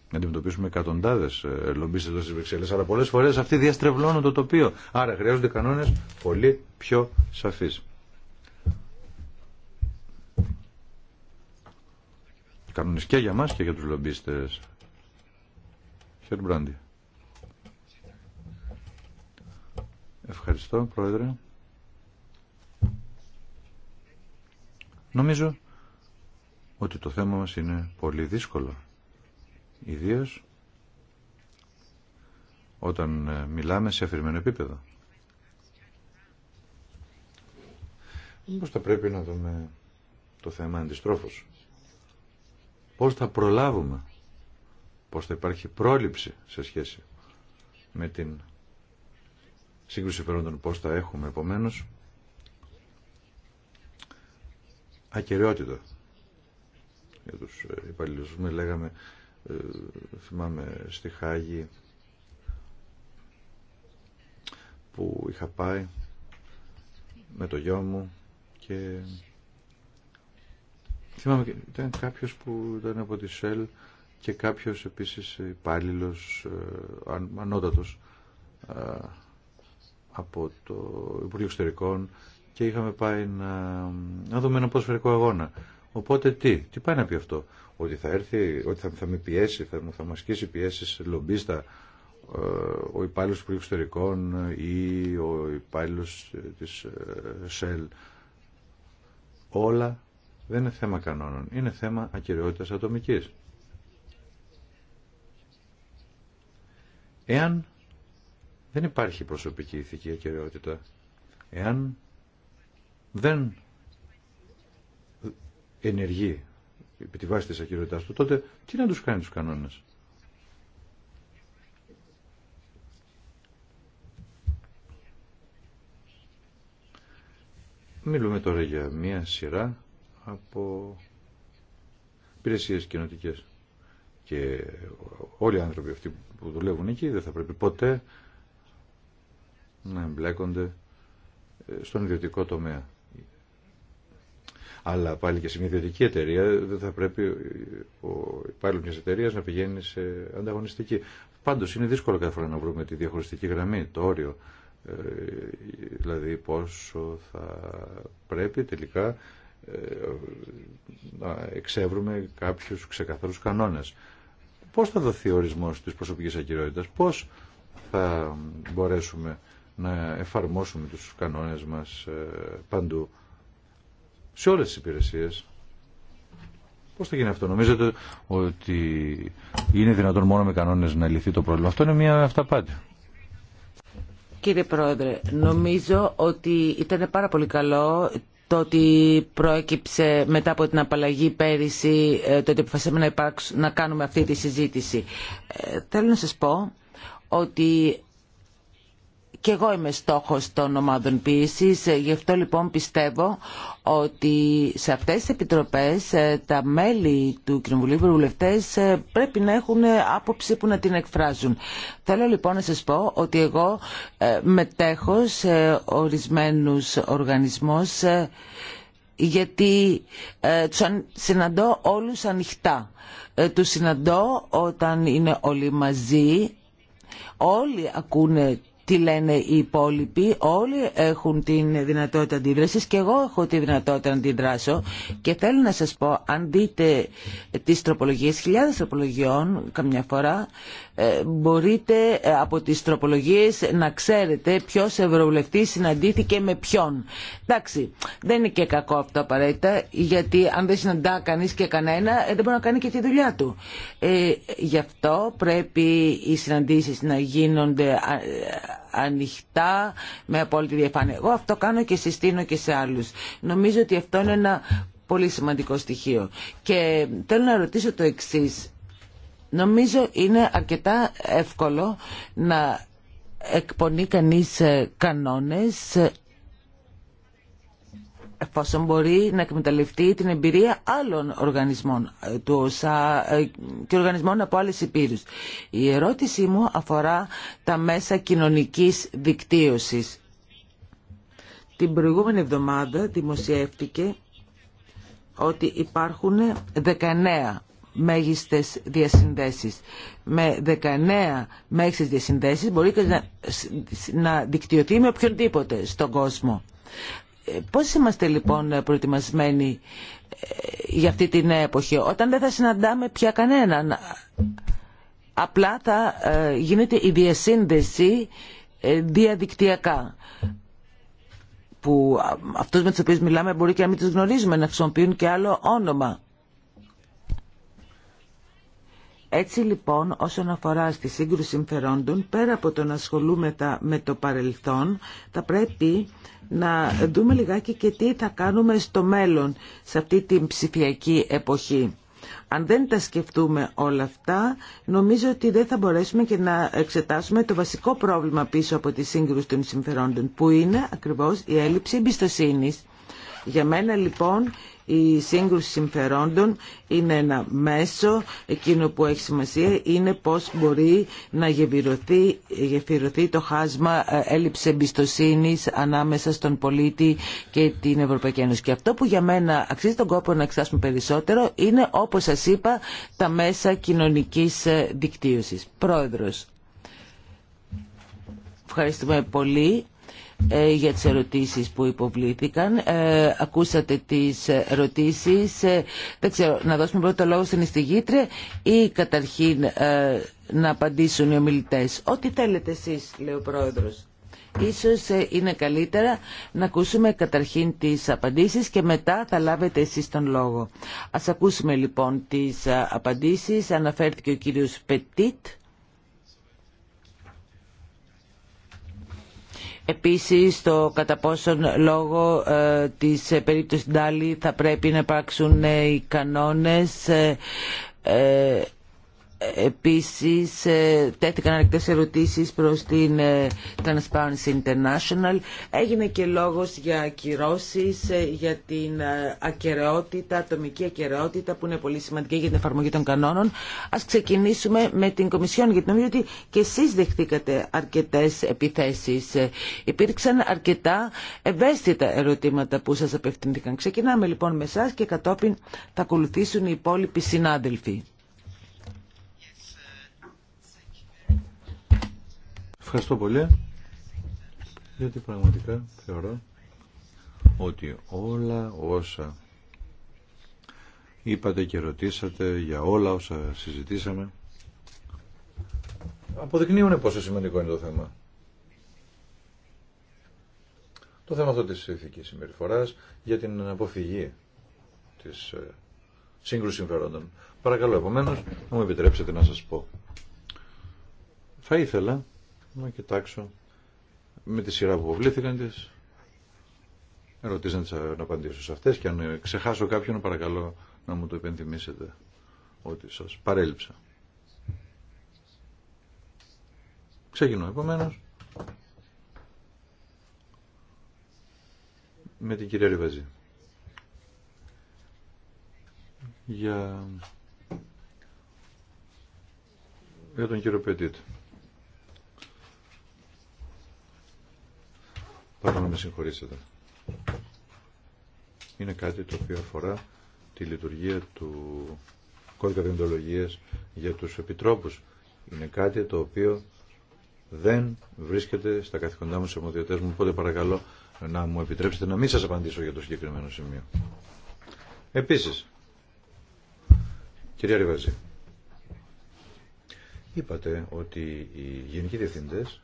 να αντιμετωπίσουμε εκατοντάδε ε, λομπίστε εδώ στι Βρυξέλλε. Αλλά πολλέ φορέ αυτοί διαστρεβλώνουν το τοπίο. Άρα χρειάζονται κανόνε πολύ πιο σαφείς Κανόνε και για μα και για του λομπίστε. Ευχαριστώ, Πρόεδρε. Νομίζω ότι το θέμα μας είναι πολύ δύσκολο. Ιδίως όταν ε, μιλάμε σε αφηρημένο επίπεδο. Πώς θα πρέπει να δούμε το θέμα αντιστρόφως. Πώς θα προλάβουμε, πώς θα υπάρχει πρόληψη σε σχέση με την σύγκρουση φερόντων, πώς θα έχουμε επομένως ακεριότητα για τους ε, υπαλλήλους. μου λέγαμε, ε, θυμάμαι, στη Χάγη που είχα πάει με το γιο μου και θυμάμαι ήταν κάποιος που ήταν από τη ΣΕΛ και κάποιος επίσης υπάλληλο ε, αν, ανώτατος ε, από το Υπουργείο Εξωτερικών και είχαμε πάει να, να δούμε ένα ποσφαιρικό αγώνα Οπότε τι, τι πάει να πει αυτό. Ότι θα έρθει, ότι θα, θα με πιέσει, θα, θα μου ασκήσει πιέσεις λομπίστα ε, ο υπάλληλος του Υπουργείου ε, ή ο υπάλληλος ε, της ΣΕΛ. Όλα δεν είναι θέμα κανόνων, είναι θέμα ακυριότητας ατομικής. Εάν δεν υπάρχει προσωπική ηθική ακυριότητα, εάν δεν Ενεργεί, επί τη βάση της του, τότε τι να τους κάνει τους κανόνες. Μιλούμε τώρα για μία σειρά από υπηρεσίε κοινοτικέ. Και όλοι οι άνθρωποι αυτοί που δουλεύουν εκεί δεν θα πρέπει ποτέ να εμπλέκονται ε, στον ιδιωτικό τομέα. Αλλά πάλι και σε μια ιδιωτική εταιρεία δεν θα πρέπει ο υπάλληλο μια εταιρεία να πηγαίνει σε ανταγωνιστική. Πάντω είναι δύσκολο κάθε φορά να βρούμε τη διαχωριστική γραμμή, το όριο. Ε, δηλαδή πόσο θα πρέπει τελικά ε, να εξεύρουμε κάποιους ξεκαθαρούς κανόνες. Πώς θα δοθεί ο ορισμός της προσωπικής ακυρότητας, πώς θα μπορέσουμε να εφαρμόσουμε τους κανόνες μας ε, παντού σε όλες τις υπηρεσίες. Πώς θα γίνει αυτό. Νομίζετε ότι είναι δυνατόν μόνο με κανόνες να λυθεί το πρόβλημα. Αυτό είναι μια αυταπάτη. Κύριε Πρόεδρε, νομίζω ότι ήταν πάρα πολύ καλό το ότι προέκυψε μετά από την απαλλαγή πέρυσι ε, το ότι αποφασίσαμε να, να κάνουμε αυτή τη συζήτηση. Ε, θέλω να σας πω ότι και εγώ είμαι στόχος των ομάδων ποιήσης, γι' αυτό λοιπόν πιστεύω ότι σε αυτές τις επιτροπές ε, τα μέλη του Κοινοβουλίου Προβουλευτές ε, πρέπει να έχουν ε, άποψη που να την εκφράζουν. Θέλω λοιπόν να σας πω ότι εγώ μετέχω σε ορισμένους οργανισμούς γιατί ε, τους συναντώ όλους ανοιχτά. τους συναντώ όταν είναι όλοι μαζί, όλοι ακούνε τι λένε οι υπόλοιποι. Όλοι έχουν την δυνατότητα αντίδραση και εγώ έχω τη δυνατότητα να αντιδράσω. Και θέλω να σα πω, αν δείτε τι τροπολογίε, χιλιάδε τροπολογιών καμιά φορά, ε, μπορείτε ε, από τις τροπολογίες να ξέρετε ποιος ευρωβουλευτής συναντήθηκε με ποιον. Εντάξει, δεν είναι και κακό αυτό απαραίτητα, γιατί αν δεν συναντά κανείς και κανένα, ε, δεν μπορεί να κάνει και τη δουλειά του. Ε, γι' αυτό πρέπει οι συναντήσεις να γίνονται ανοιχτά, με απόλυτη διαφάνεια. Εγώ αυτό κάνω και συστήνω και σε άλλους. Νομίζω ότι αυτό είναι ένα πολύ σημαντικό στοιχείο. Και θέλω να ρωτήσω το εξής Νομίζω είναι αρκετά εύκολο να εκπονεί κανείς ε, κανόνες ε, εφόσον μπορεί να εκμεταλλευτεί την εμπειρία άλλων οργανισμών ε, του και οργανισμών από άλλες υπήρους. Η ερώτησή μου αφορά τα μέσα κοινωνικής δικτύωσης. Την προηγούμενη εβδομάδα δημοσιεύτηκε ότι υπάρχουν 19 μέγιστες διασυνδέσεις. Με 19 μέγιστες διασυνδέσεις μπορεί να, να δικτυωθεί με οποιονδήποτε στον κόσμο. Ε, πώς είμαστε λοιπόν προετοιμασμένοι ε, για αυτή την εποχή, όταν δεν θα συναντάμε πια κανέναν. Απλά θα ε, γίνεται η διασύνδεση διαδικτυακά που αυτούς με τους οποίους μιλάμε μπορεί και να μην τους γνωρίζουμε, να χρησιμοποιούν και άλλο όνομα. Έτσι λοιπόν όσον αφορά στη σύγκρουση συμφερόντων, πέρα από το να ασχολούμεθα με το παρελθόν, θα πρέπει να δούμε λιγάκι και τι θα κάνουμε στο μέλλον, σε αυτή την ψηφιακή εποχή. Αν δεν τα σκεφτούμε όλα αυτά, νομίζω ότι δεν θα μπορέσουμε και να εξετάσουμε το βασικό πρόβλημα πίσω από τη σύγκρουση των συμφερόντων, που είναι ακριβώς η έλλειψη εμπιστοσύνης. Για μένα λοιπόν η σύγκρουση συμφερόντων είναι ένα μέσο, εκείνο που έχει σημασία είναι πώς μπορεί να γεφυρωθεί, γεφυρωθεί το χάσμα ε, έλλειψη εμπιστοσύνη ανάμεσα στον πολίτη και την Ευρωπαϊκή Ένωση. Και αυτό που για μένα αξίζει τον κόπο να εξάσουμε περισσότερο είναι, όπως σας είπα, τα μέσα κοινωνικής ε, δικτύωσης. Πρόεδρος, ευχαριστούμε πολύ. Ε, για τις ερωτήσεις που υποβλήθηκαν. Ε, ακούσατε τις ερωτήσεις. Ε, δεν ξέρω, να δώσουμε πρώτο λόγο στην εισηγήτρια ή καταρχήν να απαντήσουν οι ομιλητές. Ό,τι θέλετε εσείς, λέει ο Πρόεδρος. Ίσως είναι καλύτερα να ακούσουμε καταρχήν τις απαντήσεις και μετά θα λάβετε εσείς τον λόγο. Ας ακούσουμε λοιπόν τις απαντήσεις. Αναφέρθηκε ο κύριος Πετίτ. Επίσης, το κατά πόσον λόγο ε, της ε, περίπτωσης θα πρέπει να υπάρξουν ε, οι κανόνες Επίσης ε, τέθηκαν αρκετές ερωτήσεις προς την ε, Transparency International. Έγινε και λόγος για ακυρώσεις, ε, για την ακαιρεότητα, ατομική ακαιρεότητα που είναι πολύ σημαντική για την εφαρμογή των κανόνων. Ας ξεκινήσουμε με την Κομισιόν γιατί νομίζω ότι και εσείς δεχτήκατε αρκετές επιθέσεις. Υπήρξαν αρκετά ευαίσθητα ερωτήματα που σας απευθύνθηκαν. Ξεκινάμε λοιπόν με εσά και κατόπιν θα ακολουθήσουν οι υπόλοιποι συνάδελφοι. Ευχαριστώ πολύ γιατί πραγματικά θεωρώ ότι όλα όσα είπατε και ρωτήσατε για όλα όσα συζητήσαμε αποδεικνύουν πόσο σημαντικό είναι το θέμα. Το θέμα αυτό της ηθικής συμπεριφοράς για την αποφυγή της ε, σύγκρουσης συμφερόντων. Παρακαλώ επομένως να μου επιτρέψετε να σας πω. Θα ήθελα να κοιτάξω με τη σειρά που βοβλήθηκαν τις ερωτήσεις να απαντήσω σε αυτές και αν ε, ξεχάσω κάποιον παρακαλώ να μου το υπενθυμίσετε ότι σας παρέλειψα. Ξεκινώ επομένω. με την κυρία Ριβαζή για, για τον κύριο Πετήτ. Πάρα να με συγχωρήσετε. Είναι κάτι το οποίο αφορά τη λειτουργία του κώδικα διοντολογίας για τους επιτρόπους. Είναι κάτι το οποίο δεν βρίσκεται στα καθηκοντά μου, αιμοδιωτές μου, οπότε παρακαλώ να μου επιτρέψετε να μην σας απαντήσω για το συγκεκριμένο σημείο. Επίσης, κυρία Ριβαζή, είπατε ότι οι γενικοί διευθυντές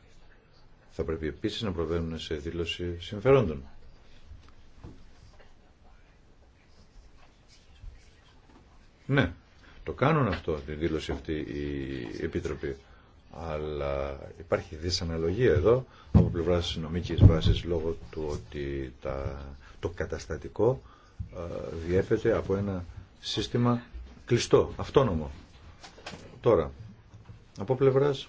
θα πρέπει επίσης να προβαίνουν σε δήλωση συμφερόντων. Ναι, το κάνουν αυτό, τη δήλωση αυτή η Επίτροπη. Αλλά υπάρχει δυσαναλογία εδώ από πλευρά τη νομική βάση λόγω του ότι τα, το καταστατικό ε, από ένα σύστημα κλειστό, αυτόνομο. Τώρα, από πλευράς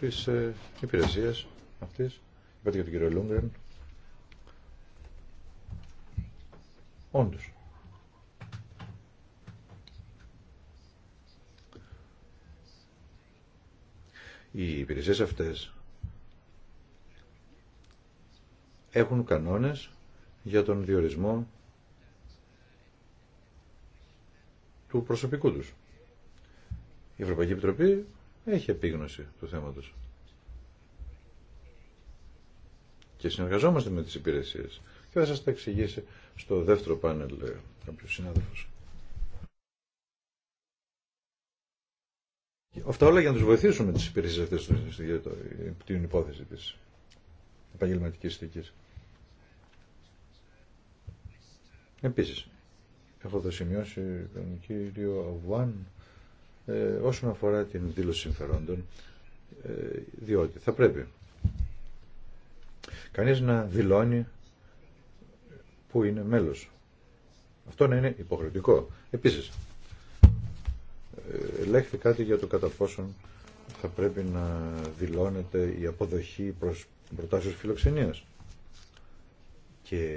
της ε, υπηρεσίας αυτής. Είπατε για τον κύριο Λούγκρεν. Όντως. Οι υπηρεσίες αυτές έχουν κανόνες για τον διορισμό του προσωπικού τους. Η Ευρωπαϊκή Επιτροπή έχει επίγνωση του θέματος. Και συνεργαζόμαστε με τις υπηρεσίες. Και θα σας τα εξηγήσει στο δεύτερο πάνελ κάποιο συνάδελφος. Αυτά όλα για να τους βοηθήσουμε τις υπηρεσίες αυτές την υπόθεση της επαγγελματικής θήκης. Επίσης, έχω το σημειώσει τον κύριο Βουάν ε, όσον αφορά την δήλωση συμφερόντων ε, διότι θα πρέπει κανείς να δηλώνει που είναι μέλος. Αυτό να είναι υποχρεωτικό. Επίσης, ε, ελέγχθη κάτι για το κατά πόσον θα πρέπει να δηλώνεται η αποδοχή προς προτάσεις φιλοξενίας και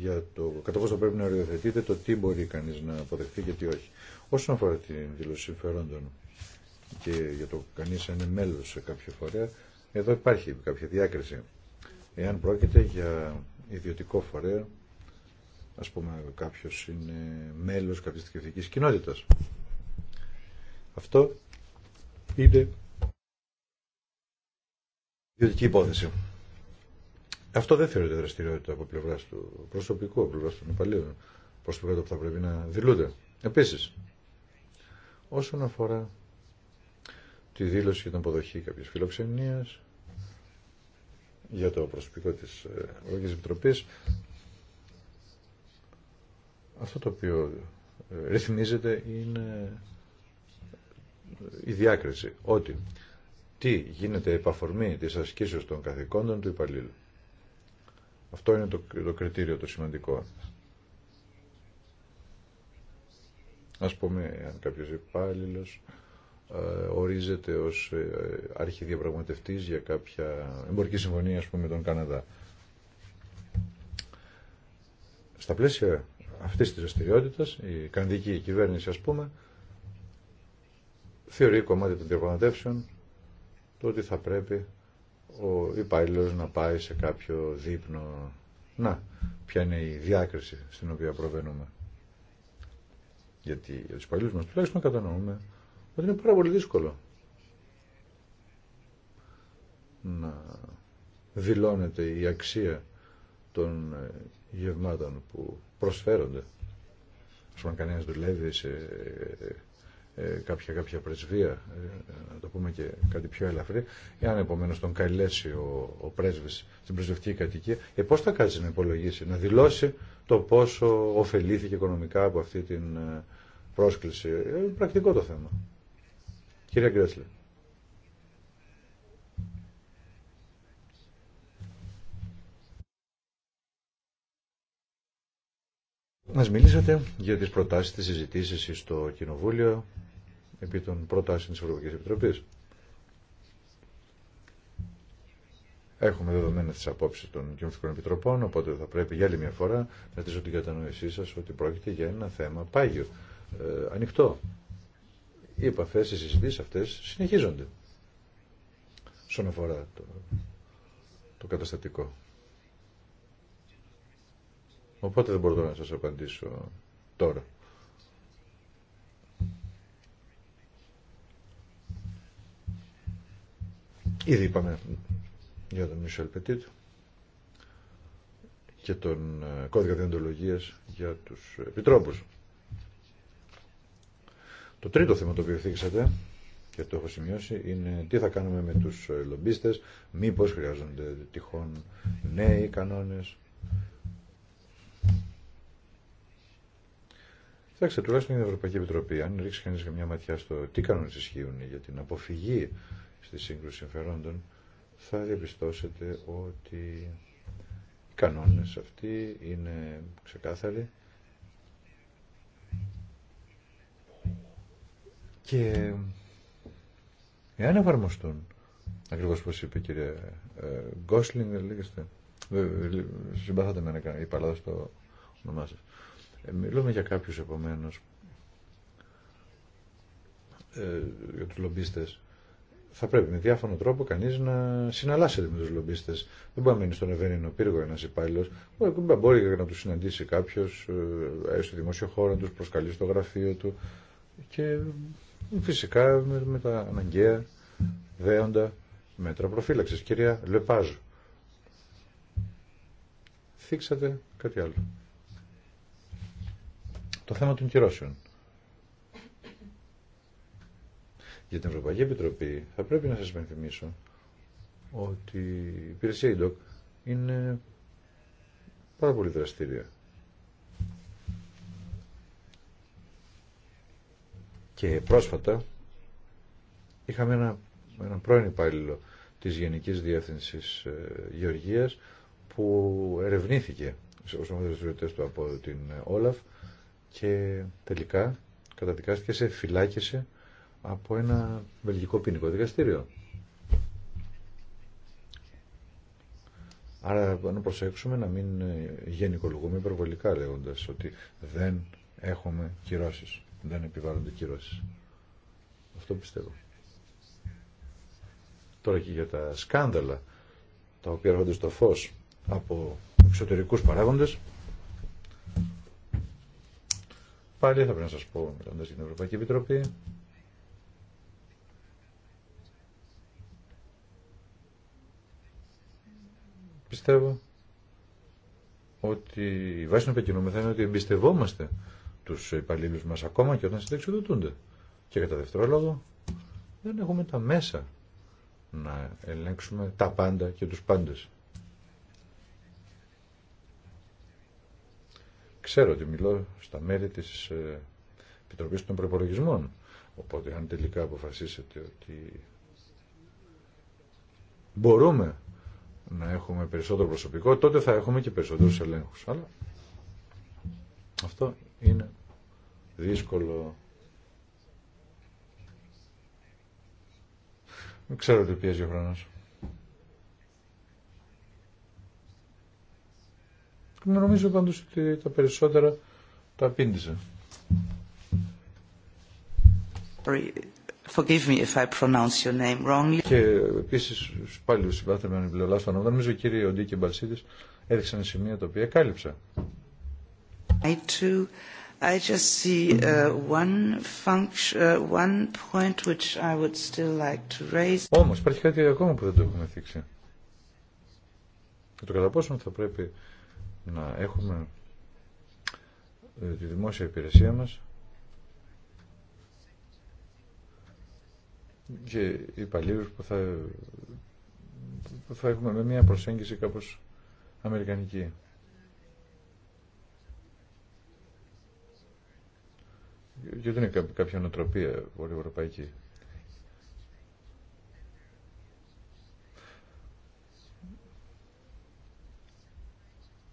για το κατά πόσο πρέπει να οριοθετείτε το τι μπορεί κανείς να αποδεχθεί και τι όχι. Όσον αφορά την δήλωση συμφερόντων και για το κανεί αν είναι μέλο σε κάποιο φορέα, εδώ υπάρχει κάποια διάκριση. Εάν πρόκειται για ιδιωτικό φορέα, ας πούμε κάποιο είναι μέλος κάποια θρησκευτική κοινότητας. Αυτό είναι ιδιωτική υπόθεση. Αυτό δεν θεωρείται δραστηριότητα από πλευρά του προσωπικού, από πλευρά των υπαλλήλων, το που θα πρέπει να δηλούνται. Επίση, Όσον αφορά τη δήλωση για την αποδοχή κάποιες φιλοξενίας, για το προσωπικό της ε, Ευρωπαϊκής Επιτροπής, αυτό το οποίο ε, ρυθμίζεται είναι ε, η διάκριση ότι τι γίνεται επαφορμή της ασκήσεως των καθηκόντων του υπαλλήλου. Αυτό είναι το, το κριτήριο το σημαντικό. Ας πούμε, αν κάποιος υπάλληλο ε, ορίζεται ως ε, αρχιδιαπραγματευτής για κάποια εμπορική συμφωνία, ας πούμε, με τον Καναδά. Στα πλαίσια αυτής της δραστηριότητα, η κανδική κυβέρνηση, ας πούμε, θεωρεί κομμάτι των διαπραγματεύσεων το ότι θα πρέπει ο υπάλληλο να πάει σε κάποιο δείπνο. Να, ποια είναι η διάκριση στην οποία προβαίνουμε. Γιατί για του υπαλλήλου μα τουλάχιστον κατανοούμε ότι είναι πάρα πολύ δύσκολο να δηλώνεται η αξία των ε, γευμάτων που προσφέρονται. Ας πούμε κανένας δουλεύει σε ε, ε, κάποια, κάποια πρεσβεία, να το πούμε και κάτι πιο ελαφρύ, εάν επομένως τον καλέσει ο, ο πρέσβης στην πρεσβευτική κατοικία, ε, πώς θα κάτσει να υπολογίσει, να δηλώσει το πόσο ωφελήθηκε οικονομικά από αυτή την ε, πρόσκληση. Είναι πρακτικό το θέμα. Κυρία Γκρέσλε. Μας μιλήσατε για τις προτάσεις, της συζητήσεις στο Κοινοβούλιο επί των προτάσεων της Ευρωπαϊκής Επιτροπής. Έχουμε δεδομένα τι απόψει των κοινωνικών επιτροπών, οπότε θα πρέπει για άλλη μια φορά να ζητήσω την κατανόησή σα ότι πρόκειται για ένα θέμα πάγιο, ε, ανοιχτό. Οι επαφέ, οι συζητήσει αυτέ συνεχίζονται. Στον αφορά το, το καταστατικό. Οπότε δεν μπορώ να σας απαντήσω τώρα. Ήδη είπαμε για τον Μισελ Πετίτ και τον ε, κώδικα διοντολογίας για τους επιτρόπους. Το τρίτο θέμα το οποίο θίξατε και το έχω σημειώσει είναι τι θα κάνουμε με τους ε, λομπίστες, μήπως χρειάζονται τυχόν νέοι κανόνες. Κοιτάξτε, τουλάχιστον η Ευρωπαϊκή Επιτροπή, αν ρίξει κανεί μια ματιά στο τι κανόνε ισχύουν για την αποφυγή στη σύγκρουση συμφερόντων, θα διαπιστώσετε ότι οι κανόνες αυτοί είναι ξεκάθαροι και εάν εφαρμοστούν ακριβώς όπως είπε η κυρία ε, Γκόσλινγκ λέγεστε ε, συμπαθάτε με ένα είπα λάθος το όνομά σας ε, μιλούμε για κάποιους επομένως για τους λομπίστες θα πρέπει με διάφορο τρόπο κανεί να συναλλάσσεται με του λομπίστε. Δεν μπορεί να μείνει στον Ευαίνινο πύργο ένα υπάλληλο. Μπορεί να του συναντήσει κάποιο ε, στο δημόσιο χώρο, να του προσκαλεί στο γραφείο του. Και φυσικά με, τα αναγκαία δέοντα μέτρα προφύλαξη. Κυρία Λεπάζου, θίξατε κάτι άλλο. Το θέμα των κυρώσεων. για την Ευρωπαϊκή Επιτροπή θα πρέπει να σας υπενθυμίσω ότι η υπηρεσία ΕΙΝΤΟΚ είναι πάρα πολύ δραστήρια. Και πρόσφατα είχαμε ένα, ένα πρώην υπάλληλο της Γενικής Διεύθυνσης ε, Γεωργίας που ερευνήθηκε ως ομοδοσυρωτές του από την ε, Όλαφ και τελικά καταδικάστηκε σε φυλάκιση από ένα βελγικό ποινικό δικαστήριο. Άρα να προσέξουμε να μην γενικολογούμε υπερβολικά λέγοντας ότι δεν έχουμε κυρώσεις, δεν επιβάλλονται κυρώσεις. Αυτό πιστεύω. Τώρα και για τα σκάνδαλα τα οποία έρχονται στο φως από εξωτερικούς παράγοντες πάλι θα πρέπει να σας πω μιλώντας για την Ευρωπαϊκή Επιτροπή πιστεύω ότι η βάση να επικοινωνούμε θα είναι ότι εμπιστευόμαστε τους υπαλλήλου μας ακόμα και όταν συνταξιδοτούνται. Και κατά δεύτερο λόγο δεν έχουμε τα μέσα να ελέγξουμε τα πάντα και τους πάντες. Ξέρω ότι μιλώ στα μέρη της ε, Επιτροπής των Προπολογισμών, οπότε αν τελικά αποφασίσετε ότι μπορούμε να έχουμε περισσότερο προσωπικό, τότε θα έχουμε και περισσότερους ελέγχους. Αλλά αυτό είναι δύσκολο. Δεν ξέρω τι πιέζει ο χρόνος. Νομίζω πάντως ότι τα περισσότερα τα απήντησα. Forgive me if I pronounce your name wrongly. Και επίση πάλι συμπάθεια με επιβεβαιώσω. Νομίζω οι κύριοι Οντί και Μπαλσίδη έδειξαν σημεία τα οποία κάλυψα. I too, I just see uh, one function, uh, one point which I would still like to raise. Όμως υπάρχει κάτι ακόμα που δεν το έχουμε θίξει. Και το κατά πόσο θα πρέπει να έχουμε ε, τη δημόσια υπηρεσία μας και υπαλλήλου που θα, που θα έχουμε με μια προσέγγιση κάπως αμερικανική. Γιατί είναι κάποια νοοτροπία βορειοευρωπαϊκή.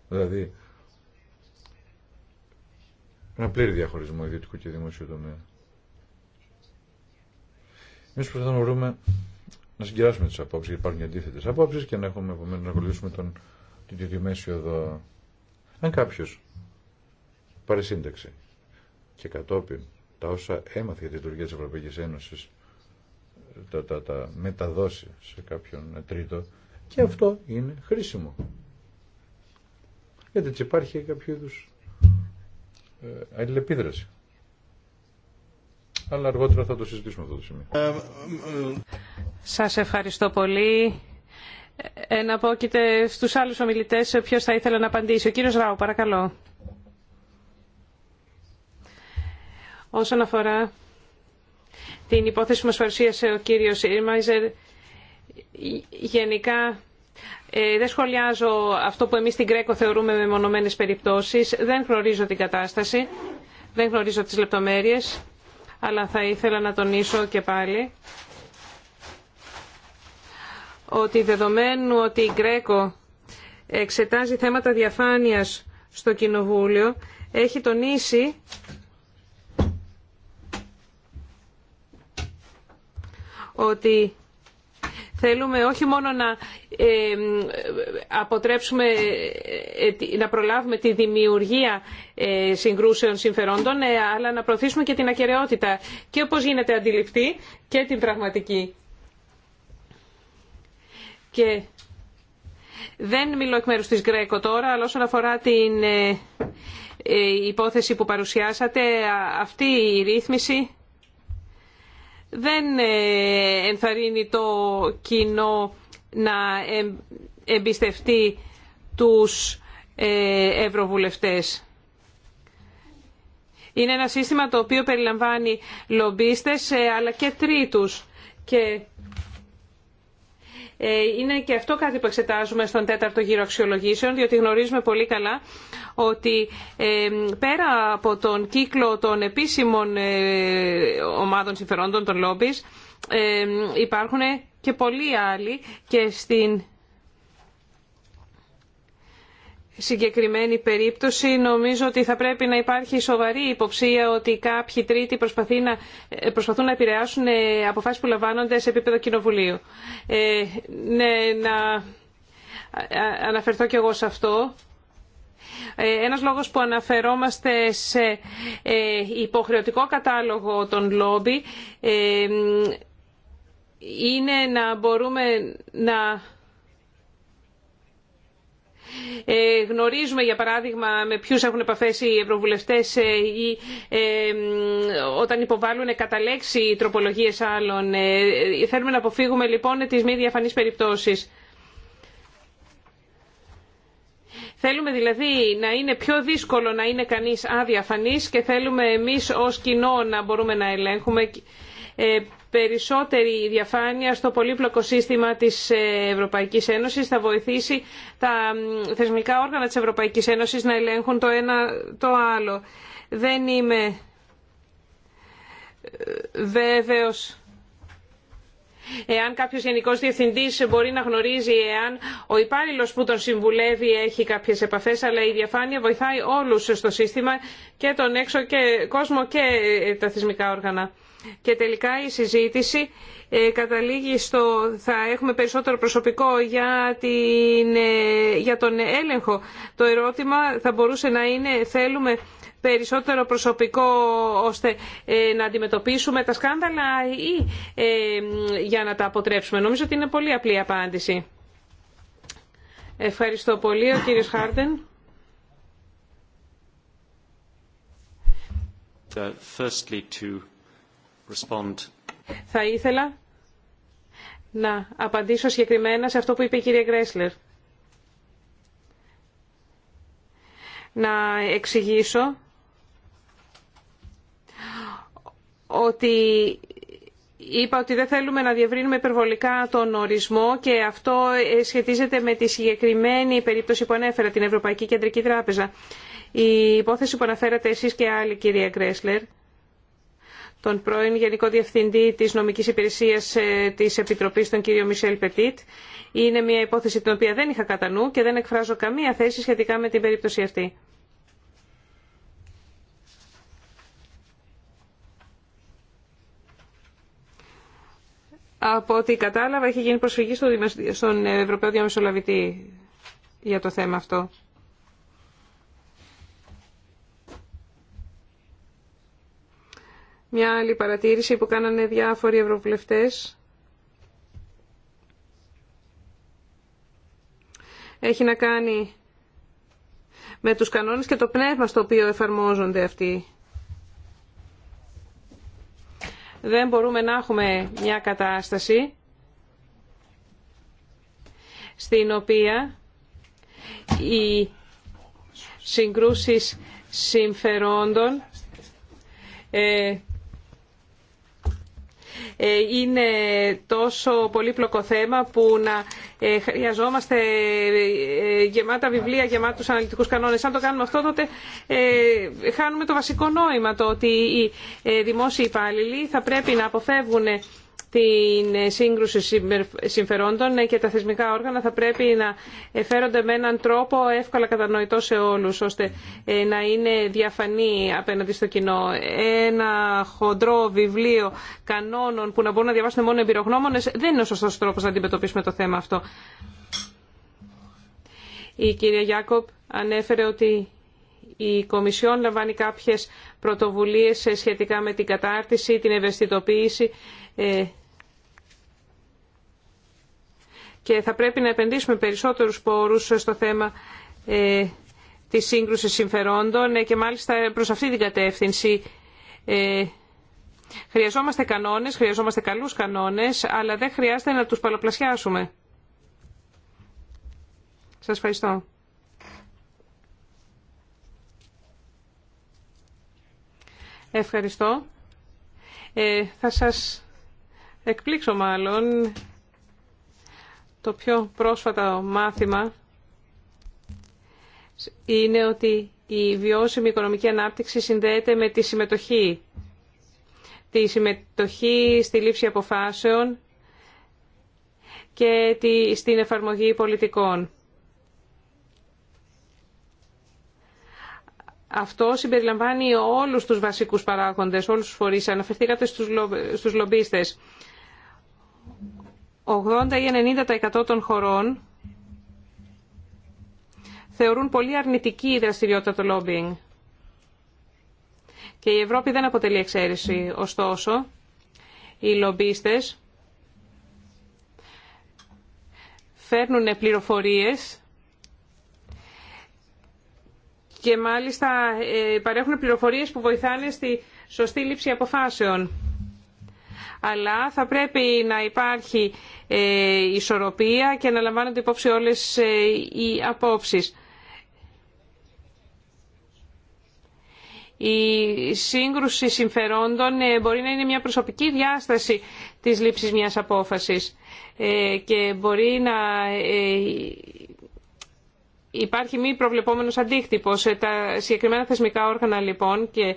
Δηλαδή, ένα πλήρη διαχωρισμό ιδιωτικού και δημόσιου τομέα. Εμεί προσπαθούμε να βρούμε να συγκεράσουμε τι απόψει, γιατί υπάρχουν αντίθετε απόψει και να έχουμε επομένω να ακολουθήσουμε τον, την εδώ. Αν κάποιο πάρει σύνταξη και κατόπιν τα όσα έμαθε για τη λειτουργία τη Ευρωπαϊκή Ένωση τα, τα, τα μεταδώσει σε κάποιον τρίτο και αυτό είναι χρήσιμο. Γιατί έτσι υπάρχει κάποιο είδου ε, αλληλεπίδραση αλλά αργότερα θα το συζητήσουμε αυτό το σημείο. Σας ευχαριστώ πολύ. Ε, εναπόκειται στους άλλους ομιλητές ποιος θα ήθελε να απαντήσει. Ο κύριος Ράου, παρακαλώ. Όσον αφορά την υπόθεση που μας παρουσίασε ο κύριος Ιρμάιζερ, γενικά ε, δεν σχολιάζω αυτό που εμείς στην Κρέκο θεωρούμε με μεμονωμένες περιπτώσεις. Δεν γνωρίζω την κατάσταση, δεν γνωρίζω τις λεπτομέρειες αλλά θα ήθελα να τονίσω και πάλι ότι δεδομένου ότι η Γκρέκο εξετάζει θέματα διαφάνειας στο Κοινοβούλιο, έχει τονίσει ότι Θέλουμε όχι μόνο να αποτρέψουμε, ε, να προλάβουμε τη δημιουργία ε, συγκρούσεων συμφερόντων, ε, αλλά να προωθήσουμε και την ακεραιότητα και όπως γίνεται αντιληπτή και την πραγματική. Και δεν μιλώ εκ μέρους της Γκρέκο τώρα, αλλά όσον αφορά την υπόθεση που παρουσιάσατε, αυτή η ρύθμιση δεν ε, ενθαρρύνει το κοινό να εμπιστευτεί τους ε, ευρωβουλευτές. Είναι ένα σύστημα το οποίο περιλαμβάνει λομπίστες ε, αλλά και τρίτους και ε, είναι και αυτό κάτι που εξετάζουμε στον τέταρτο γύρο αξιολογήσεων, διότι γνωρίζουμε πολύ καλά ότι ε, πέρα από τον κύκλο των επίσημων ε, ομάδων συμφερόντων, των λόμπις, υπάρχουν και πολλοί άλλοι και στην συγκεκριμένη περίπτωση νομίζω ότι θα πρέπει να υπάρχει σοβαρή υποψία ότι κάποιοι τρίτοι ε, προσπαθούν να, επηρεάσουν ε, αποφάσεις που λαμβάνονται σε επίπεδο κοινοβουλίου. Ε, ναι, να αναφερθώ κι εγώ σε αυτό. Ε, ένας λόγος που αναφερόμαστε σε υποχρεωτικό κατάλογο των λόμπι είναι να μπορούμε να ε, γνωρίζουμε για παράδειγμα με ποιους έχουν επαφές οι ευρωβουλευτές ε, ή ε, όταν υποβάλλουν κατά λέξη τροπολογίες άλλων. Θέλουμε να αποφύγουμε λοιπόν τις μη διαφανείς περιπτώσεις. Θέλουμε δηλαδή να είναι πιο δύσκολο να είναι κανείς αδιαφανής και θέλουμε εμείς ως κοινό να μπορούμε να ελέγχουμε Περισσότερη διαφάνεια στο πολύπλοκο σύστημα της Ευρωπαϊκής Ένωσης θα βοηθήσει τα θεσμικά όργανα της Ευρωπαϊκής Ένωσης να ελέγχουν το ένα το άλλο. Δεν είμαι ε, βέβαιος εάν κάποιος γενικός διευθυντής μπορεί να γνωρίζει εάν ο υπάλληλος που τον συμβουλεύει έχει κάποιες επαφές αλλά η διαφάνεια βοηθάει όλους στο σύστημα και τον έξω και κόσμο και τα θεσμικά όργανα. Και τελικά η συζήτηση ε, καταλήγει στο θα έχουμε περισσότερο προσωπικό ε, για, τον έλεγχο. Το ερώτημα θα μπορούσε να είναι θέλουμε περισσότερο προσωπικό ώστε ε, να αντιμετωπίσουμε τα σκάνδαλα ή για να τα αποτρέψουμε. Νομίζω ότι είναι πολύ απλή απάντηση. Ευχαριστώ πολύ. Ο κύριος Χάρντεν. Uh, firstly to θα ήθελα να απαντήσω συγκεκριμένα σε αυτό που είπε η κυρία Γκρέσλερ. Να εξηγήσω ότι είπα ότι δεν θέλουμε να διευρύνουμε υπερβολικά τον ορισμό και αυτό ε, σχετίζεται με τη συγκεκριμένη περίπτωση που ανέφερα, την Ευρωπαϊκή Κεντρική Τράπεζα. Η υπόθεση που αναφέρατε εσείς και άλλοι, κυρία Γκρέσλερ, τον πρώην Γενικό Διευθυντή της Νομικής Υπηρεσίας ε, της Επιτροπής, τον κύριο Μισελ Πετίτ. Είναι μια υπόθεση την οποία δεν είχα κατά νου και δεν εκφράζω καμία θέση σχετικά με την περίπτωση αυτή. Από ό,τι κατάλαβα, έχει γίνει προσφυγή στον Ευρωπαίο Διαμεσολαβητή για το θέμα αυτό. Μια άλλη παρατήρηση που κάνανε διάφοροι ευρωβουλευτές έχει να κάνει με τους κανόνες και το πνεύμα στο οποίο εφαρμόζονται αυτοί. Δεν μπορούμε να έχουμε μια κατάσταση στην οποία οι συγκρούσεις συμφερόντων ε, ε, είναι τόσο πολύπλοκο θέμα που να ε, χρειαζόμαστε ε, γεμάτα βιβλία, γεμάτους αναλυτικούς κανόνες. Αν το κάνουμε αυτό τότε χάνουμε το βασικό νόημα το ότι οι δημόσιοι υπάλληλοι θα πρέπει να αποφεύγουν την σύγκρουση συμφερόντων και τα θεσμικά όργανα θα πρέπει να φέρονται με έναν τρόπο εύκολα κατανοητό σε όλους ώστε ε, να είναι διαφανή απέναντι στο κοινό. Ένα χοντρό βιβλίο κανόνων που να μπορούν να διαβάσουν μόνο εμπειρογνώμονες δεν είναι ο σωστός τρόπος να αντιμετωπίσουμε το θέμα αυτό. Η κυρία Γιάκοπ ανέφερε ότι η Κομισιόν λαμβάνει κάποιες πρωτοβουλίες ε, σχετικά με την κατάρτιση, την ευαισθητοποίηση ε, και θα πρέπει να επενδύσουμε περισσότερους πόρους στο θέμα ε, της σύγκρουσης συμφερόντων και μάλιστα προς αυτή την κατεύθυνση χρειαζόμαστε κανόνες, χρειαζόμαστε καλούς κανόνες, αλλά δεν χρειάζεται να τους παλοπλασιάσουμε. Σας ευχαριστώ. Ευχαριστώ. Ε, θα σας εκπλήξω μάλλον το πιο πρόσφατο μάθημα είναι ότι η βιώσιμη οικονομική ανάπτυξη συνδέεται με τη συμμετοχή. Τη συμμετοχή στη λήψη αποφάσεων και τη, στην εφαρμογή πολιτικών. Αυτό συμπεριλαμβάνει όλους τους βασικούς παράγοντες, όλους τους φορείς. Αναφερθήκατε στους, λο, στους λομπίστες. 80 ή 90% των χωρών θεωρούν πολύ αρνητική η δραστηριότητα το λόμπινγκ. Και η Ευρώπη δεν αποτελεί εξαίρεση. Ωστόσο, οι λομπίστες φέρνουν πληροφορίες και μάλιστα ε, παρέχουν πληροφορίες που βοηθάνε στη σωστή λήψη αποφάσεων. Αλλά θα πρέπει να υπάρχει ε, ισορροπία και να λαμβάνονται υπόψη όλες ε, οι απόψεις. Η σύγκρουση συμφερόντων μπορεί να είναι μια προσωπική διάσταση της λήψης μιας απόφασης και μπορεί να Υπάρχει μη προβλεπόμενος αντίκτυπος. Ε, τα συγκεκριμένα θεσμικά όργανα λοιπόν και ε,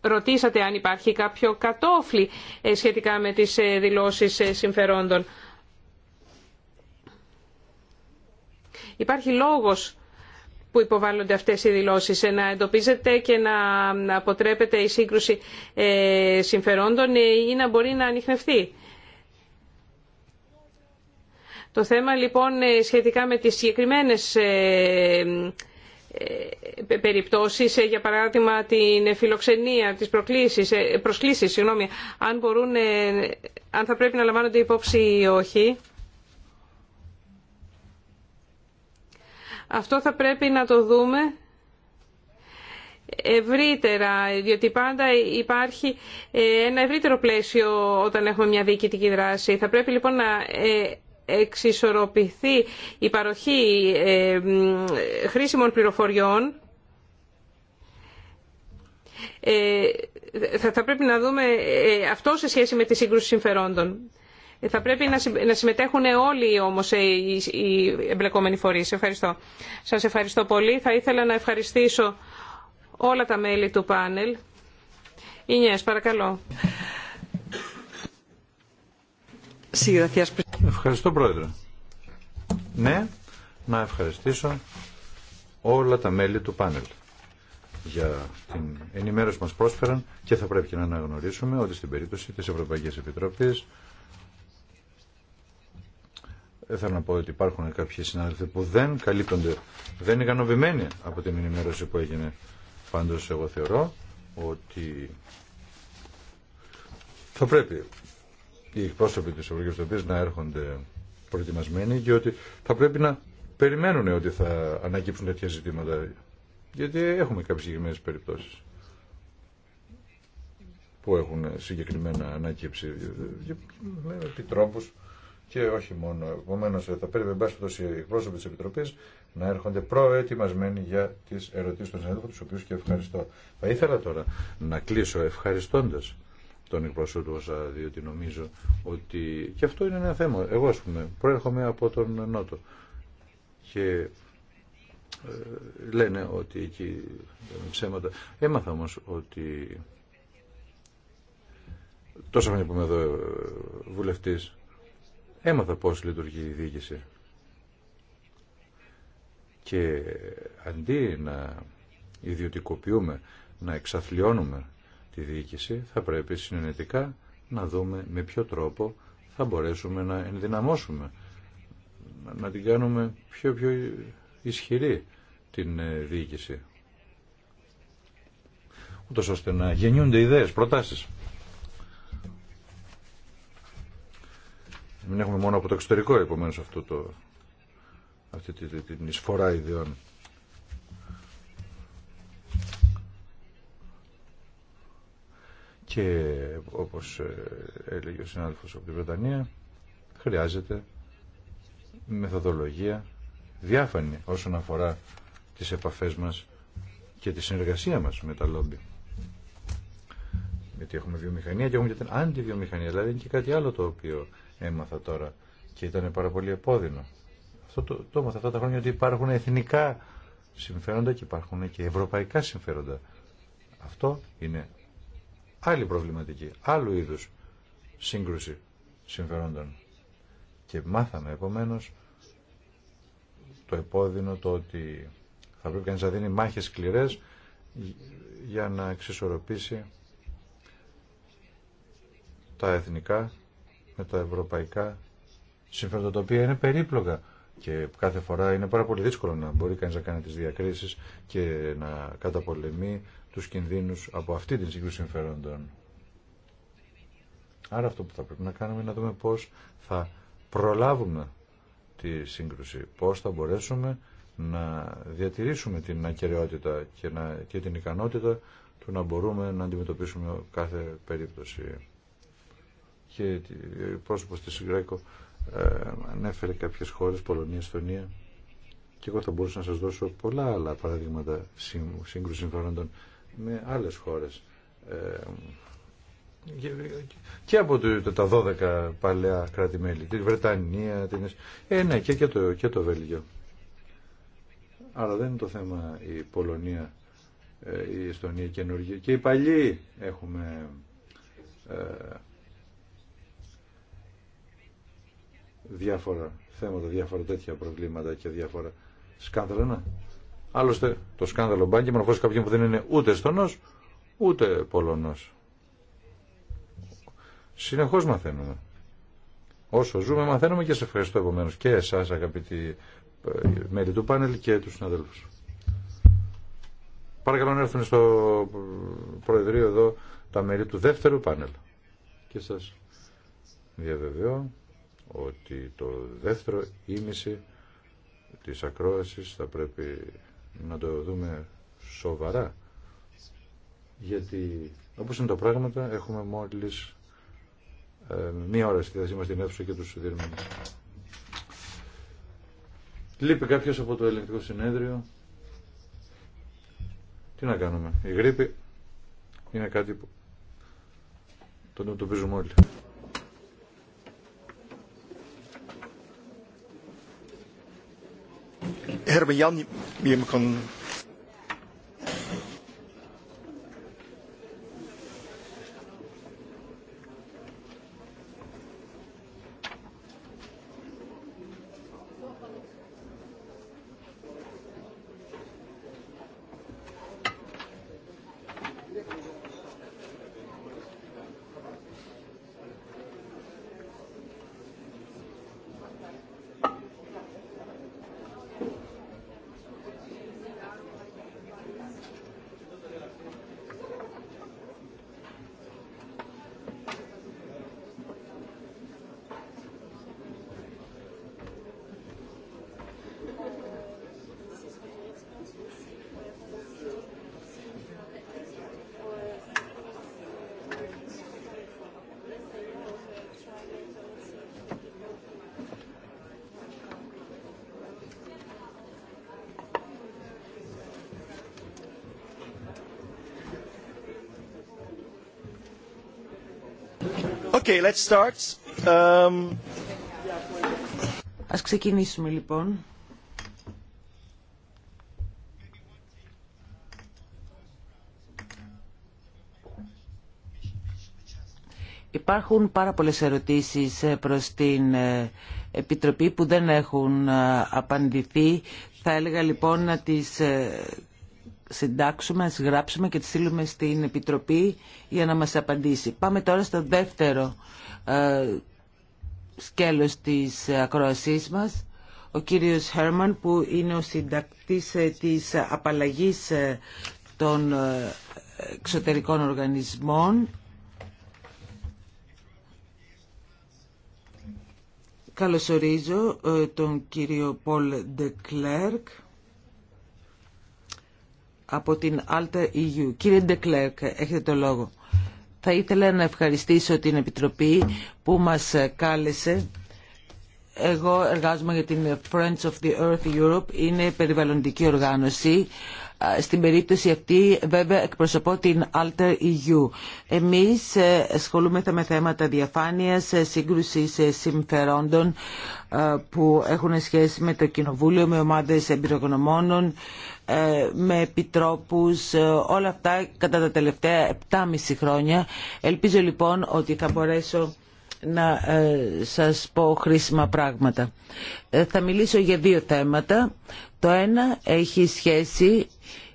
ρωτήσατε αν υπάρχει κάποιο κατόφλι ε, σχετικά με τις δηλώσεις συμφερόντων. Υπάρχει λόγος που υποβάλλονται αυτές οι δηλώσεις. Να εντοπίζεται και να αποτρέπεται η σύγκρουση συμφερόντων ή να μπορεί να ανοιχνευτεί. Το θέμα λοιπόν ε, σχετικά με τις συγκεκριμένες ε, ε, περιπτώσεις, για παράδειγμα την φιλοξενία, τις προκλήσεις, προσκλήσεις, συγγνώμη, αν, μπορούν, αν θα πρέπει να λαμβάνονται υπόψη ή όχι. Αυτό θα πρέπει να το δούμε ευρύτερα, διότι πάντα υπάρχει ένα ευρύτερο πλαίσιο όταν έχουμε μια διοικητική δράση. Θα πρέπει λοιπόν να εξισορροπηθεί η παροχή ε, χρήσιμων πληροφοριών, ε, θα πρέπει να δούμε ε, αυτό σε σχέση με τη σύγκρουση συμφερόντων. Θα πρέπει να συμμετέχουν όλοι όμως οι εμπλεκόμενοι φορείς. Ευχαριστώ. Σας ευχαριστώ πολύ. Θα ήθελα να ευχαριστήσω όλα τα μέλη του πάνελ. Ινιές, παρακαλώ. Ευχαριστώ Πρόεδρε. Ναι, να ευχαριστήσω όλα τα μέλη του πάνελ για την ενημέρωση που μας πρόσφεραν και θα πρέπει και να αναγνωρίσουμε ότι στην περίπτωση της Ευρωπαϊκής Επιτροπής ε, θέλω να πω ότι υπάρχουν κάποιοι συνάδελφοι που δεν καλύπτονται, δεν είναι ικανοποιημένοι από την ενημέρωση που έγινε. Πάντως εγώ θεωρώ ότι θα πρέπει οι εκπρόσωποι τη Ευρωπαϊκή να έρχονται προετοιμασμένοι και ότι θα πρέπει να περιμένουν ότι θα ανακύψουν τέτοια ζητήματα. Γιατί έχουμε κάποιε συγκεκριμένε περιπτώσει. που έχουν συγκεκριμένα ανακύψει με επιτρόπου και όχι μόνο. Επομένω, θα πρέπει εμπάσχετο οι εκπρόσωποι τη Επιτροπή να έρχονται προετοιμασμένοι για τι ερωτήσει των συνέδρων, του οποίου και ευχαριστώ. Θα ήθελα τώρα να κλείσω ευχαριστώντα τον εκπρόσωπο του διότι νομίζω ότι και αυτό είναι ένα θέμα. Εγώ ας πούμε προέρχομαι από τον Νότο και ε, λένε ότι εκεί ψέματα. Έμαθα όμω ότι τόσο χρόνια που είμαι εδώ ε, βουλευτή. έμαθα πώ λειτουργεί η διοίκηση. Και αντί να ιδιωτικοποιούμε, να εξαθλιώνουμε τη διοίκηση θα πρέπει συνενετικά να δούμε με ποιο τρόπο θα μπορέσουμε να ενδυναμώσουμε, να την κάνουμε πιο πιο ισχυρή την ε, διοίκηση. Ούτως ώστε να γεννιούνται ιδέες, προτάσεις. Μην έχουμε μόνο από το εξωτερικό επομένως αυτό το, αυτή την εισφορά ιδεών. και όπως ε, έλεγε ο συνάδελφος από την Βρετανία χρειάζεται μεθοδολογία διάφανη όσον αφορά τις επαφές μας και τη συνεργασία μας με τα λόμπι. Γιατί έχουμε βιομηχανία και έχουμε και την αντιβιομηχανία. Δηλαδή είναι και κάτι άλλο το οποίο έμαθα τώρα και ήταν πάρα πολύ επώδυνο. Αυτό το, το έμαθα αυτά τα χρόνια ότι υπάρχουν εθνικά συμφέροντα και υπάρχουν και ευρωπαϊκά συμφέροντα. Αυτό είναι άλλη προβληματική, άλλου είδους σύγκρουση συμφερόντων. Και μάθαμε επομένως το επώδυνο το ότι θα πρέπει κανείς να δίνει μάχες σκληρές για να εξισορροπήσει τα εθνικά με τα ευρωπαϊκά συμφέροντα τα οποία είναι περίπλοκα και κάθε φορά είναι πάρα πολύ δύσκολο να μπορεί κανείς να κάνει τις διακρίσεις και να καταπολεμεί τους κινδύνους από αυτή την σύγκρουση συμφερόντων. Άρα αυτό που θα πρέπει να κάνουμε είναι να δούμε πώς θα προλάβουμε τη σύγκρουση, πώς θα μπορέσουμε να διατηρήσουμε την ακαιρεότητα και, να, και την ικανότητα του να μπορούμε να αντιμετωπίσουμε κάθε περίπτωση. Και ο πρόσωπος της Γκρέκο ε, ανέφερε κάποιες χώρες, Πολωνία, Εστονία και εγώ θα μπορούσα να σας δώσω πολλά άλλα παραδείγματα σύγκρουση συμφέροντων με άλλες χώρες ε, και από τα 12 παλαιά κράτη-μέλη, τη Βρετανία, την... Ε, ναι, και, και, το, και το Βέλγιο. Άρα δεν είναι το θέμα η Πολωνία, ε, η Εστονία και η Νορβηγία. Και οι παλιοί έχουμε ε, διάφορα θέματα, διάφορα τέτοια προβλήματα και διάφορα σκάνδαλα. Άλλωστε το σκάνδαλο μπάνκι μορφώσει κάποιον που δεν είναι ούτε στονός ούτε πολωνός. Συνεχώς μαθαίνουμε. Όσο ζούμε μαθαίνουμε και σε ευχαριστώ επομένω και εσάς αγαπητοί ε, μέλη του πάνελ και του συναδέλφου. Παρακαλώ να έρθουν στο ε, Προεδρείο εδώ τα μέλη του δεύτερου πάνελ. Και σα διαβεβαιώ ότι το δεύτερο ήμιση της ακρόασης θα πρέπει να το δούμε σοβαρά. Γιατί όπως είναι τα πράγματα έχουμε μόλις ε, μία ώρα στη θέση μας την και τους διερμήνες. Λείπει κάποιος από το ελεγκτικό συνέδριο. Τι να κάνουμε. Η γρήπη είναι κάτι που τον αντιμετωπίζουμε όλοι. herman jan mee kon Okay, um, Ας ξεκινήσουμε λοιπόν. Υπάρχουν πάρα πολλές ερωτήσεις ε, προς την ε, Επιτροπή που δεν έχουν ε, απαντηθεί. Θα έλεγα λοιπόν να τις συντάξουμε, να γράψουμε και τη στείλουμε στην Επιτροπή για να μας απαντήσει. Πάμε τώρα στο δεύτερο ε, σκέλος της ακροασής μας. Ο κύριος Χέρμαν που είναι ο συντακτής ε, της απαλλαγής ε, των ε, εξωτερικών οργανισμών. Καλωσορίζω τον κύριο Πολ Ντεκλέρκ από την Alter EU. Κύριε Ντεκλέρκ, έχετε το λόγο. Θα ήθελα να ευχαριστήσω την Επιτροπή που μας κάλεσε. Εγώ εργάζομαι για την Friends of the Earth Europe. Είναι περιβαλλοντική οργάνωση στην περίπτωση αυτή βέβαια εκπροσωπώ την Alter EU. Εμείς ε, ασχολούμεθα με θέματα διαφάνειας, ε, σύγκρουσης ε, συμφερόντων που έχουν σχέση με το Κοινοβούλιο, με ομάδες εμπειρογνωμόνων, με επιτρόπους, όλα αυτά κατά τα τελευταία 7,5 χρόνια. Ελπίζω λοιπόν ότι θα μπορέσω να σας πω χρήσιμα πράγματα. Θα μιλήσω για δύο θέματα. Το ένα έχει σχέση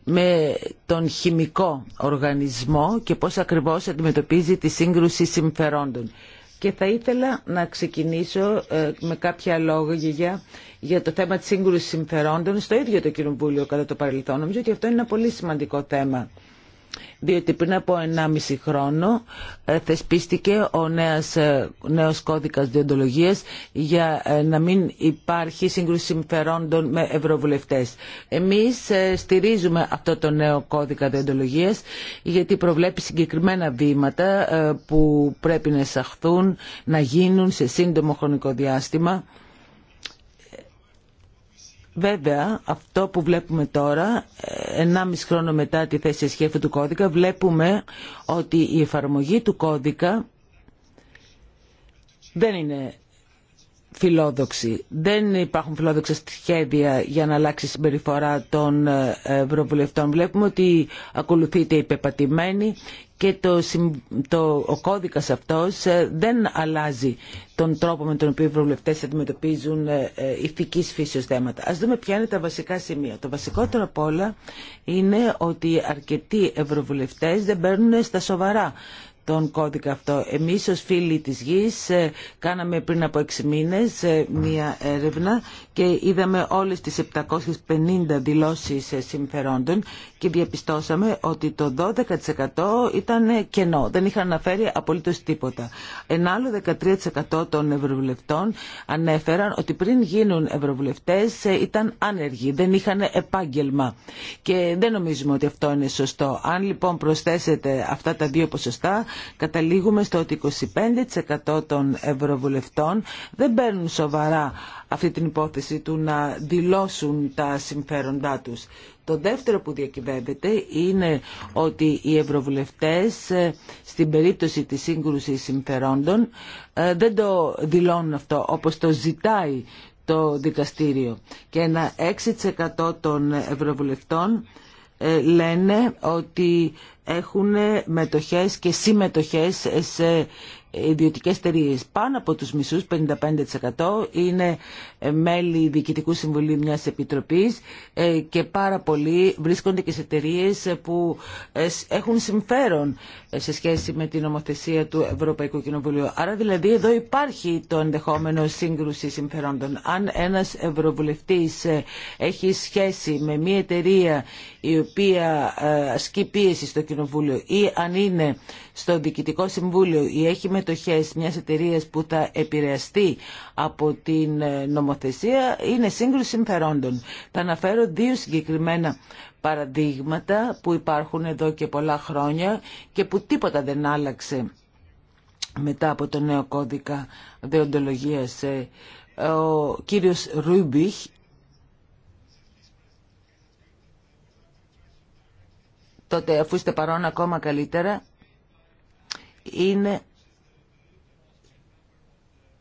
με τον χημικό οργανισμό και πώς ακριβώς αντιμετωπίζει τη σύγκρουση συμφερόντων. Και θα ήθελα να ξεκινήσω ε, με κάποια λόγια για το θέμα της σύγκρουσης συμφερόντων στο ίδιο το Κοινοβούλιο κατά το παρελθόν. Νομίζω ότι αυτό είναι ένα πολύ σημαντικό θέμα διότι πριν από 1,5 χρόνο ε, θεσπίστηκε ο νέας, ε, νέος κώδικας διοντολογίας για ε, να μην υπάρχει σύγκρουση συμφερόντων με ευρωβουλευτές. Εμείς στηρίζουμε αυτό το νέο κώδικα διοντολογίας γιατί προβλέπει συγκεκριμένα βήματα που πρέπει να εισαχθούν, να γίνουν σε σύντομο χρονικό διάστημα Βέβαια, αυτό που βλέπουμε τώρα, 1,5 ε, χρόνο μετά τη θέση σχέφου του κώδικα, βλέπουμε ότι η εφαρμογή του κώδικα δεν είναι δεν υπάρχουν φιλόδοξα σχέδια για να αλλάξει η συμπεριφορά των ευρωβουλευτών. Βλέπουμε ότι ακολουθείται η πεπατημένη και το, το, ο κώδικας αυτός ε, δεν αλλάζει τον τρόπο με τον οποίο οι ευρωβουλευτές αντιμετωπίζουν ε, ε, ηθικής φύσεως θέματα. Ας δούμε ποια είναι τα βασικά σημεία. Το βασικότερο απ' όλα είναι ότι αρκετοί ευρωβουλευτές δεν παίρνουν στα σοβαρά τον κώδικα αυτό. Εμείς ως φίλοι της γης ε, κάναμε πριν από 6 μήνες ε, μία έρευνα και είδαμε όλες τις 750 δηλώσεις ε, συμφερόντων και διαπιστώσαμε ότι το 12% ήταν κενό, δεν είχαν αναφέρει απολύτως τίποτα. Ένα άλλο 13% των ευρωβουλευτών ανέφεραν ότι πριν γίνουν ευρωβουλευτές ήταν άνεργοι, δεν είχαν επάγγελμα και δεν νομίζουμε ότι αυτό είναι σωστό. Αν λοιπόν προσθέσετε αυτά τα δύο ποσοστά καταλήγουμε στο ότι 25% των ευρωβουλευτών δεν παίρνουν σοβαρά αυτή την υπόθεση του να δηλώσουν τα συμφέροντά τους. Το δεύτερο που διακυβεύεται είναι ότι οι ευρωβουλευτές ε, στην περίπτωση της σύγκρουση συμφερόντων ε, δεν το δηλώνουν αυτό όπως το ζητάει το δικαστήριο. Και ένα 6% των ευρωβουλευτών ε, λένε ότι έχουν μετοχές και συμμετοχές σε ιδιωτικέ εταιρείε. Πάνω από τους μισούς, 55% είναι μέλη διοικητικού συμβουλίου μιας επιτροπής ε, και πάρα πολλοί βρίσκονται και σε εταιρείε που ε, έχουν συμφέρον σε σχέση με την νομοθεσία του Ευρωπαϊκού Κοινοβουλίου. Άρα δηλαδή εδώ υπάρχει το ενδεχόμενο σύγκρουση συμφερόντων. Αν ένας ευρωβουλευτής ε, έχει σχέση με μια εταιρεία η οποία ε, ασκεί πίεση στο Κοινοβούλιο ή αν είναι στο Διοικητικό Συμβούλιο ή έχει μετοχές μιας εταιρείας που θα επηρεαστεί από την ε, νομοθεσία, είναι σύγκρουση συμφερόντων. Θα αναφέρω δύο συγκεκριμένα παραδείγματα που υπάρχουν εδώ και πολλά χρόνια και που τίποτα δεν άλλαξε μετά από τον νέο κώδικα δεοντολογίας. Ε, ο κύριος Ρούμπιχ τότε αφού είστε παρόν ακόμα καλύτερα είναι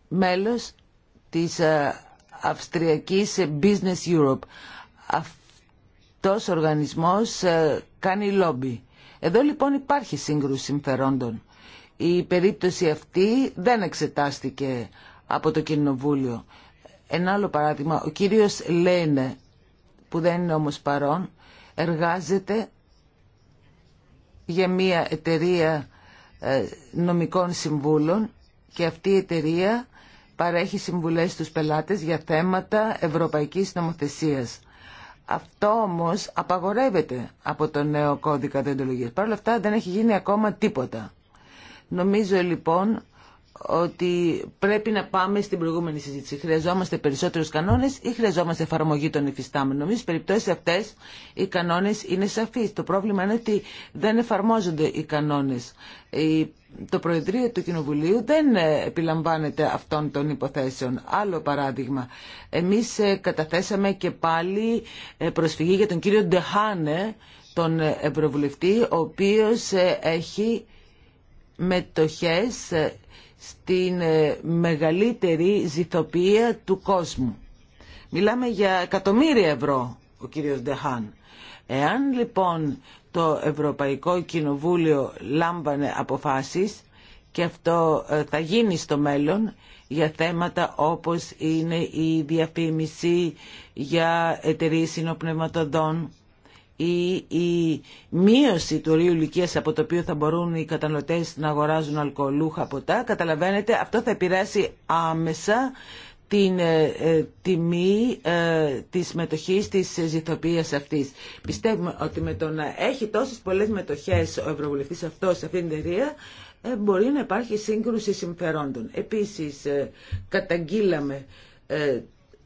μέλος της ε, Αυστριακής Business Europe αυτός ο οργανισμός ε, κάνει λόμπι. Εδώ λοιπόν υπάρχει σύγκρουση συμφερόντων. Η περίπτωση αυτή δεν εξετάστηκε από το Κοινοβούλιο. Ένα άλλο παράδειγμα, ο κύριος Λένε, που δεν είναι όμως παρόν, εργάζεται για μια εταιρεία ε, νομικών συμβούλων και αυτή η εταιρεία παρέχει συμβουλές στους πελάτες για θέματα ευρωπαϊκής νομοθεσίας. Αυτό όμως απαγορεύεται από το νέο κώδικα διοντολογία. Παρ' όλα αυτά δεν έχει γίνει ακόμα τίποτα. Νομίζω λοιπόν ότι πρέπει να πάμε στην προηγούμενη συζήτηση. Χρειαζόμαστε περισσότερους κανόνες ή χρειαζόμαστε εφαρμογή των υφιστάμενων. Νομίζω στις περιπτώσεις αυτές οι κανόνες είναι σαφείς. Το πρόβλημα είναι ότι δεν εφαρμόζονται οι κανόνες. Οι το Προεδρείο του Κοινοβουλίου δεν ε, επιλαμβάνεται αυτών των υποθέσεων. Άλλο παράδειγμα, εμείς ε, καταθέσαμε και πάλι ε, προσφυγή για τον κύριο Ντεχάνε, τον Ευρωβουλευτή, ο οποίος έχει μετοχές στην μεγαλύτερη ζηθοποιία του κόσμου. Μιλάμε για εκατομμύρια ευρώ ο κύριος Ντεχάν. Εάν λοιπόν το Ευρωπαϊκό Κοινοβούλιο λάμβανε αποφάσεις και αυτό ε, θα γίνει στο μέλλον για θέματα όπως είναι η διαφήμιση για εταιρείε συνοπνευματοδών ή η μείωση του ρίου ηλικίας από το οποίο θα μπορούν οι καταναλωτές να αγοράζουν αλκοολούχα ποτά, καταλαβαίνετε αυτό θα επηρεάσει άμεσα την ε, ε, τιμή ε, της μετοχής της ζηθοποιίας αυτής. Πιστεύουμε ότι με το να έχει τόσες πολλές μετοχές ο Ευρωβουλευτής αυτός σε αυτήν την εταιρεία μπορεί να υπάρχει σύγκρουση συμφερόντων. Επίσης, καταγγείλαμε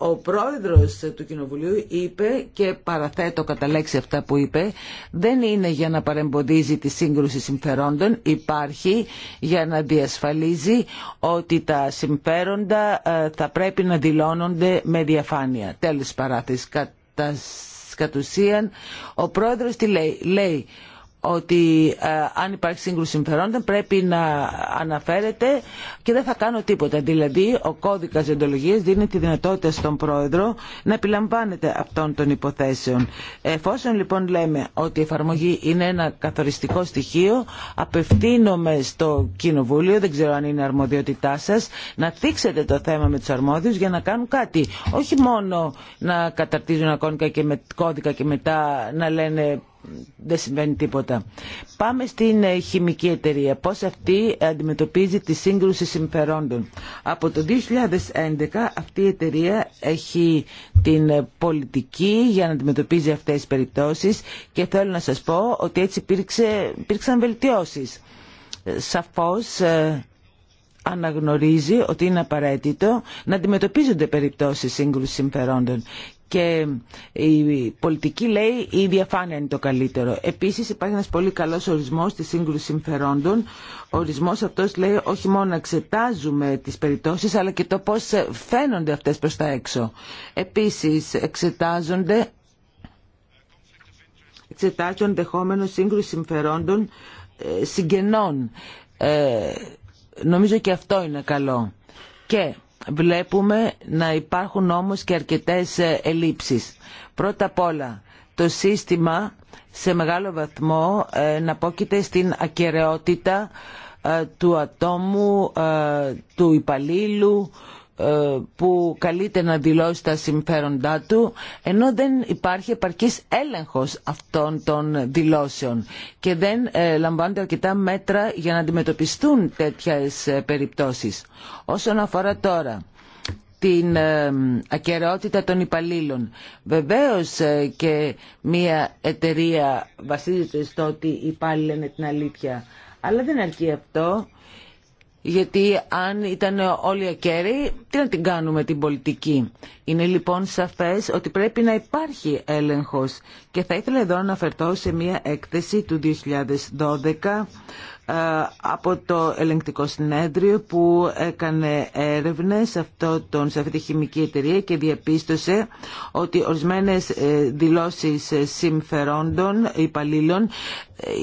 ο πρόεδρος του Κοινοβουλίου είπε και παραθέτω κατά λέξη αυτά που είπε δεν είναι για να παρεμποδίζει τη σύγκρουση συμφερόντων υπάρχει για να διασφαλίζει ότι τα συμφέροντα ε, θα πρέπει να δηλώνονται με διαφάνεια. Τέλος παράθεση. Κατ' ουσίαν ο πρόεδρος τι λέει. Λέει ότι ε, αν υπάρχει σύγκρουση συμφερόντων πρέπει να αναφέρεται και δεν θα κάνω τίποτα. Δηλαδή ο κώδικας εντολογίας δίνει τη δυνατότητα στον πρόεδρο να επιλαμβάνεται αυτών των υποθέσεων. Εφόσον λοιπόν λέμε ότι η εφαρμογή είναι ένα καθοριστικό στοιχείο, απευθύνομαι στο Κοινοβούλιο, δεν ξέρω αν είναι αρμοδιότητά σας, να θίξετε το θέμα με τους αρμόδιους για να κάνουν κάτι. Όχι μόνο να καταρτίζουν ακόμη και με κώδικα και μετά να λένε δεν συμβαίνει τίποτα. Πάμε στην ε, χημική εταιρεία. Πώς αυτή αντιμετωπίζει τη σύγκρουση συμφερόντων. Από το 2011 αυτή η εταιρεία έχει την ε, πολιτική για να αντιμετωπίζει αυτές τις περιπτώσεις και θέλω να σας πω ότι έτσι υπήρξε, υπήρξαν βελτιώσεις. Ε, σαφώς αναγνωρίζει ότι είναι απαραίτητο να αντιμετωπίζονται περιπτώσεις σύγκρουσης συμφερόντων και η πολιτική λέει η διαφάνεια είναι το καλύτερο. Επίσης υπάρχει ένας πολύ καλός ορισμός της σύγκρουσης συμφερόντων. Ο ορισμός αυτός λέει όχι μόνο να εξετάζουμε τις περιπτώσεις αλλά και το πώς φαίνονται αυτές προς τα έξω. Επίσης εξετάζονται εξετάζει ενδεχόμενο σύγκρουση συμφερόντων ε, συγγενών. Ε, νομίζω και αυτό είναι καλό. Και βλέπουμε να υπάρχουν όμως και αρκετές ε, ελλείψεις. Πρώτα απ' όλα, το σύστημα σε μεγάλο βαθμό ε, να πόκειται στην ακαιρεότητα ε, του ατόμου, του υπαλλήλου, που καλείται να δηλώσει τα συμφέροντά του ενώ δεν υπάρχει επαρκής έλεγχος αυτών των δηλώσεων και δεν ε, λαμβάνονται αρκετά μέτρα για να αντιμετωπιστούν τέτοιες ε, περιπτώσεις. Όσον αφορά τώρα την ε, ακεραιότητα των υπαλλήλων. Βεβαίως και μια εταιρεία βασίζεται στο ότι οι υπάλληλοι λένε την αλήθεια. Αλλά δεν αρκεί αυτό γιατί αν ήταν όλοι ακέραιοι, τι να την κάνουμε την πολιτική. Είναι λοιπόν σαφές ότι πρέπει να υπάρχει έλεγχος. Και θα ήθελα εδώ να αναφερθώ σε μια έκθεση του 2012 ε, από το ελεγκτικό συνέδριο που έκανε έρευνες αυτό τον, σε αυτή τη χημική εταιρεία και διαπίστωσε ότι ορισμένες ε, δηλώσεις ε, συμφερόντων υπαλλήλων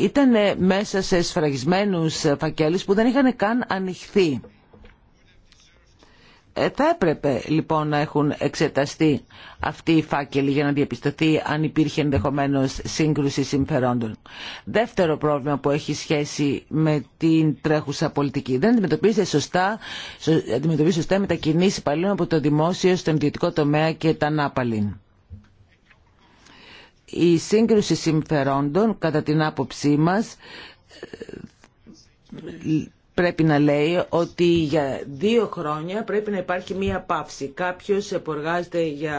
ήταν μέσα σε σφραγισμένους φακέλους που δεν είχαν καν ανοιχθεί. Ε, θα έπρεπε λοιπόν να έχουν εξεταστεί αυτοί οι φάκελοι για να διαπιστωθεί αν υπήρχε ενδεχομένως σύγκρουση συμφερόντων. Δεύτερο πρόβλημα που έχει σχέση με την τρέχουσα πολιτική. Δεν αντιμετωπίζεται σωστά, αντιμετωπίζει σωστά μετακινήσει υπαλλήλων από το δημόσιο στον ιδιωτικό τομέα και τα νάπαλιν. Η σύγκρουση συμφερόντων, κατά την άποψή μας, πρέπει να λέει ότι για δύο χρόνια πρέπει να υπάρχει μία πάυση. Κάποιος που εργάζεται για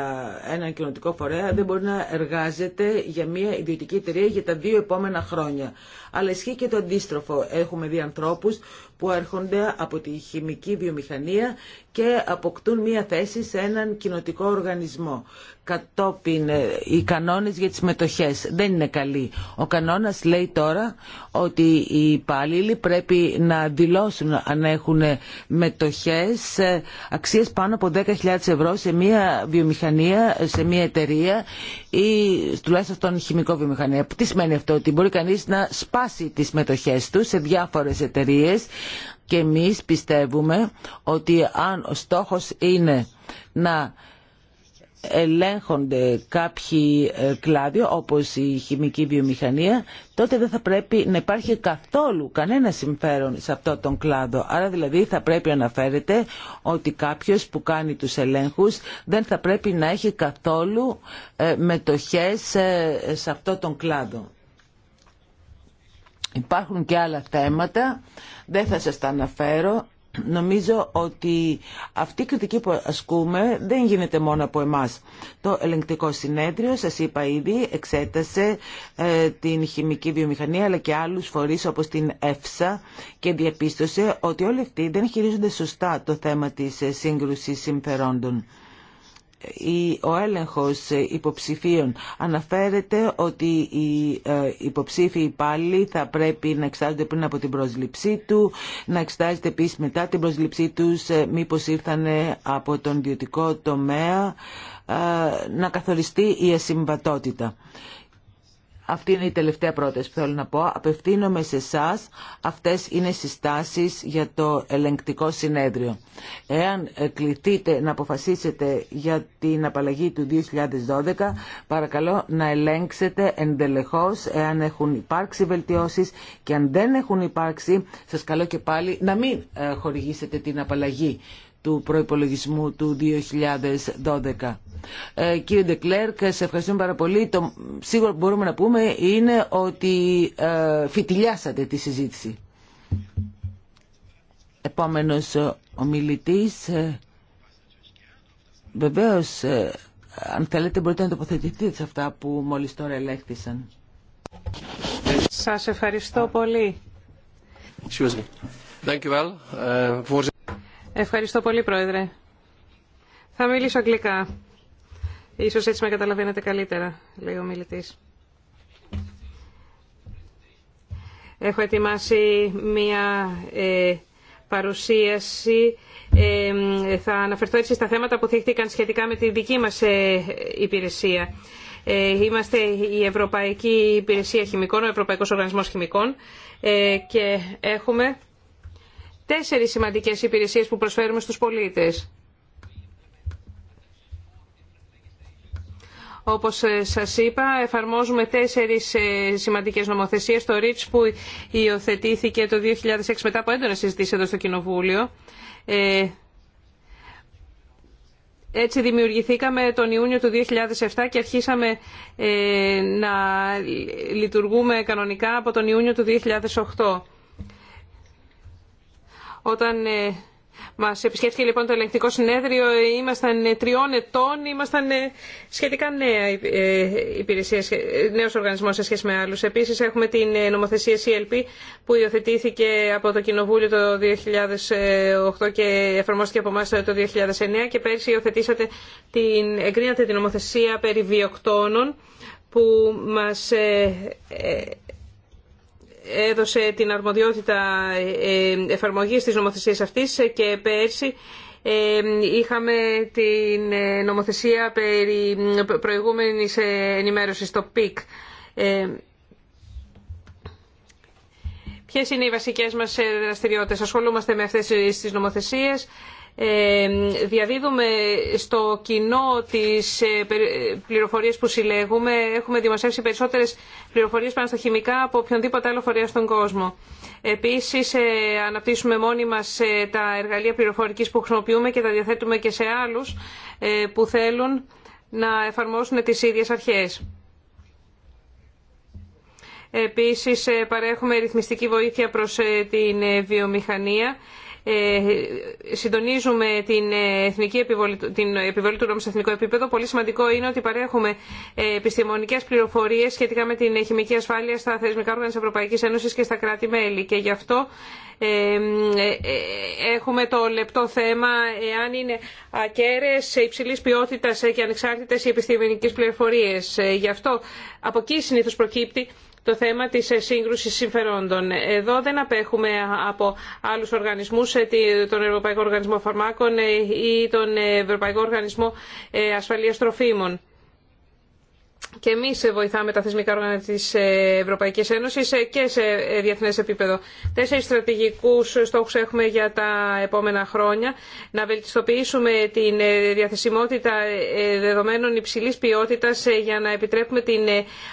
ένα κοινωνικό φορέα δεν μπορεί να εργάζεται για μία ιδιωτική εταιρεία για τα δύο επόμενα χρόνια. Αλλά ισχύει και το αντίστροφο. Έχουμε δει ανθρώπους που έρχονται από τη χημική βιομηχανία και αποκτούν μία θέση σε έναν κοινοτικό οργανισμό. Κατόπιν ε, οι κανόνες για τις μετοχές δεν είναι καλοί. Ο κανόνας λέει τώρα ότι οι υπάλληλοι πρέπει να δηλώσουν αν έχουν μετοχές ε, αξίες πάνω από 10.000 ευρώ σε μία βιομηχανία, σε μία εταιρεία ή τουλάχιστον χημικό βιομηχανία. Τι σημαίνει αυτό, ότι μπορεί κανείς να σπάσει τις μετοχές του σε διάφορες εταιρείες, και εμείς πιστεύουμε ότι αν ο στόχος είναι να ελέγχονται κάποιοι ε, κλάδοι όπως η χημική βιομηχανία τότε δεν θα πρέπει να υπάρχει καθόλου κανένα συμφέρον σε αυτό τον κλάδο. Άρα δηλαδή θα πρέπει να αναφέρεται ότι κάποιος που κάνει τους ελέγχους δεν θα πρέπει να έχει καθόλου ε, μετοχές ε, σε αυτό τον κλάδο. Υπάρχουν και άλλα θέματα, δεν θα σας τα αναφέρω. Νομίζω ότι αυτή η κριτική που ασκούμε δεν γίνεται μόνο από εμάς. Το ελεγκτικό συνέδριο, σας είπα ήδη, εξέτασε ε, την χημική βιομηχανία αλλά και άλλους φορείς όπως την ΕΦΣΑ και διαπίστωσε ότι όλοι αυτοί δεν χειρίζονται σωστά το θέμα της ε, σύγκρουσης συμφερόντων ο έλεγχος υποψηφίων αναφέρεται ότι οι ε, υποψήφοι υπάλληλοι θα πρέπει να εξετάζονται πριν από την πρόσληψή του, να εξετάζεται επίση μετά την πρόσληψή τους ε, μήπως ήρθανε από τον ιδιωτικό τομέα, ε, να καθοριστεί η ασυμβατότητα. Αυτή είναι η τελευταία πρόταση που θέλω να πω. Απευθύνομαι σε εσά. Αυτές είναι συστάσεις για το ελεγκτικό συνέδριο. Εάν κληθείτε να αποφασίσετε για την απαλλαγή του 2012, παρακαλώ να ελέγξετε εντελεχώς εάν έχουν υπάρξει βελτιώσεις και αν δεν έχουν υπάρξει, σας καλώ και πάλι να μην ε, χορηγήσετε την απαλλαγή του προϋπολογισμού του 2012. Ε, κύριε Ντεκλέρκ, σε ευχαριστούμε πάρα πολύ. Το σίγουρο που μπορούμε να πούμε είναι ότι ε, φιτιλιάσατε τη συζήτηση. Επόμενος ομιλητής, ε, βεβαίως, αν θέλετε μπορείτε να τοποθετηθείτε σε αυτά που μόλις τώρα ελέγχθησαν. Σας ευχαριστώ πολύ. Ευχαριστώ πολύ, Πρόεδρε. Θα μιλήσω αγγλικά. Ίσως έτσι με καταλαβαίνετε καλύτερα, λέει ο μιλητής. Έχω ετοιμάσει μία ε, παρουσίαση. Ε, θα αναφερθώ έτσι στα θέματα που θέχτηκαν σχετικά με τη δική μας ε, υπηρεσία. Ε, είμαστε η Ευρωπαϊκή Υπηρεσία Χημικών, ο Ευρωπαϊκός Οργανισμός Χημικών ε, και έχουμε τέσσερις σημαντικές υπηρεσίες που προσφέρουμε στους πολίτες. Όπως ε, σας είπα, εφαρμόζουμε τέσσερις ε, σημαντικές νομοθεσίες. Το REACH που υιοθετήθηκε το 2006 μετά από έντονες συζητήσεις εδώ στο Κοινοβούλιο. Ε, έτσι δημιουργηθήκαμε τον Ιούνιο του 2007 και αρχίσαμε να λειτουργούμε κανονικά από τον Ιούνιο του 2008. Όταν μας επισκέφθηκε λοιπόν το ελεγκτικό συνέδριο, ήμασταν ε, τριών ετών, ήμασταν ε, σχετικά νέα ε, υπηρεσία, νέος οργανισμός σε σχέση με άλλους. Επίσης έχουμε την νομοθεσία CLP που υιοθετήθηκε από το Κοινοβούλιο το 2008 και εφαρμόστηκε από εμά το 2009 και πέρσι υιοθετήσατε την, εγκρίνατε την νομοθεσία περί βιοκτώνων που μας έδωσε την αρμοδιότητα ε, ε, εφαρμογής της νομοθεσίας αυτής και πέρσι ε, είχαμε την νομοθεσία περί προηγούμενης ενημέρωσης, το ΠΙΚ. Ποιες είναι οι βασικές μας δραστηριότητες. Ασχολούμαστε με αυτές τις νομοθεσίες ε, διαδίδουμε στο κοινό τις ε, ε, πληροφορίες που συλλέγουμε. Έχουμε δημοσιεύσει περισσότερες πληροφορίες πάνω στα χημικά από οποιονδήποτε άλλο φορέα στον κόσμο. Επίσης, αναπτύσσουμε μόνοι μας τα εργαλεία πληροφορικής που χρησιμοποιούμε και τα διαθέτουμε και σε άλλους που θέλουν να εφαρμόσουν τις ίδιες αρχές. Επίσης, παρέχουμε ρυθμιστική βοήθεια προς την βιομηχανία ε, συντονίζουμε την, εθνική επιβολή, του νόμου σε εθνικό επίπεδο. Πολύ σημαντικό είναι ότι παρέχουμε ε, επιστημονικέ πληροφορίε σχετικά με την χημική ασφάλεια στα θεσμικά όργανα τη Ευρωπαϊκή Ένωση και στα κράτη-μέλη. Και γι' αυτό ε, έχουμε το λεπτό θέμα εάν είναι ακέραιες, υψηλής ποιότητας και ανεξάρτητες οι επιστημονικές πληροφορίες. Γι' αυτό από εκεί συνήθως προκύπτει το θέμα της ε, σύγκρουσης συμφερόντων. Εδώ δεν απέχουμε από άλλους οργανισμούς, ε, τον Ευρωπαϊκό Οργανισμό Φαρμάκων ε, ή τον Ευρωπαϊκό Οργανισμό Ασφαλείας Τροφίμων και εμεί βοηθάμε τα θεσμικά όργανα τη Ευρωπαϊκή Ένωση και σε διεθνέ επίπεδο. Τέσσερι στρατηγικού στόχου έχουμε για τα επόμενα χρόνια. Να βελτιστοποιήσουμε την διαθεσιμότητα δεδομένων υψηλή ποιότητα για να επιτρέπουμε την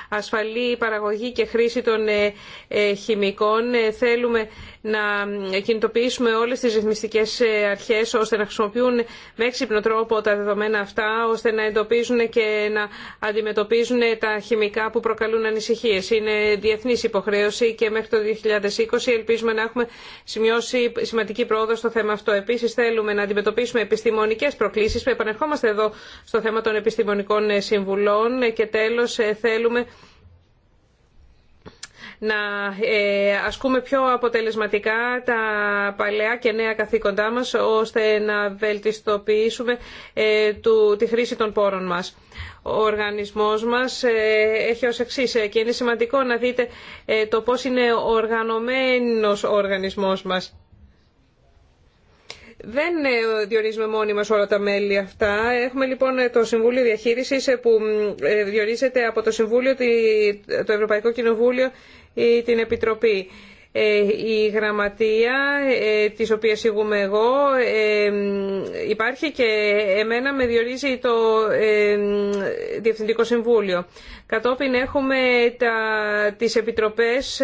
ασφαλή παραγωγή και χρήση των χημικών. Θέλουμε να κινητοποιήσουμε όλες τις ρυθμιστικές αρχές ώστε να χρησιμοποιούν με έξυπνο τρόπο τα δεδομένα αυτά, ώστε να εντοπίζουν και να αντιμετωπίζουν είναι τα χημικά που προκαλούν ανησυχίε. Είναι διεθνή υποχρέωση και μέχρι το 2020 ελπίζουμε να έχουμε σημειώσει σημαντική πρόοδο στο θέμα αυτό. Επίση θέλουμε να αντιμετωπίσουμε επιστημονικέ προκλήσει. επανερχόμαστε εδώ στο θέμα των επιστημονικών συμβουλών και τέλο ε, θέλουμε να ε, ασκούμε πιο αποτελεσματικά τα παλαιά και νέα καθήκοντά μας ώστε να βελτιστοποιήσουμε ε, τη χρήση των πόρων μας ο οργανισμός μας ε, έχει ως εξής ε, και είναι σημαντικό να δείτε ε, το πώς είναι οργανωμένος ο οργανισμός μας. Δεν διορίζουμε μόνοι μας όλα τα μέλη αυτά. Έχουμε λοιπόν το Συμβούλιο Διαχείρισης που διορίζεται από το Συμβούλιο, το Ευρωπαϊκό Κοινοβούλιο ή την Επιτροπή. Ε, η γραμματεία ε, της οποίας ηγούμε εγώ ε, υπάρχει και εμένα με διορίζει το Διευθυντικό Συμβούλιο. Κατόπιν έχουμε τα, τις επιτροπές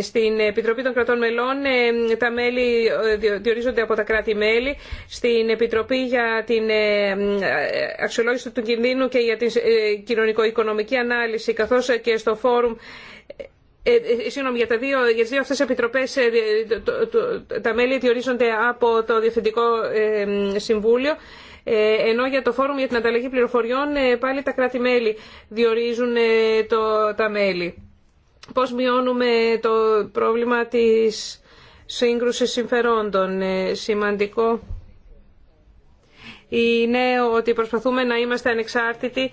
στην Επιτροπή των Κρατών Μελών τα μέλη διορίζονται από τα κράτη-μέλη στην Επιτροπή για την αξιολόγηση του κινδύνου και για την κοινωνικο-οικονομική ανάλυση καθώς και στο φόρουμ ε, ε, συγγνώμη, για, τα δύο, για τις επιτροπές ε, τα μέλη διορίζονται από το Διευθυντικό Συμβούλιο ενώ για το Φόρουμ για την Ανταλλαγή Πληροφοριών πάλι τα κράτη-μέλη διορίζουν το, τα μέλη. Πώς μειώνουμε το πρόβλημα της σύγκρουσης συμφερόντων. Σημαντικό είναι ότι προσπαθούμε να είμαστε ανεξάρτητοι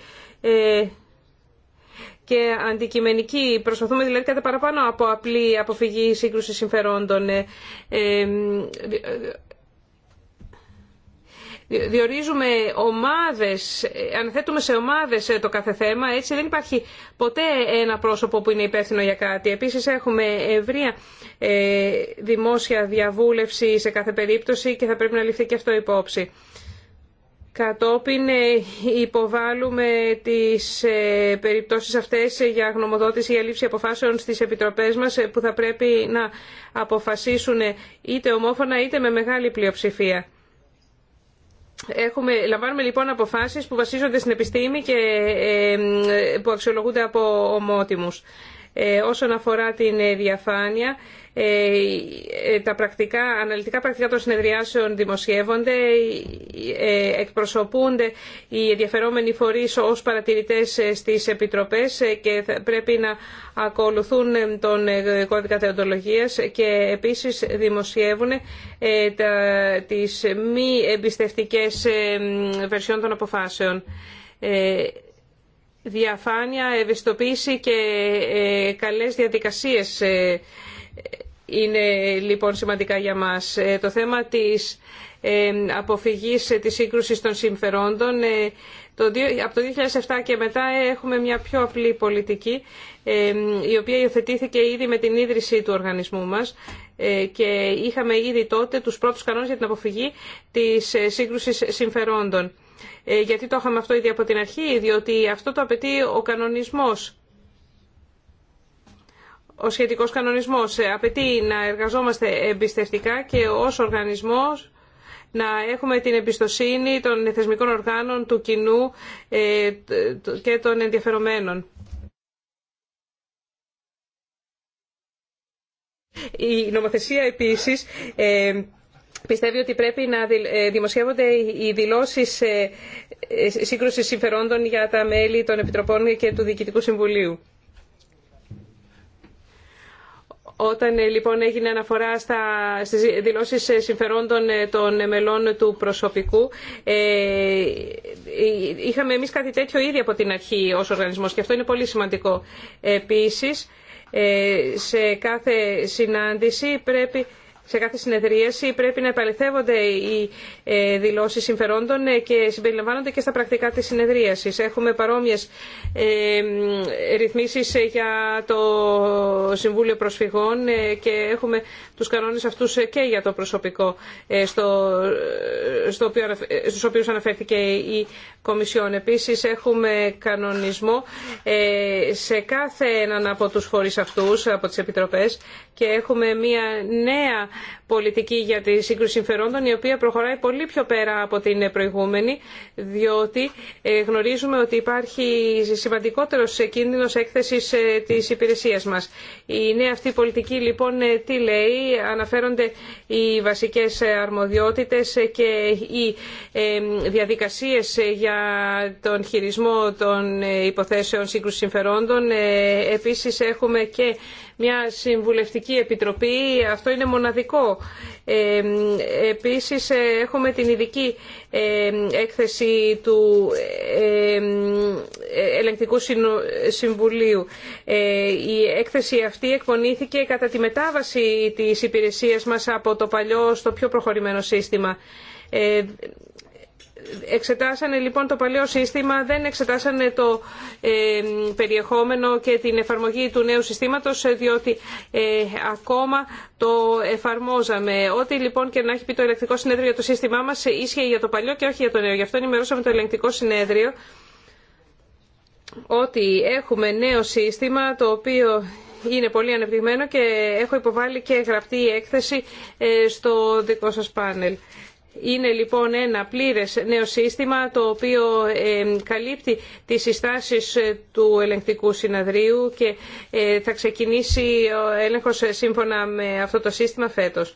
και αντικειμενική. Προσπαθούμε δηλαδή κάτι παραπάνω από απλή αποφυγή σύγκρουση συμφερόντων. Ε, ε, διορίζουμε ομάδες, ε, αναθέτουμε σε ομάδες ε, το κάθε θέμα, έτσι δεν υπάρχει ποτέ ένα πρόσωπο που είναι υπεύθυνο για κάτι. Επίσης έχουμε ευρεία ε, δημόσια διαβούλευση σε κάθε περίπτωση και θα πρέπει να ληφθεί και αυτό υπόψη. Κατόπιν ε, υποβάλλουμε τις ε, περιπτώσεις αυτές για γνωμοδότηση ή λήψη αποφάσεων στις επιτροπές μας ε, που θα πρέπει να αποφασίσουν είτε ομόφωνα είτε με μεγάλη πλειοψηφία. Έχουμε, λαμβάνουμε λοιπόν αποφάσεις που βασίζονται στην επιστήμη και που αξιολογούνται από ομότιμους. όσον αφορά την διαφάνεια, ε, ε, τα πρακτικά, αναλυτικά πρακτικά των συνεδριάσεων δημοσιεύονται, ε, εκπροσωπούνται οι ενδιαφερόμενοι φορείς ως παρατηρητές στις επιτροπές και πρέπει να ακολουθούν τον κώδικα θεοντολογίας και επίσης δημοσιεύουν τα, τις μη εμπιστευτικές βερσιών των αποφάσεων διαφάνεια, ευαισθητοποίηση και καλές διαδικασίες είναι λοιπόν σημαντικά για μας. Ε, το θέμα της ε, αποφυγής ε, της σύγκρουσης των συμφερόντων από το 2007 και μετά έχουμε μια πιο απλή πολιτική η οποία υιοθετήθηκε ήδη με την ίδρυση του οργανισμού μας και είχαμε ήδη τότε τους πρώτους κανόνες για την αποφυγή της σύγκρουσης συμφερόντων. Γιατί το είχαμε αυτό ήδη από την αρχή, διότι αυτό το απαιτεί ο κανονισμός ο σχετικός κανονισμός ε, απαιτεί να εργαζόμαστε εμπιστευτικά και ως οργανισμός να έχουμε την εμπιστοσύνη των θεσμικών οργάνων του κοινού ε, και των ενδιαφερομένων. Η νομοθεσία επίσης ε, πιστεύει ότι πρέπει να δημοσιεύονται οι δηλώσεις σύγκρουσης συμφερόντων για τα μέλη των Επιτροπών και του Διοικητικού Συμβουλίου. Όταν ε, λοιπόν έγινε αναφορά στα, στις δηλώσεις ε, συμφερόντων ε, των μελών του προσωπικού, είχαμε εμείς κάτι τέτοιο ήδη από την αρχή ως οργανισμός και αυτό είναι πολύ σημαντικό. Επίσης, σε κάθε συνάντηση πρέπει σε κάθε συνεδρίαση πρέπει να επαληθεύονται οι ε, δηλώσεις συμφερόντων ε, και συμπεριλαμβάνονται και στα πρακτικά της συνεδρίασης. Έχουμε παρόμοιες ε, ρυθμίσεις για το Συμβούλιο Προσφυγών και έχουμε τους κανόνες αυτούς και για το προσωπικό στο, στο οποίο, στους αναφέρθηκε η Κομισιόν. Επίσης έχουμε κανονισμό σε κάθε έναν από τους φορείς αυτούς, από τις επιτροπές και έχουμε μια νέα πολιτική για τη σύγκρουση συμφερόντων η οποία προχωράει πολύ πιο πέρα από την προηγούμενη διότι ε, γνωρίζουμε ότι υπάρχει σημαντικότερος κίνδυνος έκθεσης ε, της υπηρεσίας μας. Η νέα αυτή πολιτική λοιπόν ε, τι λέει, αναφέρονται οι βασικές αρμοδιότητες και οι διαδικασίες για τον χειρισμό των υποθέσεων σύγκρουσης συμφερόντων. Επίσης έχουμε και μια συμβουλευτική επιτροπή. Αυτό είναι μοναδικό. Ε, επίσης ε, έχουμε την ειδική ε, έκθεση του ε, Ελεγκτικού Συμβουλίου. Η έκθεση αυτή εκπονήθηκε κατά τη μετάβαση της υπηρεσίας μας από το παλιό στο πιο προχωρημένο σύστημα εξετάσανε λοιπόν το παλιό σύστημα, δεν εξετάσανε το ε, περιεχόμενο και την εφαρμογή του νέου συστήματος, ε, διότι ε, ακόμα το εφαρμόζαμε. Ό,τι λοιπόν και να έχει πει το ελεκτικό συνέδριο για το σύστημά μας, ίσχυε για το παλιό και όχι για το νέο. Γι' αυτό ενημερώσαμε το ελεκτικό συνέδριο ότι έχουμε νέο σύστημα το οποίο είναι πολύ ανεπτυγμένο και έχω υποβάλει και γραπτή έκθεση στο δικό σας πάνελ. Είναι λοιπόν ένα πλήρες νέο σύστημα το οποίο ε, καλύπτει τις συστάσεις ε, του ελεγκτικού συναδρίου και ε, θα ξεκινήσει ο έλεγχος σύμφωνα με αυτό το σύστημα φέτος.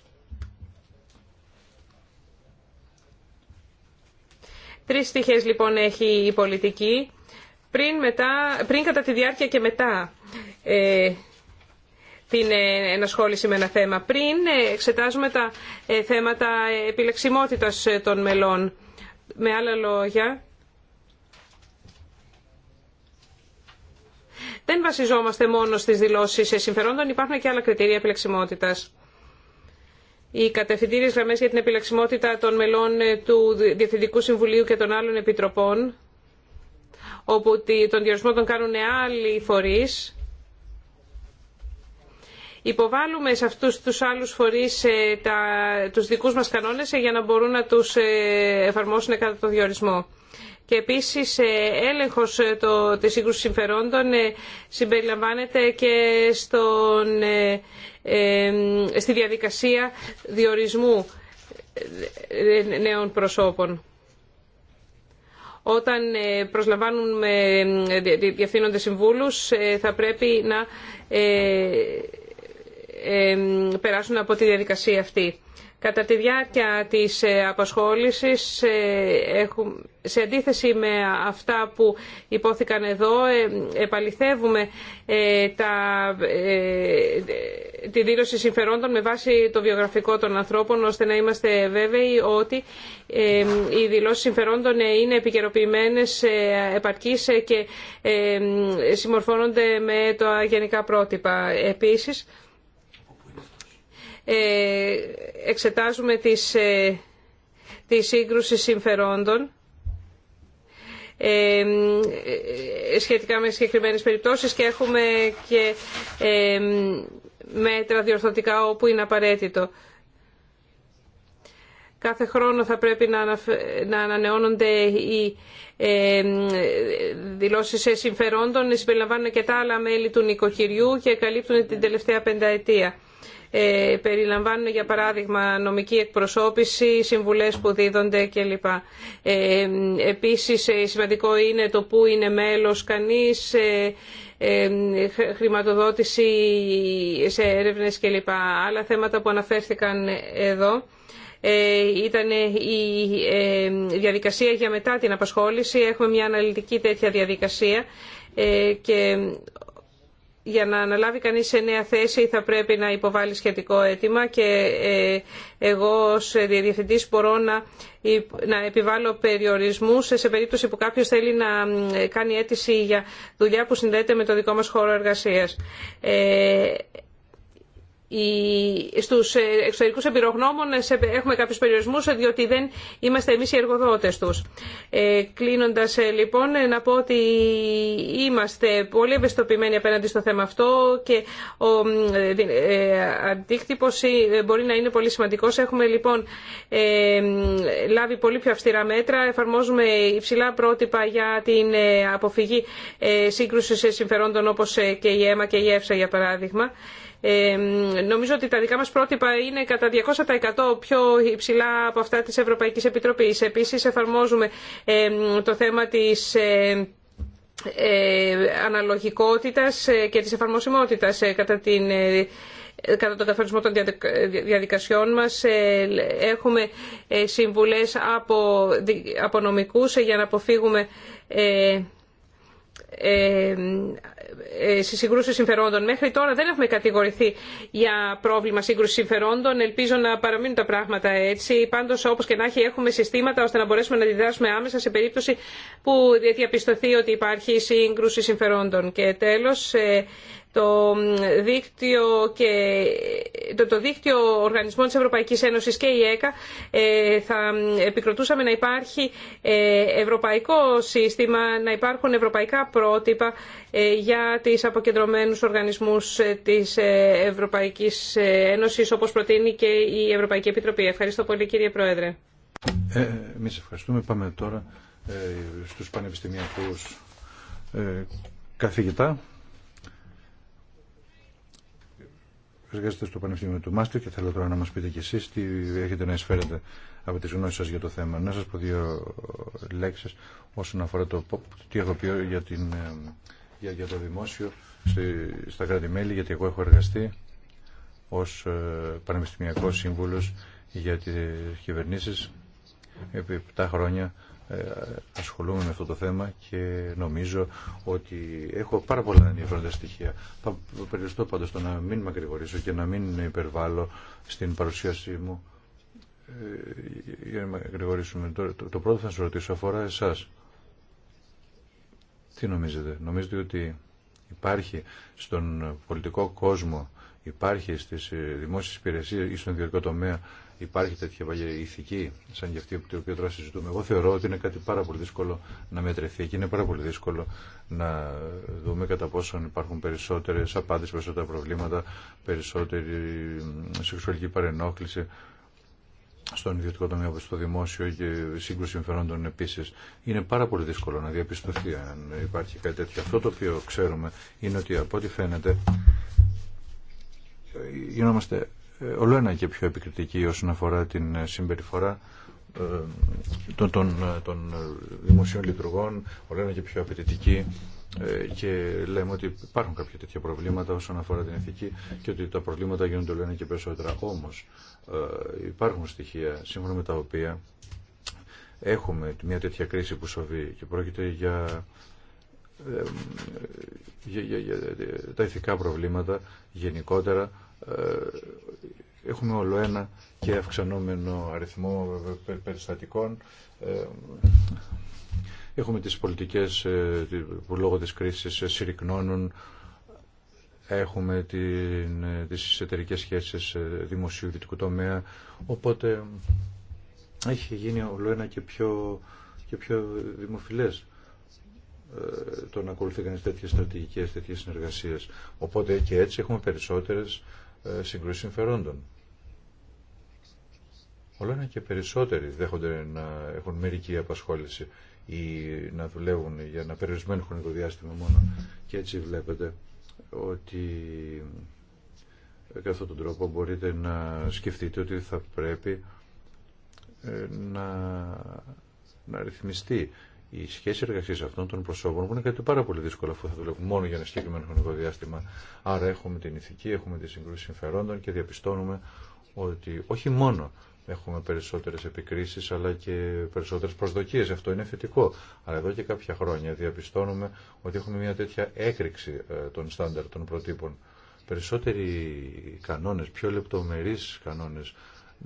Τρεις στοιχές λοιπόν έχει η πολιτική. Πριν, μετά, πριν κατά τη διάρκεια και μετά την ε, ενασχόληση με ένα θέμα. Πριν ε, εξετάζουμε τα ε, θέματα επιλεξιμότητας των μελών. Με άλλα λόγια, δεν βασιζόμαστε μόνο στις δηλώσεις συμφερόντων, υπάρχουν και άλλα κριτήρια επιλεξιμότητας. Οι κατευθυντήριες γραμμές για την επιλεξιμότητα των μελών του Διευθυντικού Συμβουλίου και των άλλων επιτροπών, όπου τον διορισμό τον κάνουν άλλοι φορείς, υποβάλλουμε σε αυτούς τους άλλους φορείς ε, τα, τους δικούς μας κανόνες ε, για να μπορούν να τους ε, εφαρμόσουν κατά το διορισμό. Και επίσης έλεγχος το, της σύγκρουσης συμφερόντων συμπεριλαμβάνεται και στη διαδικασία διορισμού νέων προσώπων. Όταν προσλαμβάνουν διευθύνονται συμβούλους θα πρέπει να περάσουν από τη διαδικασία αυτή. Κατά τη διάρκεια της ε, απασχόλησης, ε, σε αντίθεση με αυτά που υπόθηκαν εδώ, ε, επαληθεύουμε τα, τη δήλωση συμφερόντων με βάση το βιογραφικό των ανθρώπων, ώστε να είμαστε βέβαιοι ότι οι δηλώσεις συμφερόντων είναι επικαιροποιημένες, επαρκείς και συμμορφώνονται με τα γενικά πρότυπα. Επίσης, ε, εξετάζουμε τις, ε, τη σύγκρουση συμφερόντων ε, σχετικά με συγκεκριμένες περιπτώσεις και έχουμε και μέτρα διορθωτικά όπου είναι απαραίτητο. Κάθε χρόνο θα πρέπει να ανανεώνονται οι δηλώσεις συμφερόντων, συμπεριλαμβάνουν και τα άλλα μέλη του νοικοκυριού και καλύπτουν την τελευταία πενταετία. Ε, περιλαμβάνουν για παράδειγμα νομική εκπροσώπηση, συμβουλές που δίδονται κλπ. Ε, επίσης ε, σημαντικό είναι το που είναι μέλος κανείς, χρηματοδότηση σε έρευνες κλπ. Άλλα θέματα που αναφέρθηκαν εδώ ήταν η διαδικασία για μετά την απασχόληση. Έχουμε μια αναλυτική τέτοια διαδικασία και για να αναλάβει κανείς σε νέα θέση θα πρέπει να υποβάλει σχετικό αίτημα και ε, εγώ ως διευθυντής μπορώ να, να επιβάλλω περιορισμούς σε περίπτωση που κάποιος θέλει να κάνει αίτηση για δουλειά που συνδέεται με το δικό μας χώρο εργασίας. Ε, στους ε, εξωτερικούς εμπειρογνώμων ε, έχουμε κάποιους περιορισμούς ε, διότι δεν είμαστε εμείς οι εργοδότες τους. Ε, κλείνοντας λοιπόν να πω ότι είμαστε πολύ ευαισθητοποιημένοι απέναντι στο θέμα αυτό και ο ε, μπορεί να είναι πολύ σημαντικός. Έχουμε λοιπόν λάβει πολύ πιο αυστηρά μέτρα, εφαρμόζουμε υψηλά πρότυπα για την αποφυγή σύγκρουσης συμφερόντων όπως και η ΕΜΑ και η ΕΦΣΑ για παράδειγμα νομίζω ότι τα δικά μας πρότυπα είναι κατά 200% πιο υψηλά από αυτά της Ευρωπαϊκής Επιτροπής. Επίσης εφαρμόζουμε το θέμα της ε, ε, αναλογικότητας ε, και της εφαρμοσιμότητας κατά την κατά τον καθορισμό των διαδικασιών μας έχουμε συμβουλές από, από για να αποφύγουμε ε, ε, συγκρούσεις συμφερόντων. Μέχρι τώρα δεν έχουμε κατηγορηθεί για πρόβλημα σύγκρουση συμφερόντων. Ελπίζω να παραμείνουν τα πράγματα έτσι. Πάντως, όπως και να έχει, έχουμε συστήματα ώστε να μπορέσουμε να αντιδράσουμε άμεσα σε περίπτωση που διαπιστωθεί ότι υπάρχει σύγκρουση συμφερόντων. Και τέλος, ε, το δίκτυο, και, το, το δίκτυο οργανισμών της Ευρωπαϊκής Ένωσης και η ΕΚΑ ε, θα επικροτούσαμε να υπάρχει ε, ευρωπαϊκό σύστημα, να υπάρχουν ευρωπαϊκά πρότυπα ε, για τις αποκεντρωμένους οργανισμούς της Ευρωπαϊκής Ένωσης όπως προτείνει και η Ευρωπαϊκή Επιτροπή. Ευχαριστώ πολύ κύριε Πρόεδρε. Ε, εμείς ευχαριστούμε. Πάμε τώρα στους πανεπιστημιακούς καθηγητά. εργάζεται στο Πανεπιστήμιο του Μάστερ και θέλω τώρα να μα πείτε κι εσεί τι έχετε να εισφέρετε από τι γνώσει σα για το θέμα. Να σας πω δύο λέξει όσον αφορά το τι έχω πει για, την, ε, για, για το δημόσιο στα κράτη-μέλη, γιατί εγώ έχω εργαστεί ως ε, πανεπιστημιακό σύμβουλος για τι κυβερνήσει επί 7 χρόνια ε, ασχολούμαι με αυτό το θέμα και νομίζω ότι έχω πάρα πολλά ενδιαφέροντα στοιχεία. Θα περιοριστώ πάντω το να μην μακρηγορήσω και να μην υπερβάλλω στην παρουσίασή μου. Ε, για να μακρηγορήσουμε. Το πρώτο θα σα ρωτήσω αφορά εσά. Τι νομίζετε. Νομίζετε ότι υπάρχει στον πολιτικό κόσμο, υπάρχει στις ε, δημόσιε υπηρεσίες ή στον ιδιωτικό τομέα Υπάρχει τέτοια ηθική, σαν και αυτή που οποία τώρα συζητούμε. Εγώ θεωρώ ότι είναι κάτι πάρα πολύ δύσκολο να μετρηθεί και είναι πάρα πολύ δύσκολο να δούμε κατά πόσον υπάρχουν περισσότερε απάντησει, περισσότερα προβλήματα, περισσότερη σεξουαλική παρενόχληση στον ιδιωτικό τομέα όπως στο δημόσιο και σύγκρουση συμφερόντων επίση. Είναι πάρα πολύ δύσκολο να διαπιστωθεί αν υπάρχει κάτι τέτοιο. Αυτό το οποίο ξέρουμε είναι ότι από ό,τι φαίνεται γινόμαστε ε, ολοένα ε, και πιο επικριτική όσον αφορά την ε, συμπεριφορά ε, των, των, των δημοσίων λειτουργών, ολοένα και πιο απαιτητική και λέμε ότι υπάρχουν κάποια τέτοια προβλήματα όσον αφορά την ηθική και ότι τα προβλήματα γίνονται λένε και περισσότερα. Όμως υπάρχουν στοιχεία σύμφωνα με τα οποία έχουμε μια τέτοια κρίση που σοβεί και πρόκειται για, για, για τα ηθικά προβλήματα γενικότερα ε, έχουμε όλο ένα και αυξανόμενο αριθμό περιστατικών. Ε, έχουμε τις πολιτικές ε, που λόγω της κρίσης συρρυκνώνουν. Έχουμε την, τις εταιρικέ σχέσεις δημοσίου δυτικού τομέα. Οπότε έχει γίνει όλο ένα και πιο, και πιο δημοφιλές το να ακολουθεί κανείς τέτοιες στρατηγικές, τέτοιες συνεργασίες. Οπότε και έτσι έχουμε περισσότερες ε, συγκρούσεις συμφερόντων. Όλα ένα και περισσότεροι δέχονται να έχουν μερική απασχόληση ή να δουλεύουν για ένα περιορισμένο χρονικό διάστημα μόνο. Και έτσι βλέπετε ότι ε, κατά αυτόν τον τρόπο μπορείτε να σκεφτείτε ότι θα πρέπει ε, να, να ρυθμιστεί η σχέση εργασία αυτών των προσώπων, είναι κάτι πάρα πολύ δύσκολο αφού θα δουλεύουν μόνο για ένα συγκεκριμένο χρονικό διάστημα. Άρα έχουμε την ηθική, έχουμε τη συγκρούσει συμφερόντων και διαπιστώνουμε ότι όχι μόνο έχουμε περισσότερες επικρίσεις αλλά και περισσότερες προσδοκίες. Αυτό είναι θετικό. Αλλά εδώ και κάποια χρόνια διαπιστώνουμε ότι έχουμε μια τέτοια έκρηξη ε, των στάνταρ των προτύπων. Περισσότεροι κανόνες, πιο λεπτομερεί κανόνες,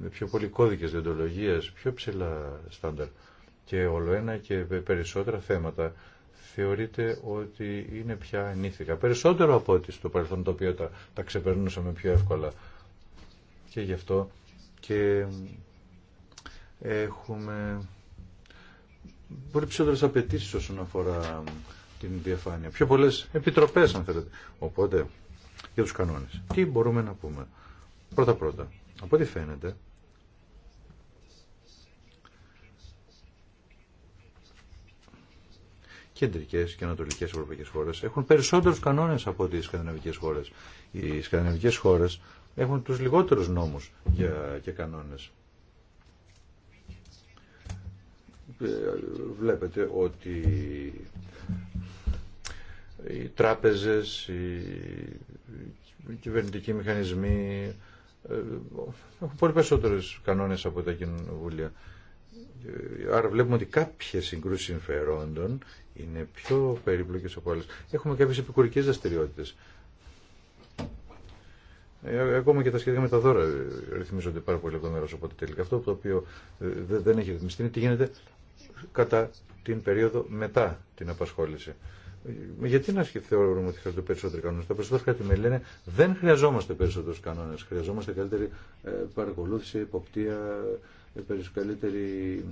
πιο πολλοί κώδικες διοντολογίας, πιο ψηλά στάνταρ και όλο ένα και περισσότερα θέματα θεωρείται ότι είναι πια ανήθικα. Περισσότερο από ότι στο παρελθόν το οποίο τα, ξεπερνούσαμε πιο εύκολα. Και γι' αυτό και έχουμε πολύ περισσότερε απαιτήσει όσον αφορά την διαφάνεια. Πιο πολλές επιτροπές αν θέλετε. Οπότε, για τους κανόνες Τι μπορούμε να πούμε. Πρώτα-πρώτα, από ό,τι φαίνεται, κεντρικές και ανατολικέ ευρωπαϊκές χώρες έχουν περισσότερους κανόνες από τις σκανδιναβικές χώρε. Οι σκανδιναβικέ χώρε έχουν τους λιγότερους νόμους και κανόνες. Ε, βλέπετε ότι οι τράπεζες, οι κυβερνητικοί μηχανισμοί ε, έχουν πολύ περισσότερους κανόνες από τα κοινοβούλια. Άρα βλέπουμε ότι κάποιες συγκρούσει συμφερόντων είναι πιο περίπλοκες από άλλες. Έχουμε κάποιες επικουρικές Ε, Ακόμα και τα σχέδια με τα δώρα ε, ρυθμίζονται πάρα πολύ λεπτομέρω. Οπότε τελικά αυτό το οποίο ε, δεν έχει ρυθμιστεί είναι τι γίνεται κατά την περίοδο μετά την απασχόληση. Ε, γιατί να θεωρούμε ότι χρειάζονται περισσότερο κανόνε. Τα περισσότερα κάτι με λένε δεν χρειαζόμαστε περισσότερου κανόνε. Χρειαζόμαστε καλύτερη ε, παρακολούθηση, υποπτία, ε, καλύτερη,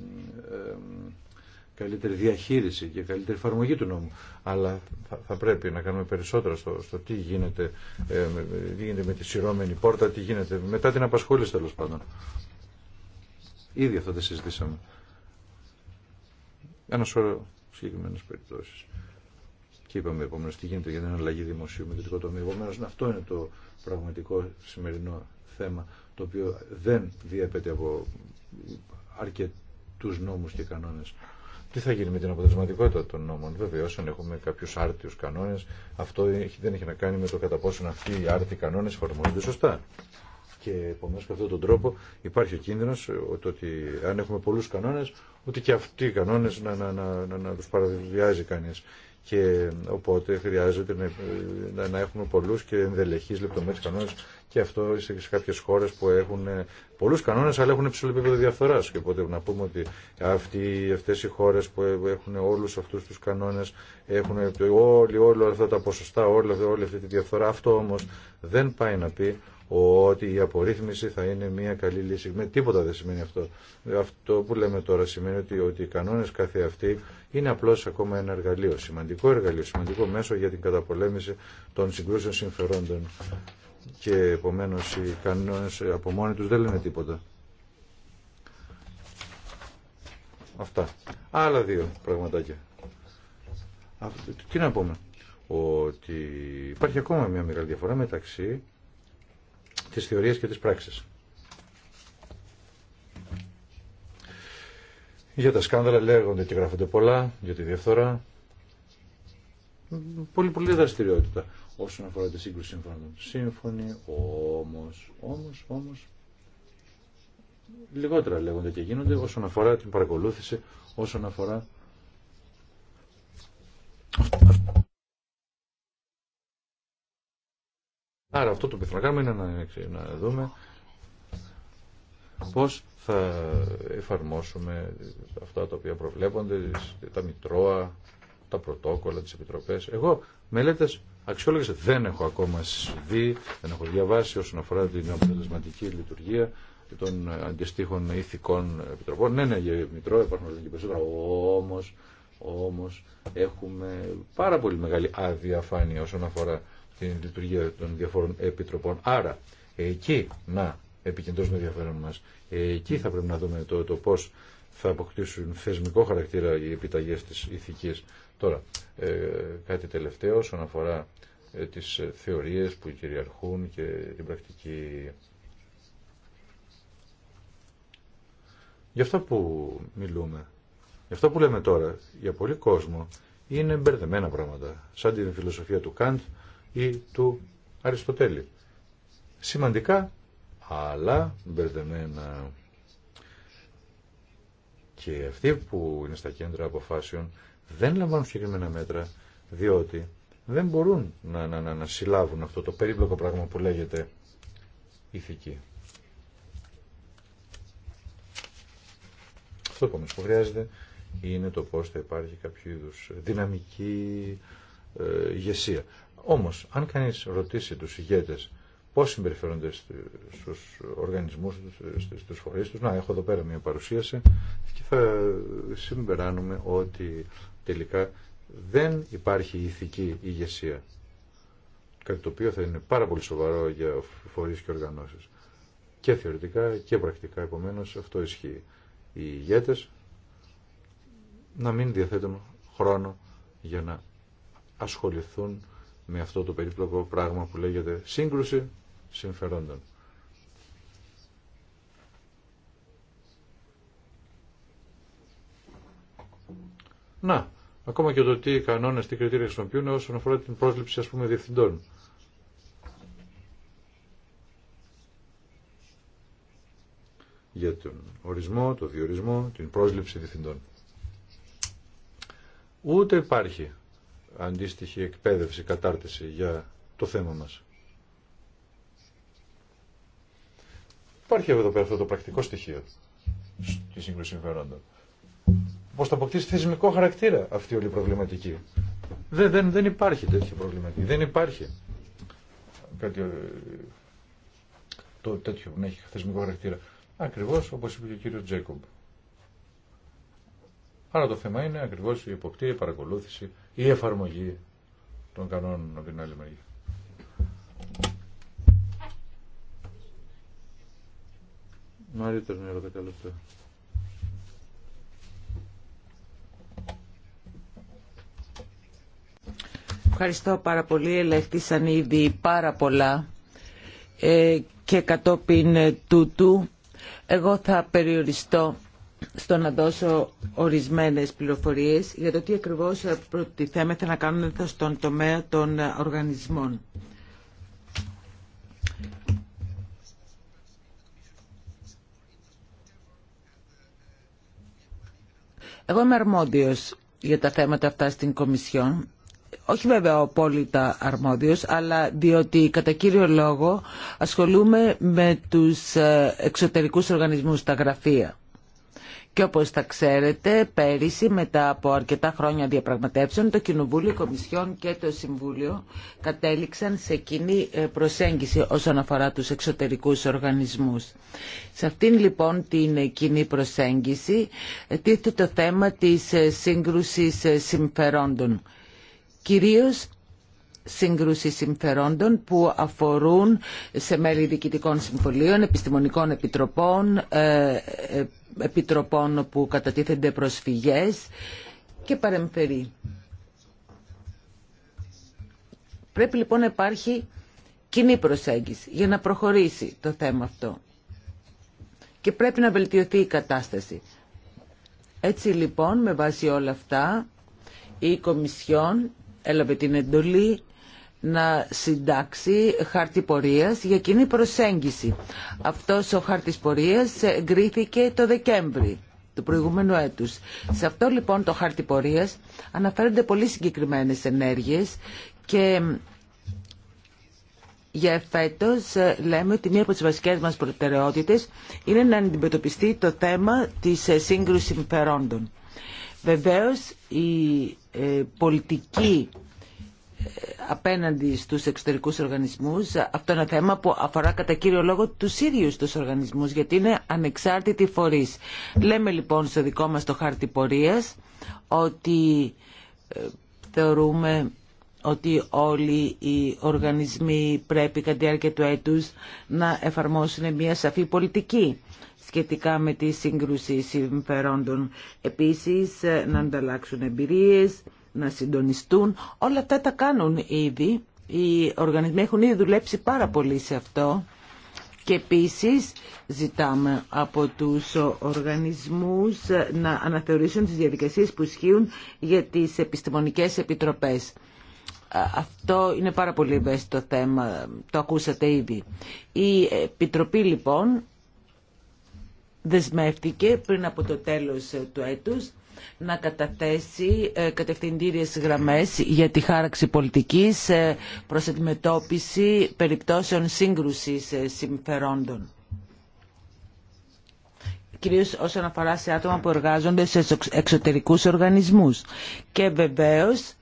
καλύτερη διαχείριση και καλύτερη εφαρμογή του νόμου. Αλλά θα, πρέπει να κάνουμε περισσότερα στο, τι, γίνεται, ε, γίνεται με τη σειρώμενη πόρτα, τι γίνεται μετά την απασχόληση τέλο πάντων. Ήδη αυτό δεν συζητήσαμε. Ένα σώρο συγκεκριμένε περιπτώσει. Και είπαμε επομένω τι γίνεται για την αλλαγή δημοσίου με το τομέα. Επομένω αυτό είναι το πραγματικό σημερινό θέμα το οποίο δεν διέπεται από αρκετούς νόμους και κανόνες. Τι θα γίνει με την αποτελεσματικότητα των νόμων. Βέβαια, όσον έχουμε κάποιου άρτιου κανόνε, αυτό δεν έχει να κάνει με το κατά πόσον αυτοί οι άρτιοι κανόνε εφαρμόζονται σωστά. Και επομένω, με αυτόν τον τρόπο υπάρχει ο κίνδυνο ότι αν έχουμε πολλού κανόνε, ότι και αυτοί οι κανόνε να, να, να, να, να του παραβιάζει κανεί και οπότε χρειάζεται να, να έχουμε πολλού και ενδελεχεί λεπτομέρειε κανόνε και αυτό σε κάποιε χώρε που έχουν ε, πολλού κανόνε, αλλά έχουν υψηλό επίπεδο διαφθορά. και οπότε να πούμε ότι αυτέ οι χώρε που έχουν όλου αυτού του κανόνε, έχουν όλοι, όλα αυτά τα ποσοστά, όλη, όλη αυτή τη διαφθορά αυτό όμω δεν πάει να πει ότι η απορρίθμιση θα είναι μια καλή λύση. τίποτα δεν σημαίνει αυτό. Αυτό που λέμε τώρα σημαίνει ότι, ότι οι κανόνες κάθε αυτοί είναι απλώς ακόμα ένα εργαλείο, σημαντικό εργαλείο, σημαντικό μέσο για την καταπολέμηση των συγκρούσεων συμφερόντων. Και επομένω οι κανόνες από μόνοι του δεν λένε τίποτα. Αυτά. Άλλα δύο πραγματάκια. Τι να πούμε. Ότι υπάρχει ακόμα μια μεγάλη διαφορά μεταξύ Τις θεωρίες και τις πράξεις. Για τα σκάνδαλα λέγονται και γράφονται πολλά, για τη διαφθορά. Πολύ πολύ δραστηριότητα όσον αφορά τη σύγκρουση συμφώνων. Σύμφωνοι, όμως, όμως, όμως, λιγότερα λέγονται και γίνονται όσον αφορά την παρακολούθηση, όσον αφορά Άρα αυτό το οποίο θα κάνουμε είναι να, δούμε πώς θα εφαρμόσουμε αυτά τα οποία προβλέπονται, τα μητρώα, τα πρωτόκολλα, τις επιτροπές. Εγώ μελέτες αξιόλογες δεν έχω ακόμα δει, δεν έχω διαβάσει όσον αφορά την αποτελεσματική λειτουργία των αντιστοίχων ηθικών επιτροπών. Ναι, ναι, για μητρώα υπάρχουν και περισσότερα, όμως, όμως έχουμε πάρα πολύ μεγάλη αδιαφάνεια όσον αφορά την λειτουργία των διαφόρων επιτροπών. Άρα, εκεί να επικεντρώσουμε ενδιαφέρον μας. Εκεί θα πρέπει να δούμε το, το πώς θα αποκτήσουν θεσμικό χαρακτήρα οι επιταγές της ηθικής. Τώρα, ε, κάτι τελευταίο όσον αφορά ε, τις θεωρίες που κυριαρχούν και την πρακτική. Γι' αυτό που μιλούμε, γι' αυτό που λέμε τώρα, για πολύ κόσμο, είναι μπερδεμένα πράγματα. Σαν την φιλοσοφία του Καντ, ή του Αριστοτέλη. Σημαντικά, αλλά μπερδεμένα. Και αυτοί που είναι στα κέντρα αποφάσεων δεν λαμβάνουν συγκεκριμένα μέτρα, διότι δεν μπορούν να, να, να, να συλλάβουν αυτό το περίπλοκο πράγμα που λέγεται ηθική. Αυτό που που χρειάζεται είναι το πώς θα υπάρχει κάποιο είδου δυναμική ε, ηγεσία. Όμως, αν κανείς ρωτήσει τους ηγέτες πώς συμπεριφέρονται στους οργανισμούς, στου φορείς τους, να έχω εδώ πέρα μια παρουσίαση και θα συμπεράνουμε ότι τελικά δεν υπάρχει ηθική ηγεσία. Κάτι το οποίο θα είναι πάρα πολύ σοβαρό για φορείς και οργανώσεις. Και θεωρητικά και πρακτικά, επομένως, αυτό ισχύει. Οι ηγέτες να μην διαθέτουν χρόνο για να ασχοληθούν με αυτό το περίπλοκο πράγμα που λέγεται σύγκρουση συμφερόντων. Να, ακόμα και το τι κανόνες, τι κριτήρια χρησιμοποιούν όσον αφορά την πρόσληψη ας πούμε διευθυντών. για τον ορισμό, το διορισμό, την πρόσληψη διευθυντών. Ούτε υπάρχει αντίστοιχη εκπαίδευση, κατάρτιση για το θέμα μας. Υπάρχει εδώ πέρα αυτό το πρακτικό στοιχείο στη σύγκρουση συμφερόντων. Πώς θα αποκτήσει θεσμικό χαρακτήρα αυτή όλη η προβληματική. Δεν, δεν, δεν υπάρχει τέτοια προβληματική. Δεν υπάρχει κάτι ε, το, τέτοιο να έχει θεσμικό χαρακτήρα. Ακριβώς όπως είπε και ο κύριος Τζέικομπ. Άρα το θέμα είναι ακριβώς η υποκτήρια, η παρακολούθηση, η εφαρμογή των κανόνων από την άλλη μεριά. Μαρίτερ, είναι το Ευχαριστώ πάρα πολύ. Ελεύθεσαν ήδη πάρα πολλά ε, και κατόπιν ε, τούτου. Εγώ θα περιοριστώ στο να δώσω ορισμένες πληροφορίες για το τι ακριβώς ε, προτιθέμεθα να κάνουμε στον τομέα των ε, οργανισμών. Εγώ είμαι αρμόδιος για τα θέματα αυτά στην Κομισιόν. Όχι βέβαια απόλυτα αρμόδιος, αλλά διότι κατά κύριο λόγο ασχολούμαι με τους ε, εξωτερικούς οργανισμούς, τα γραφεία. Και όπως θα ξέρετε, πέρυσι μετά από αρκετά χρόνια διαπραγματεύσεων, το Κοινοβούλιο, Κομισιόν και το Συμβούλιο κατέληξαν σε κοινή ε, προσέγγιση όσον αφορά τους εξωτερικούς οργανισμούς. Σε αυτήν λοιπόν την ε, κοινή προσέγγιση ε, τίθεται το θέμα της σύγκρουσης συμφερόντων. Κυρίως σύγκρουση συμφερόντων που αφορούν σε μέλη διοικητικών συμβολίων, επιστημονικών επιτροπών, επιτροπών που κατατίθενται προσφυγές και παρεμφερεί. Πρέπει λοιπόν να υπάρχει κοινή προσέγγιση για να προχωρήσει το θέμα αυτό. Και πρέπει να βελτιωθεί η κατάσταση. Έτσι λοιπόν, με βάση όλα αυτά, η Κομισιόν έλαβε την εντολή να συντάξει χάρτη πορείας για κοινή προσέγγιση. Αυτός ο χάρτης πορείας εγκρίθηκε το Δεκέμβρη του προηγούμενου έτους. Σε αυτό λοιπόν το χάρτη πορείας αναφέρονται πολύ συγκεκριμένες ενέργειες και για φέτο ε, λέμε ότι μία από τις βασικές μας προτεραιότητες είναι να αντιμετωπιστεί το θέμα της ε, σύγκρουσης συμφερόντων. Βεβαίως η ε, πολιτική απέναντι στους εξωτερικούς οργανισμούς. Αυτό είναι ένα θέμα που αφορά κατά κύριο λόγο τους ίδιους τους οργανισμούς, γιατί είναι ανεξάρτητη φορείς. Λέμε λοιπόν στο δικό μας το χάρτη πορείας ότι ε, θεωρούμε ότι όλοι οι οργανισμοί πρέπει κατά τη διάρκεια του έτους να εφαρμόσουν μια σαφή πολιτική σχετικά με τη σύγκρουση συμφερόντων. Επίσης ε, να ανταλλάξουν εμπειρίες, να συντονιστούν. Όλα αυτά τα κάνουν ήδη. Οι οργανισμοί έχουν ήδη δουλέψει πάρα πολύ σε αυτό. Και επίσης ζητάμε από τους οργανισμούς να αναθεωρήσουν τις διαδικασίες που ισχύουν για τις επιστημονικές επιτροπές. Αυτό είναι πάρα πολύ ευαίσθητο θέμα, το ακούσατε ήδη. Η Επιτροπή λοιπόν δεσμεύτηκε πριν από το τέλος του έτους να καταθέσει ε, κατευθυντήριες γραμμές για τη χάραξη πολιτικής ε, προς αντιμετώπιση περιπτώσεων σύγκρουσης ε, συμφερόντων κυρίως όσον αφορά σε άτομα που εργάζονται σε εξωτερικούς οργανισμούς. Και βεβαίως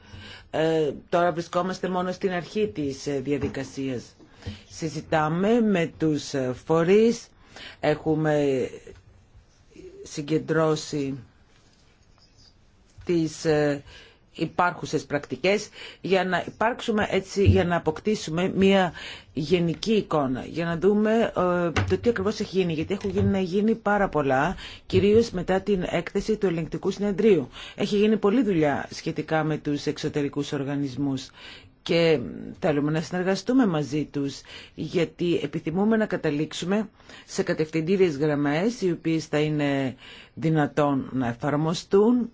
τώρα βρισκόμαστε μόνο στην αρχή της διαδικασίας. Συζητάμε με τους φορείς, έχουμε συγκεντρώσει τις ε, υπάρχουσες πρακτικές για να υπάρξουμε έτσι, για να αποκτήσουμε μια γενική εικόνα, για να δούμε ε, το τι ακριβώς έχει γίνει, γιατί έχουν γίνει, να γίνει πάρα πολλά, κυρίως μετά την έκθεση του ελεγκτικού συνεδρίου. Έχει γίνει πολλή δουλειά σχετικά με τους εξωτερικούς οργανισμούς και θέλουμε να συνεργαστούμε μαζί τους γιατί επιθυμούμε να καταλήξουμε σε κατευθυντήριες γραμμές οι οποίες θα είναι δυνατόν να εφαρμοστούν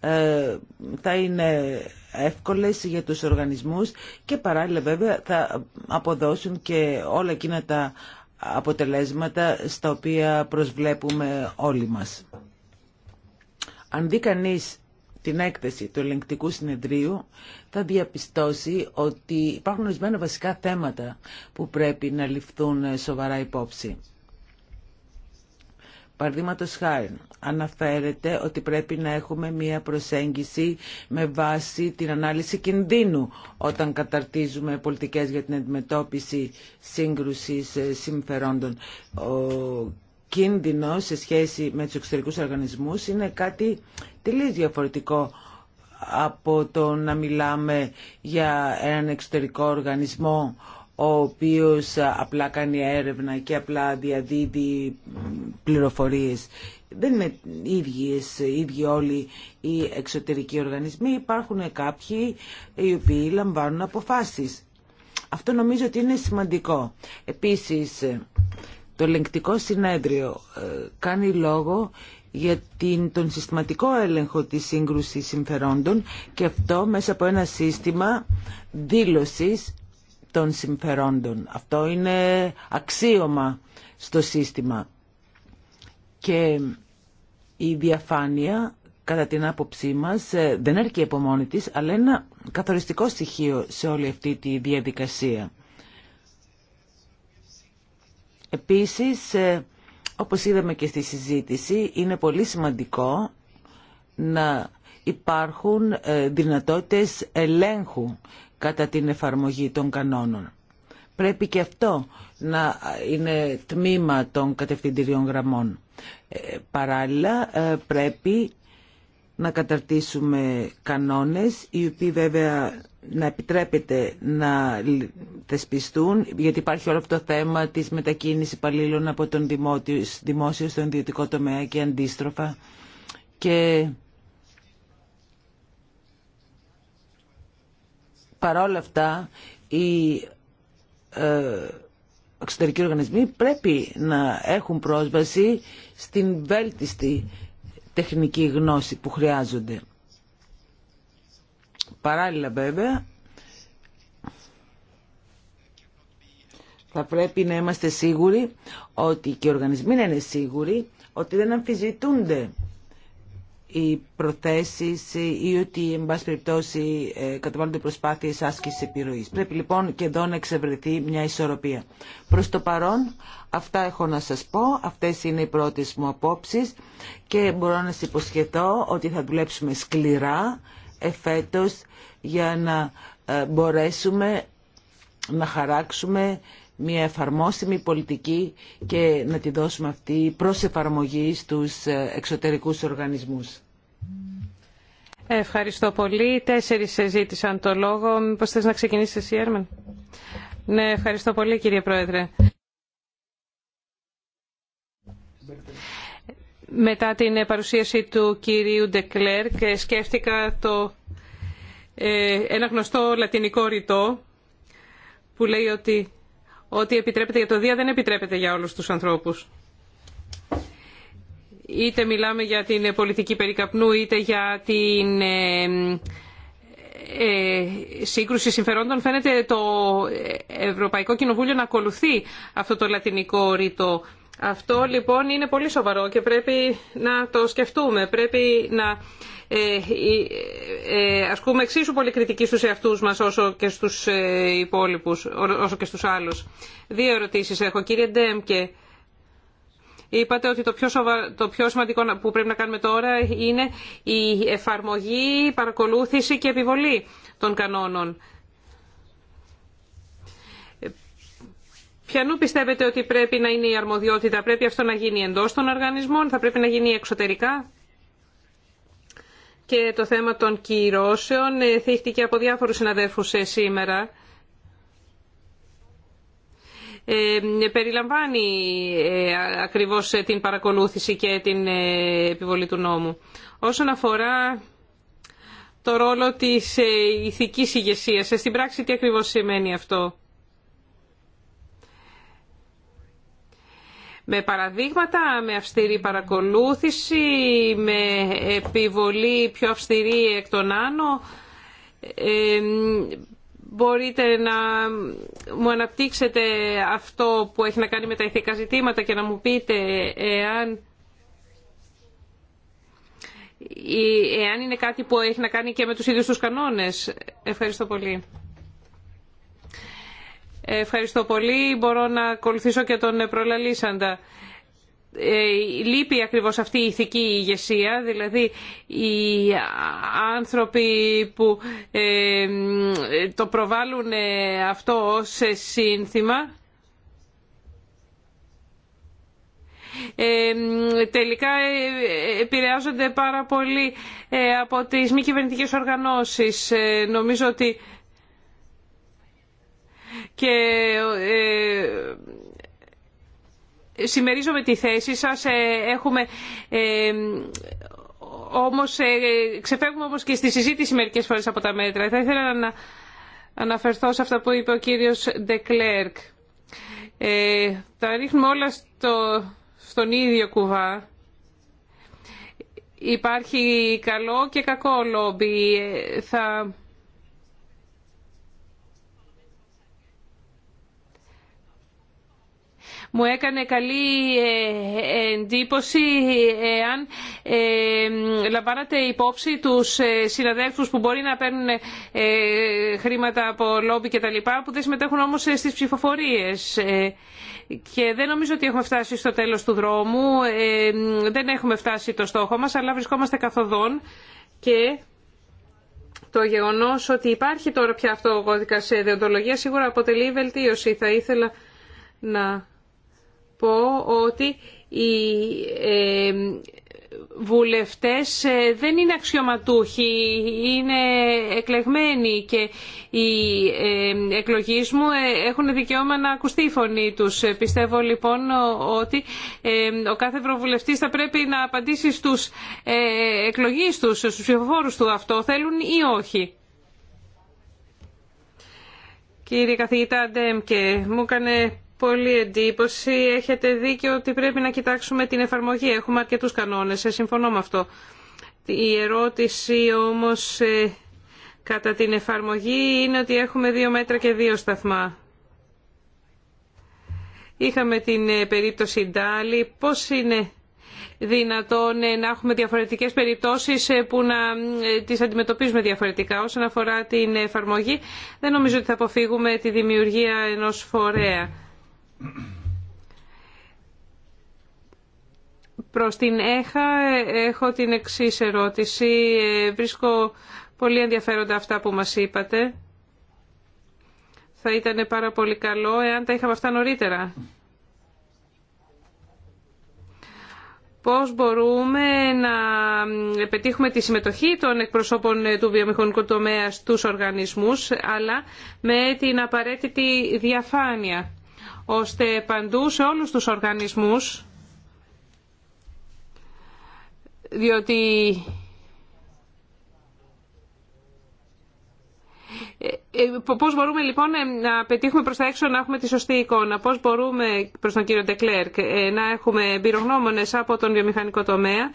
ε, θα είναι εύκολες για τους οργανισμούς και παράλληλα βέβαια θα αποδώσουν και όλα εκείνα τα αποτελέσματα στα οποία προσβλέπουμε όλοι μας. Αν δει την έκθεση του ελεγκτικού συνεδρίου θα διαπιστώσει ότι υπάρχουν ορισμένα βασικά θέματα που πρέπει να ληφθούν ε, σοβαρά υπόψη. Παραδείγματο χάρη, αναφέρεται ότι πρέπει να έχουμε μία προσέγγιση με βάση την ανάλυση κινδύνου όταν καταρτίζουμε πολιτικές για την αντιμετώπιση σύγκρουσης ε, συμφερόντων. Ο κίνδυνος σε σχέση με τους εξωτερικούς οργανισμούς είναι κάτι τελείως διαφορετικό από το να μιλάμε για έναν εξωτερικό οργανισμό ο οποίος απλά κάνει έρευνα και απλά διαδίδει πληροφορίες. Δεν είναι ίδιες, ίδιοι όλοι οι εξωτερικοί οργανισμοί. Υπάρχουν κάποιοι οι οποίοι λαμβάνουν αποφάσεις. Αυτό νομίζω ότι είναι σημαντικό. Επίσης, το ελεγκτικό συνέδριο ε, κάνει λόγο για την, τον συστηματικό έλεγχο της σύγκρουσης συμφερόντων και αυτό μέσα από ένα σύστημα δήλωσης των συμφερόντων. Αυτό είναι αξίωμα στο σύστημα. Και η διαφάνεια, κατά την άποψή μας, ε, δεν έρχεται από μόνη της, αλλά είναι ένα καθοριστικό στοιχείο σε όλη αυτή τη διαδικασία. Επίσης, ε, όπως είδαμε και στη συζήτηση, είναι πολύ σημαντικό να υπάρχουν ε, δυνατότητες ελέγχου κατά την εφαρμογή των κανόνων. Πρέπει και αυτό να είναι τμήμα των κατευθυντηριών γραμμών. Ε, παράλληλα, ε, πρέπει να καταρτήσουμε κανόνες, οι οποίοι βέβαια να επιτρέπεται να θεσπιστούν, γιατί υπάρχει όλο αυτό το θέμα της μετακίνησης υπαλλήλων από τον δημόσιο στον ιδιωτικό τομέα και αντίστροφα. Και παρόλα αυτά, οι ε, εξωτερικοί οργανισμοί πρέπει να έχουν πρόσβαση στην βέλτιστη τεχνική γνώση που χρειάζονται. Παράλληλα βέβαια, θα πρέπει να είμαστε σίγουροι ότι και οι οργανισμοί να είναι σίγουροι ότι δεν αμφιζητούνται οι προθέσεις ή ότι εν πάση περιπτώσει ε, καταβάλλονται προσπάθειες άσκησης επιρροής. Πρέπει λοιπόν και εδώ να εξευρεθεί μια ισορροπία. Προς το παρόν αυτά έχω να σας πω, αυτές είναι οι πρώτες μου απόψεις και μπορώ να σας υποσχεθώ ότι θα δουλέψουμε σκληρά εφέτος για να ε, μπορέσουμε να χαράξουμε μια εφαρμόσιμη πολιτική και να τη δώσουμε αυτή προς εφαρμογή στους ε, εξωτερικούς οργανισμούς. Ευχαριστώ πολύ. Τέσσερις συζήτησαν το λόγο. Μήπως θες να ξεκινήσεις εσύ, Έρμεν. Ναι, ευχαριστώ πολύ κύριε Πρόεδρε μετά την ε, παρουσίαση του κυρίου Ντεκλέρ και σκέφτηκα το, ε, ένα γνωστό λατινικό ρητό που λέει ότι ό,τι επιτρέπεται για το Δία δεν επιτρέπεται για όλους τους ανθρώπους. Είτε μιλάμε για την ε, πολιτική περικαπνού, είτε για την ε, ε σύγκρουση συμφερόντων. Φαίνεται το Ευρωπαϊκό Κοινοβούλιο να ακολουθεί αυτό το λατινικό ρητό. Αυτό λοιπόν είναι πολύ σοβαρό και πρέπει να το σκεφτούμε. Πρέπει να ε, ε, ασκούμε εξίσου πολύ κριτική στους εαυτούς μας όσο και στους ε, υπόλοιπους, όσο και στους άλλους. Δύο ερωτήσεις έχω. Κύριε Ντέμκε, είπατε ότι το πιο, το πιο σημαντικό που πρέπει να κάνουμε τώρα είναι η εφαρμογή, παρακολούθηση και επιβολή των κανόνων. Ποιανού πιστεύετε ότι πρέπει να είναι η αρμοδιότητα, πρέπει αυτό να γίνει εντός των οργανισμών, θα πρέπει να γίνει εξωτερικά. Και το θέμα των κυρώσεων ε, θύχτηκε από διάφορους συναδέλφους ε, σήμερα. Ε, περιλαμβάνει ε, ακριβώς ε, την παρακολούθηση και την ε, επιβολή του νόμου. Όσον αφορά το ρόλο της ηθικής ηγεσίας, στην πράξη τι ακριβώς σημαίνει αυτό. με παραδείγματα, με αυστηρή παρακολούθηση, με επιβολή πιο αυστηρή εκ των άνω. μπορείτε να μου αναπτύξετε αυτό που έχει να κάνει με τα ηθικά ζητήματα και να μου πείτε εάν εάν είναι κάτι που έχει να κάνει και με τους ίδιους τους κανόνες. Ευχαριστώ πολύ. Ευχαριστώ πολύ. Μπορώ να ακολουθήσω και τον ε, προλαλήσαντα. Ε, λείπει ακριβώς αυτή η ηθική ηγεσία, δηλαδή οι άνθρωποι που ε, το προβάλλουν αυτό σε σύνθημα τελικά επηρεάζονται πάρα πολύ από τις μη κυβερνητικέ οργανώσεις. Νομίζω ότι και ε, συμμερίζομαι τη θέση σας. Ε, έχουμε ε, όμως, ξεφεύγουμε όμως και στη συζήτηση μερικές φορές από τα μέτρα. Θα ήθελα να αναφερθώ σε αυτά που είπε ο κύριος Ντεκλέρκ. Ε, τα ρίχνουμε όλα στο, στον ίδιο κουβά. Υπάρχει καλό και κακό λόμπι. Θα μου έκανε καλή ε, εντύπωση εάν ε, λαμβάνατε υπόψη τους ε, συναδέλφους που μπορεί να παίρνουν χρήματα από λόμπι και τα λοιπά που δεν συμμετέχουν όμως στις ψηφοφορίες. Και δεν νομίζω ότι έχουμε φτάσει στο τέλος του δρόμου, δεν έχουμε φτάσει το στόχο μας, αλλά βρισκόμαστε καθοδόν και το γεγονός ότι υπάρχει τώρα πια αυτό ο κώδικας διοντολογία. σίγουρα αποτελεί βελτίωση. Θα ήθελα να πω ότι οι ε, βουλευτές ε, δεν είναι αξιωματούχοι, είναι εκλεγμένοι και οι ε, εκλογείς μου έχουν δικαίωμα να ακουστεί η φωνή τους. Πιστεύω λοιπόν ότι ο κάθε ευρωβουλευτής θα πρέπει να απαντήσει στους εκλογείς τους, στους ψηφοφόρους του αυτό, θέλουν ή όχι. Κύριε καθηγητά και μου έκανε πολύ εντύπωση. Έχετε δίκιο ότι πρέπει να κοιτάξουμε την εφαρμογή. Έχουμε αρκετούς κανόνες. Ε, συμφωνώ με αυτό. Η ερώτηση όμως ε, κατά την εφαρμογή είναι ότι έχουμε δύο μέτρα και δύο σταθμά. Είχαμε την ε, περίπτωση Ντάλι. Πώς είναι δυνατόν να έχουμε διαφορετικές περιπτώσεις που να τις αντιμετωπίζουμε διαφορετικά. Όσον αφορά την εφαρμογή, δεν νομίζω ότι θα αποφύγουμε τη δημιουργία ενός φορέα. Προς την ΕΧΑ έχω την εξή ερώτηση. Ε, βρίσκω πολύ ενδιαφέροντα αυτά που μας είπατε. Θα ήταν πάρα πολύ καλό εάν τα είχαμε αυτά νωρίτερα. πώς μπορούμε να πετύχουμε τη συμμετοχή των εκπροσώπων του βιομηχανικού τομέα στους οργανισμούς, αλλά με την απαραίτητη διαφάνεια ώστε παντού σε όλους τους οργανισμούς, διότι ε, ε, Πώς μπορούμε λοιπόν ε, να πετύχουμε προς τα έξω να έχουμε τη σωστή εικόνα. Πώς μπορούμε προς τον κύριο Ντεκλέρκ να έχουμε εμπειρογνώμονες από τον βιομηχανικό τομέα,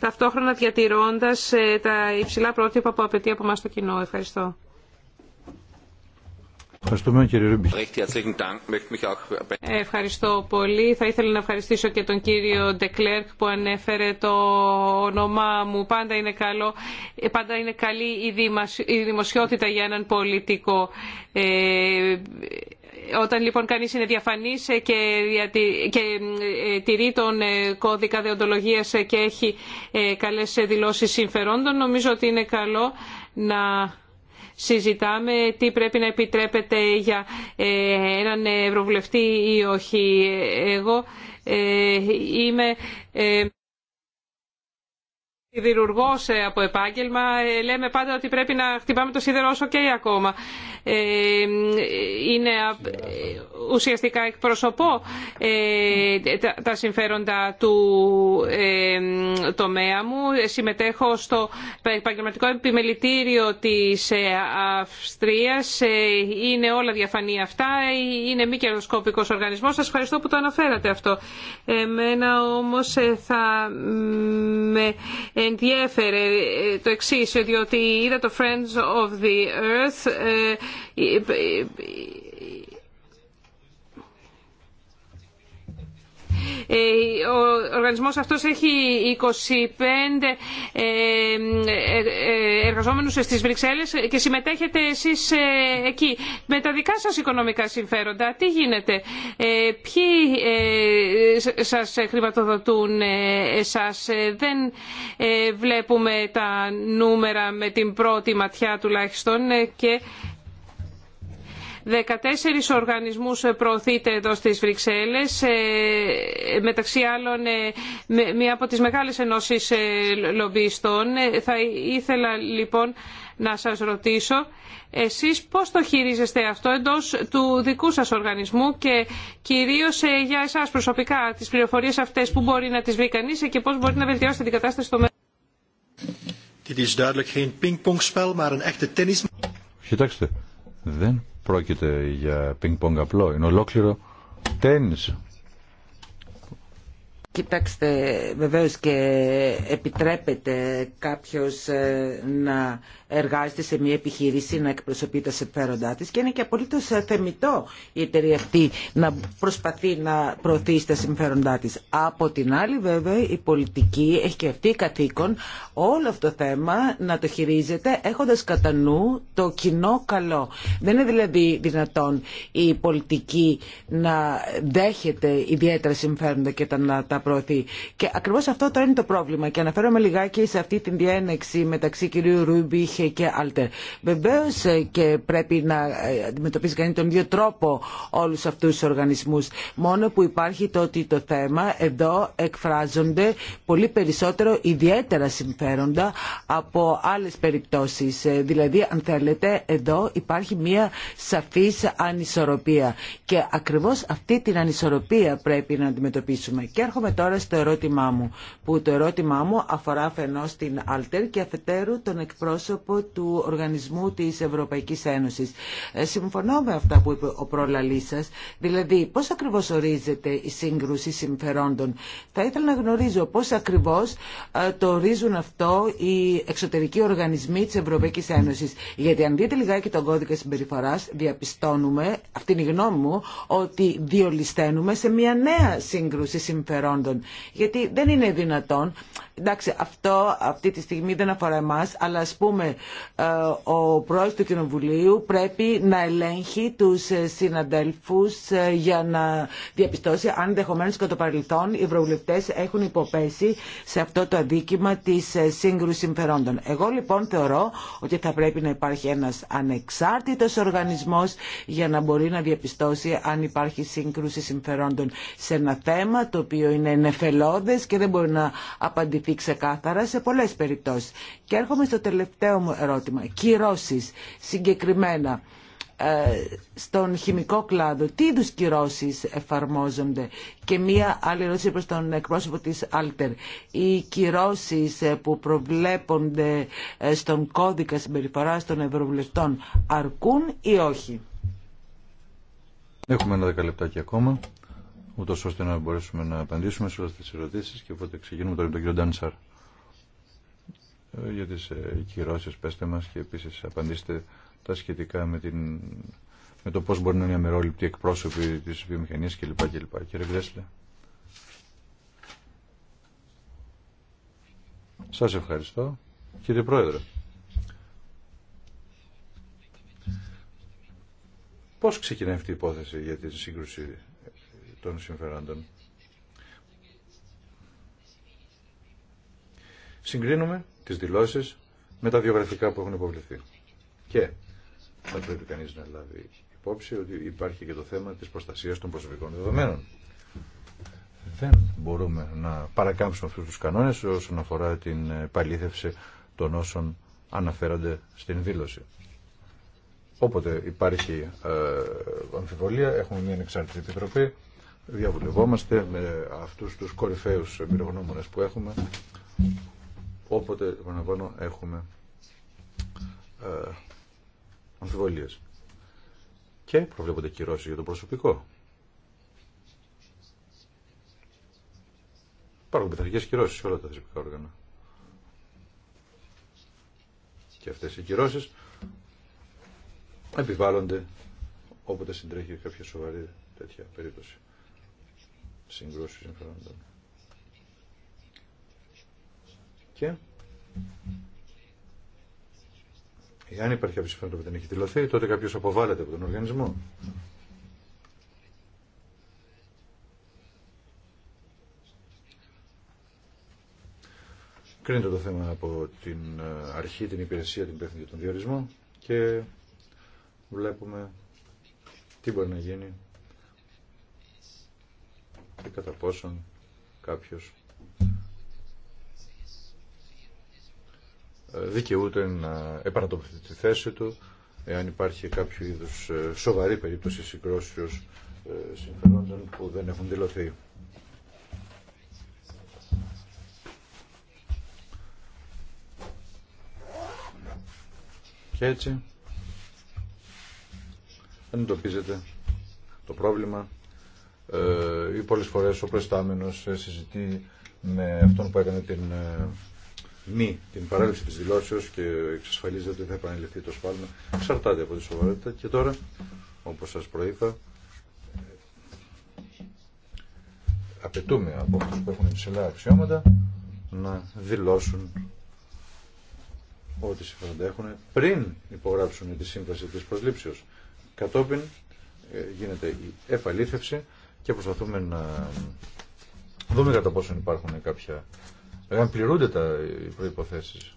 ταυτόχρονα διατηρώντας τα υψηλά πρότυπα που απαιτεί από μας το κοινό. Ευχαριστώ. Ευχαριστώ πολύ. Θα ήθελα να ευχαριστήσω και τον κύριο Ντεκλέρκ που ανέφερε το όνομά μου. Πάντα είναι, καλό, πάντα είναι καλή η δημοσιότητα για έναν πολιτικό. Ε, όταν λοιπόν κανείς είναι διαφανής και, διατη... Ε, τηρεί τον ε, κώδικα δεοντολογίας και έχει καλές δηλώσεις συμφερόντων, νομίζω ότι είναι καλό να συζητάμε τι πρέπει να επιτρέπεται για ε, έναν ευρωβουλευτή ή όχι. Εγώ ε, είμαι ε, σιδηρουργό ε, από επάγγελμα, ε, λέμε πάντα ότι πρέπει να χτυπάμε το σίδερο όσο και ακόμα. Ε, είναι, ουσιαστικά εκπροσωπώ τα, συμφέροντα του τομέα μου. Συμμετέχω στο επαγγελματικό επιμελητήριο της Αυστρίας. είναι όλα διαφανή αυτά. Είναι μη κερδοσκοπικός οργανισμός. Σας ευχαριστώ που το αναφέρατε αυτό. Εμένα όμως θα με ενδιέφερε ε, το εξή, διότι είδα το Friends of the Earth ε, ε, ο οργανισμός αυτός έχει 25 ε, ε, ε, εργαζόμενους στις Βρυξέλλες και συμμετέχετε εσείς εκεί. Με τα δικά σας οικονομικά συμφέροντα, τι γίνεται, ποιοι σας χρηματοδοτούν εσάς, δεν βλέπουμε τα νούμερα με την πρώτη ματιά τουλάχιστον και 14 οργανισμούς προωθείται εδώ στις Βρυξέλλες, ε, μεταξύ άλλων ε, μία από τις μεγάλες ενώσεις ε, λομπίστων. Θα ήθελα λοιπόν να σας ρωτήσω εσείς πώς το χειρίζεστε αυτό εντός του δικού σας οργανισμού και κυρίως για εσάς προσωπικά τις πληροφορίες αυτές που μπορεί να τις βρει κανείς και πώς μπορεί να βελτιώσετε την κατάσταση στο μέλλον. Κοιτάξτε, δεν πρόκειται για πινκ-πονγκ απλό, είναι ολόκληρο τένις. Κοιτάξτε, βεβαίως και επιτρέπεται κάποιος ε, να εργάζεται σε μια επιχείρηση, να εκπροσωπεί τα συμφέροντά της και είναι και απολύτως ε, θεμητό η εταιρεία αυτή να προσπαθεί να προωθήσει τα συμφέροντά της. Από την άλλη βέβαια η πολιτική έχει και αυτή καθήκον όλο αυτό το θέμα να το χειρίζεται έχοντας κατά νου το κοινό καλό. Δεν είναι δηλαδή δυνατόν η πολιτική να δέχεται ιδιαίτερα συμφέροντα και να τα προωθεί. Και ακριβώ αυτό τώρα είναι το πρόβλημα και αναφέρομαι λιγάκι σε αυτή την διένεξη μεταξύ κυρίου Ρούμπιχε και Άλτερ. Βεβαίω ε, και πρέπει να ε, αντιμετωπίσει κανεί τον ίδιο τρόπο όλου αυτού του οργανισμού. Μόνο που υπάρχει το ότι το θέμα εδώ εκφράζονται πολύ περισσότερο ιδιαίτερα συμφέροντα από άλλε περιπτώσει. Ε, δηλαδή αν θέλετε εδώ υπάρχει μια σαφή ανισορροπία και ακριβώ αυτή την ανισορροπία πρέπει να αντιμετωπίσουμε. Και Έρχομαι τώρα στο ερώτημά μου, που το ερώτημά μου αφορά αφενός την Αλτερ και αφετέρου τον εκπρόσωπο του Οργανισμού της Ευρωπαϊκής Ένωσης. Ε, συμφωνώ με αυτά που είπε ο προλαλής σας, δηλαδή πώς ακριβώς ορίζεται η σύγκρουση συμφερόντων. Θα ήθελα να γνωρίζω πώς ακριβώς ε, το ορίζουν αυτό οι εξωτερικοί οργανισμοί της Ευρωπαϊκής Ένωσης. Γιατί αν δείτε λιγάκι τον κώδικα συμπεριφορά, διαπιστώνουμε, αυτή είναι η γνώμη μου, ότι διολυσταίνουμε σε μια νέα σύγκρουση συμφερόντων γιατί δεν είναι δυνατόν, εντάξει αυτό αυτή τη στιγμή δεν αφορά εμά. αλλά α πούμε ε, ο πρόεδρος του Κοινοβουλίου πρέπει να ελέγχει τους ε, συναντέλφου ε, για να διαπιστώσει αν ενδεχομένω κατά το παρελθόν οι ευρωβουλευτέ έχουν υποπέσει σε αυτό το αδίκημα της σύγκρουση συμφερόντων. Εγώ λοιπόν θεωρώ ότι θα πρέπει να υπάρχει ένα ανεξάρτητο οργανισμό για να μπορεί να διαπιστώσει αν υπάρχει σύγκρουση συμφερόντων σε ένα θέμα το οποίο είναι είναι και δεν μπορεί να απαντηθεί ξεκάθαρα σε πολλές περιπτώσεις. Και έρχομαι στο τελευταίο μου ερώτημα. Κυρώσεις συγκεκριμένα ε, στον χημικό κλάδο, τι είδου κυρώσει εφαρμόζονται. Και μία άλλη ερώτηση προς τον εκπρόσωπο της Άλτερ. Οι κυρώσει ε, που προβλέπονται ε, στον κώδικα συμπεριφορά των Ευρωβουλευτών αρκούν ή όχι. Έχουμε ένα δεκαλεπτάκι ακόμα ούτω ώστε να μπορέσουμε να απαντήσουμε σε όλε τι ερωτήσει. Και οπότε ξεκινούμε τώρα με τον κύριο Ντάνσαρ ε, για τι ε, κυρώσει πέστε μα και επίσης απαντήστε τα σχετικά με, την, το πώ μπορεί να είναι αμερόληπτοι εκπρόσωποι της βιομηχανία κλπ. κλπ. Κύριε Γκρέσλε. Σας ευχαριστώ. Κύριε Πρόεδρε. Πώς ξεκινάει αυτή η υπόθεση για τη σύγκρουση των συμφερόντων. Συγκρίνουμε τις δηλώσεις με τα βιογραφικά που έχουν υποβληθεί. Και θα πρέπει κανείς να λάβει υπόψη ότι υπάρχει και το θέμα της προστασίας των προσωπικών δεδομένων. Δεν μπορούμε να παρακάμψουμε αυτούς τους κανόνες όσον αφορά την παλήθευση των όσων αναφέρονται στην δήλωση. Όποτε υπάρχει ε, αμφιβολία, έχουμε μια ανεξάρτητη επιτροπή διαβουλευόμαστε με αυτούς τους κορυφαίους εμπειρογνώμονες που έχουμε όποτε, επαναλαμβάνω, έχουμε ε, αμφιβολίες. Και προβλέπονται κυρώσεις για το προσωπικό. Υπάρχουν πειθαρχικές κυρώσεις σε όλα τα θεσμικά όργανα. Και αυτές οι κυρώσεις επιβάλλονται όποτε συντρέχει κάποια σοβαρή τέτοια περίπτωση συγκρούσεις συμφερόντων. Και αν υπάρχει κάποιο που δεν έχει δηλωθεί, τότε κάποιος αποβάλλεται από τον οργανισμό. Κρίνεται το θέμα από την ε, αρχή, την υπηρεσία, την υπεύθυνη για τον διορισμό και βλέπουμε τι μπορεί να γίνει και κατά πόσον κάποιος δικαιούται να επανατοποθεί τη θέση του εάν υπάρχει κάποιο είδους ε, σοβαρή περίπτωση συγκρόσεως ε, συμφερόντων που δεν έχουν δηλωθεί. Και έτσι αντιμετωπίζεται το πρόβλημα ε, ή πολλές φορές ο προστάμενο ε, συζητεί με αυτόν που έκανε την ε, μη την παράληψη της δηλώσεως και εξασφαλίζεται ότι θα επανελειφθεί το σφάλμα, Εξαρτάται από τη σοβαρότητα και τώρα, όπως σας προείπα, απαιτούμε από αυτού που έχουν υψηλά αξιώματα να δηλώσουν ό,τι συμφέροντα πριν υπογράψουν τη σύμβαση της προσλήψεως. Κατόπιν γίνεται η επαλήθευση και προσπαθούμε να δούμε κατά πόσο υπάρχουν κάποια, αν πληρούνται τα προϋποθέσεις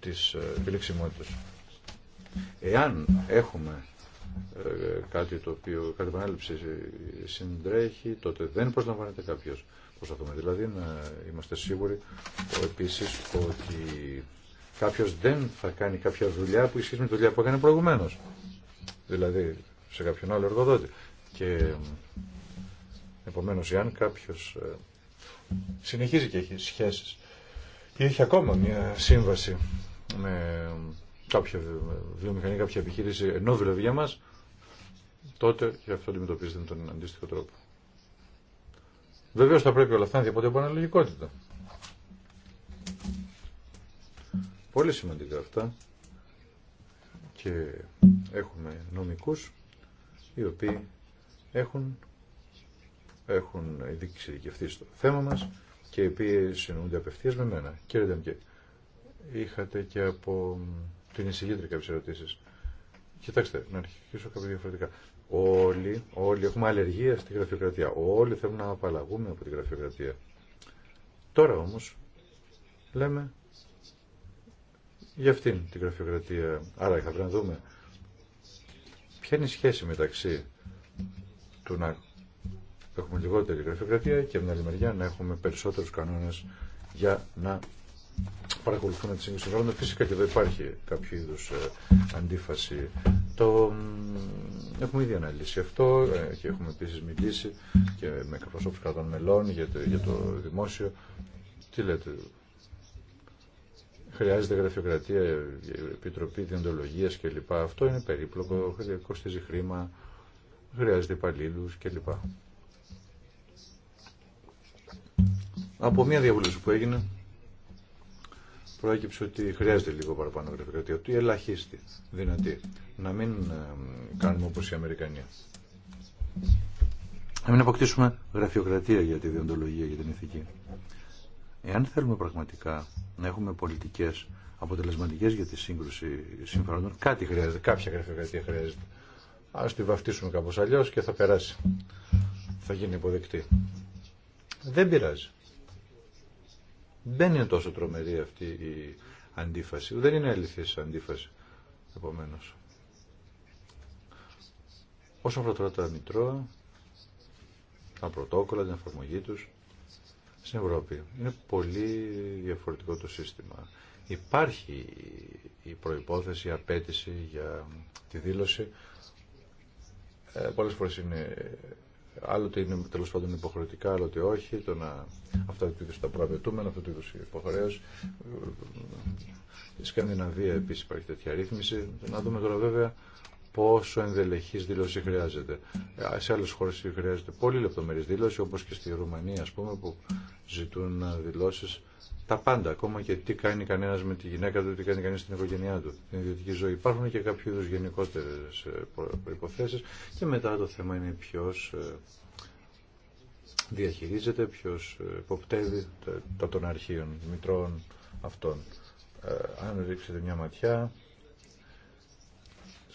της ε, επιλεξιμότητας. Εάν έχουμε ε, κάτι το οποίο κατά επανάληψη συντρέχει, τότε δεν προσλαμβάνεται κάποιος. Προσπαθούμε δηλαδή να είμαστε σίγουροι επίσης ότι κάποιο δεν θα κάνει κάποια δουλειά που ισχύει με τη δουλειά που έκανε προηγουμένω. Δηλαδή σε κάποιον άλλο εργοδότη. Και επομένως, εάν κάποιος ε, συνεχίζει και έχει σχέσεις ή έχει ακόμα μια σύμβαση με κάποια βιομηχανία, κάποια επιχείρηση, ενώ δουλεύει για μας, τότε και αυτό αντιμετωπίζεται με τον αντίστοιχο τρόπο. Βεβαίως θα πρέπει όλα αυτά να από αναλογικότητα. Πολύ σημαντικά αυτά και έχουμε νομικούς οι οποίοι έχουν, έχουν εξειδικευτεί στο θέμα μας και οι οποίοι συνομούνται απευθείας με εμένα. Κύριε Δεμκέ, είχατε και από την εισηγήτρια κάποιες ερωτήσεις. Κοιτάξτε, να αρχίσω κάποια διαφορετικά. Όλοι, όλοι έχουμε αλλεργία στη γραφειοκρατία. Όλοι θέλουμε να απαλλαγούμε από τη γραφειοκρατία. Τώρα όμως λέμε για αυτήν την γραφειοκρατία. Άρα θα πρέπει να δούμε ποια είναι η σχέση μεταξύ του να έχουμε λιγότερη γραφειοκρατία και από την άλλη μεριά να έχουμε περισσότερους κανόνες για να παρακολουθούμε τις σύγκριση Φυσικά και εδώ υπάρχει κάποιο είδου ε, αντίφαση. Το έχουμε ήδη αναλύσει αυτό ε, και έχουμε επίσης μιλήσει και με εκπροσώπους κρατών μελών για το, για το δημόσιο. Τι λέτε, χρειάζεται γραφειοκρατία, ε, επιτροπή διοντολογίας κλπ. Αυτό είναι περίπλοκο, κοστίζει χρήμα χρειάζεται υπαλλήλου κλπ. Από μία διαβούλευση που έγινε, προέκυψε ότι χρειάζεται λίγο παραπάνω γραφειοκρατία, ότι ελαχίστη, δυνατή. Να μην ε, κάνουμε όπως οι Αμερικανοί. Να μην αποκτήσουμε γραφειοκρατία για τη διοντολογία, για την ηθική. Εάν θέλουμε πραγματικά να έχουμε πολιτικές αποτελεσματικές για τη σύγκρουση συμφερόντων, κάτι χρειάζεται, κάποια γραφειοκρατία χρειάζεται. Ας τη βαφτίσουμε κάπως αλλιώς και θα περάσει. Θα γίνει υποδεκτή. Δεν πειράζει. Δεν είναι τόσο τρομερή αυτή η αντίφαση. Δεν είναι αληθής αντίφαση. Επομένως. Όσον αφορά τώρα τα μητρώα, τα πρωτόκολλα, την εφαρμογή τους, στην Ευρώπη είναι πολύ διαφορετικό το σύστημα. Υπάρχει η προϋπόθεση, η απέτηση για τη δήλωση πολλές φορές είναι άλλοτε είναι τέλο πάντων υποχρεωτικά, άλλοτε όχι, το να, αυτά του είδου τα προαπαιτούμενα, αυτό του είδου υποχρέωση. Στη Σκανδιναβία επίση υπάρχει τέτοια ρύθμιση. Να δούμε τώρα βέβαια πόσο ενδελεχή δήλωση χρειάζεται. Ε, σε άλλε χώρε χρειάζεται πολύ λεπτομερής δήλωση, όπω και στη Ρουμανία, α πούμε, που ζητούν ε, δηλώσει τα πάντα, ακόμα και τι κάνει κανένα με τη γυναίκα του, τι κάνει κανεί στην οικογένειά του, την ιδιωτική ζωή. Υπάρχουν και κάποιο είδου γενικότερε ε, προποθέσει, και μετά το θέμα είναι ποιο διαχειρίζεται, ποιο υποπτεύει τα των αρχείων, μητρών αυτών. αν ρίξετε μια ματιά,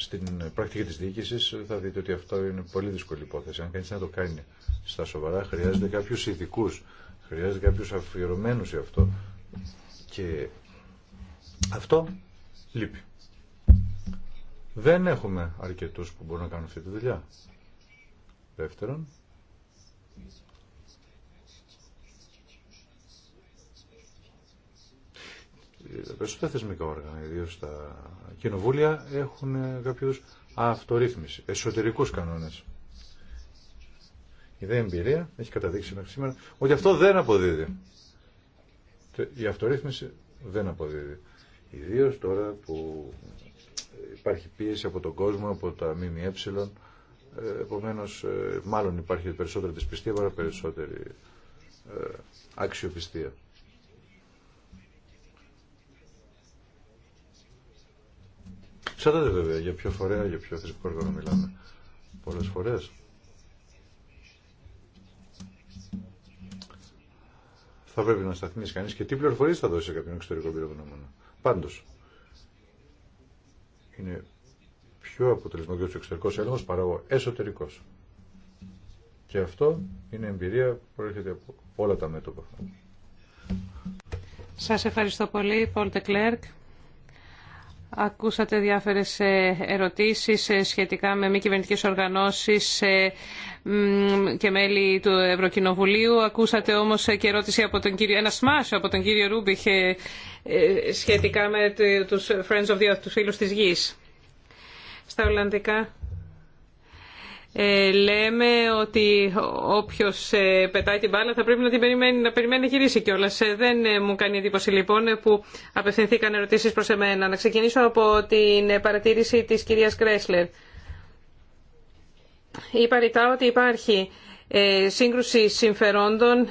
στην πρακτική της διοίκησης θα δείτε ότι αυτό είναι πολύ δύσκολη υπόθεση. Αν κανείς να το κάνει στα σοβαρά χρειάζεται κάποιου ειδικού, χρειάζεται κάποιου αφιερωμένους σε αυτό και αυτό λείπει. Δεν έχουμε αρκετούς που μπορούν να κάνουν αυτή τη δουλειά. Δεύτερον, τα περισσότερα θεσμικά όργανα, ιδίω τα κοινοβούλια, έχουν κάποιου αυτορύθμιση, εσωτερικού κανόνε. Η δε εμπειρία έχει καταδείξει μέχρι σήμερα ότι αυτό δεν αποδίδει. Η αυτορύθμιση δεν αποδίδει. Ιδίω τώρα που υπάρχει πίεση από τον κόσμο, από τα ΜΜΕ, Επομένω, ε, μάλλον υπάρχει περισσότερη δυσπιστία παρά περισσότερη ε, αξιοπιστία. Ξέρετε βέβαια για ποιο φορέα, για ποιο θεσμικό όργανο μιλάμε. Πολλέ φορέ. Θα πρέπει να σταθμίσει κανείς και τι πληροφορίε θα δώσει σε κάποιον εξωτερικό πυρογνώμονα. Πάντως, είναι πιο αποτελεσματικό ο εξωτερικός έλεγχο παρά ο εσωτερικός. Και αυτό είναι εμπειρία που προέρχεται από όλα τα μέτωπα. Σας ευχαριστώ πολύ, Πολ Τεκλέρκ. Ακούσατε διάφορες ε, ερωτήσεις ε, σχετικά με μη κυβερνητικέ οργανώσεις ε, και μέλη του Ευρωκοινοβουλίου. Ακούσατε όμως και ερώτηση από τον κύριο, ένα σμάσο από τον κύριο Ρούμπιχ σχετικά με τους Friends of the Earth, τους φίλους της γης. Στα Ολλανδικά ε, λέμε ότι όποιος ε, πετάει την μπάλα θα πρέπει να την περιμένει, να περιμένει γυρίσει κιόλα. Ε, δεν μου κάνει εντύπωση λοιπόν που απευθυνθήκαν ερωτήσεις προς εμένα. Να ξεκινήσω από την παρατήρηση της κυρίας Κρέσλερ. Είπα ρητά ότι υπάρχει σύγκρουση συμφερόντων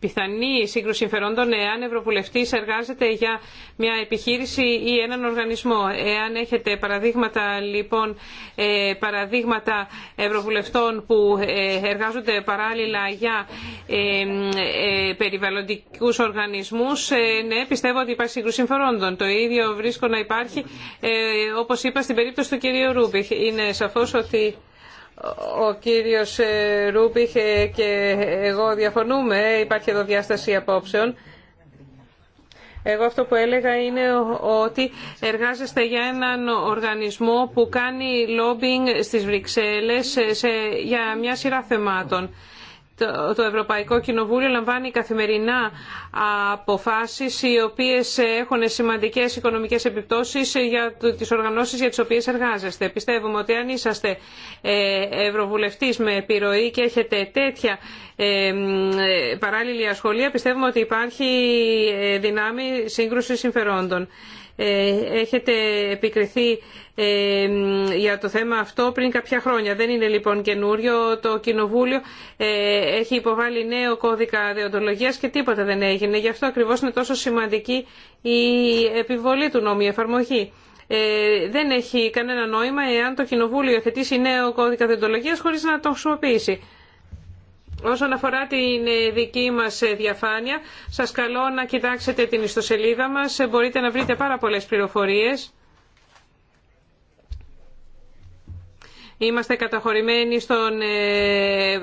πιθανή σύγκρουση συμφερόντων εάν Ευρωβουλευτή εργάζεται για μια επιχείρηση ή έναν οργανισμό. Εάν έχετε παραδείγματα λοιπόν ε, παραδείγματα ευρωβουλευτών που ε, εργάζονται παράλληλα για ε, περιβαλλοντικούς οργανισμούς, ναι, πιστεύω ότι υπάρχει σύγκρουση συμφερόντων. Το ίδιο βρίσκω να υπάρχει, όπως είπα, στην περίπτωση του κυρίου Ρούμπιχ. Είναι σαφώς ότι ο κύριος ε, Ρούμπιχ ε, και εγώ διαφωνούμε, υπάρχει εδώ διάσταση απόψεων. Εγώ αυτό που έλεγα είναι ότι εργάζεστε για έναν οργανισμό που κάνει lobbying στις Βρυξέλλες για μια σειρά θεμάτων το Ευρωπαϊκό Κοινοβούλιο λαμβάνει καθημερινά αποφάσεις οι οποίες έχουν σημαντικές οικονομικές επιπτώσεις για τις οργανώσεις για τις οποίες εργάζεστε. Πιστεύουμε ότι αν είσαστε ε, ευρωβουλευτής με επιρροή και έχετε τέτοια ε, ε, παράλληλη ασχολία, πιστεύουμε ότι υπάρχει δυνάμει σύγκρουση συμφερόντων. Ε, έχετε επικριθεί ε, για το θέμα αυτό πριν κάποια χρόνια. Δεν είναι λοιπόν καινούριο. Το Κοινοβούλιο ε, έχει υποβάλει νέο κώδικα δεοντολογίας και τίποτα δεν έγινε. Γι' αυτό ακριβώς είναι τόσο σημαντική η επιβολή του νόμου, η εφαρμογή. δεν έχει κανένα νόημα εάν το Κοινοβούλιο θετήσει νέο κώδικα δεοντολογίας χωρίς να το χρησιμοποιήσει. Όσον αφορά την ε, δική μας ε, διαφάνεια, σας καλώ να κοιτάξετε την ιστοσελίδα μας. Ε, μπορείτε να βρείτε πάρα πολλές πληροφορίες. Είμαστε καταχωρημένοι στον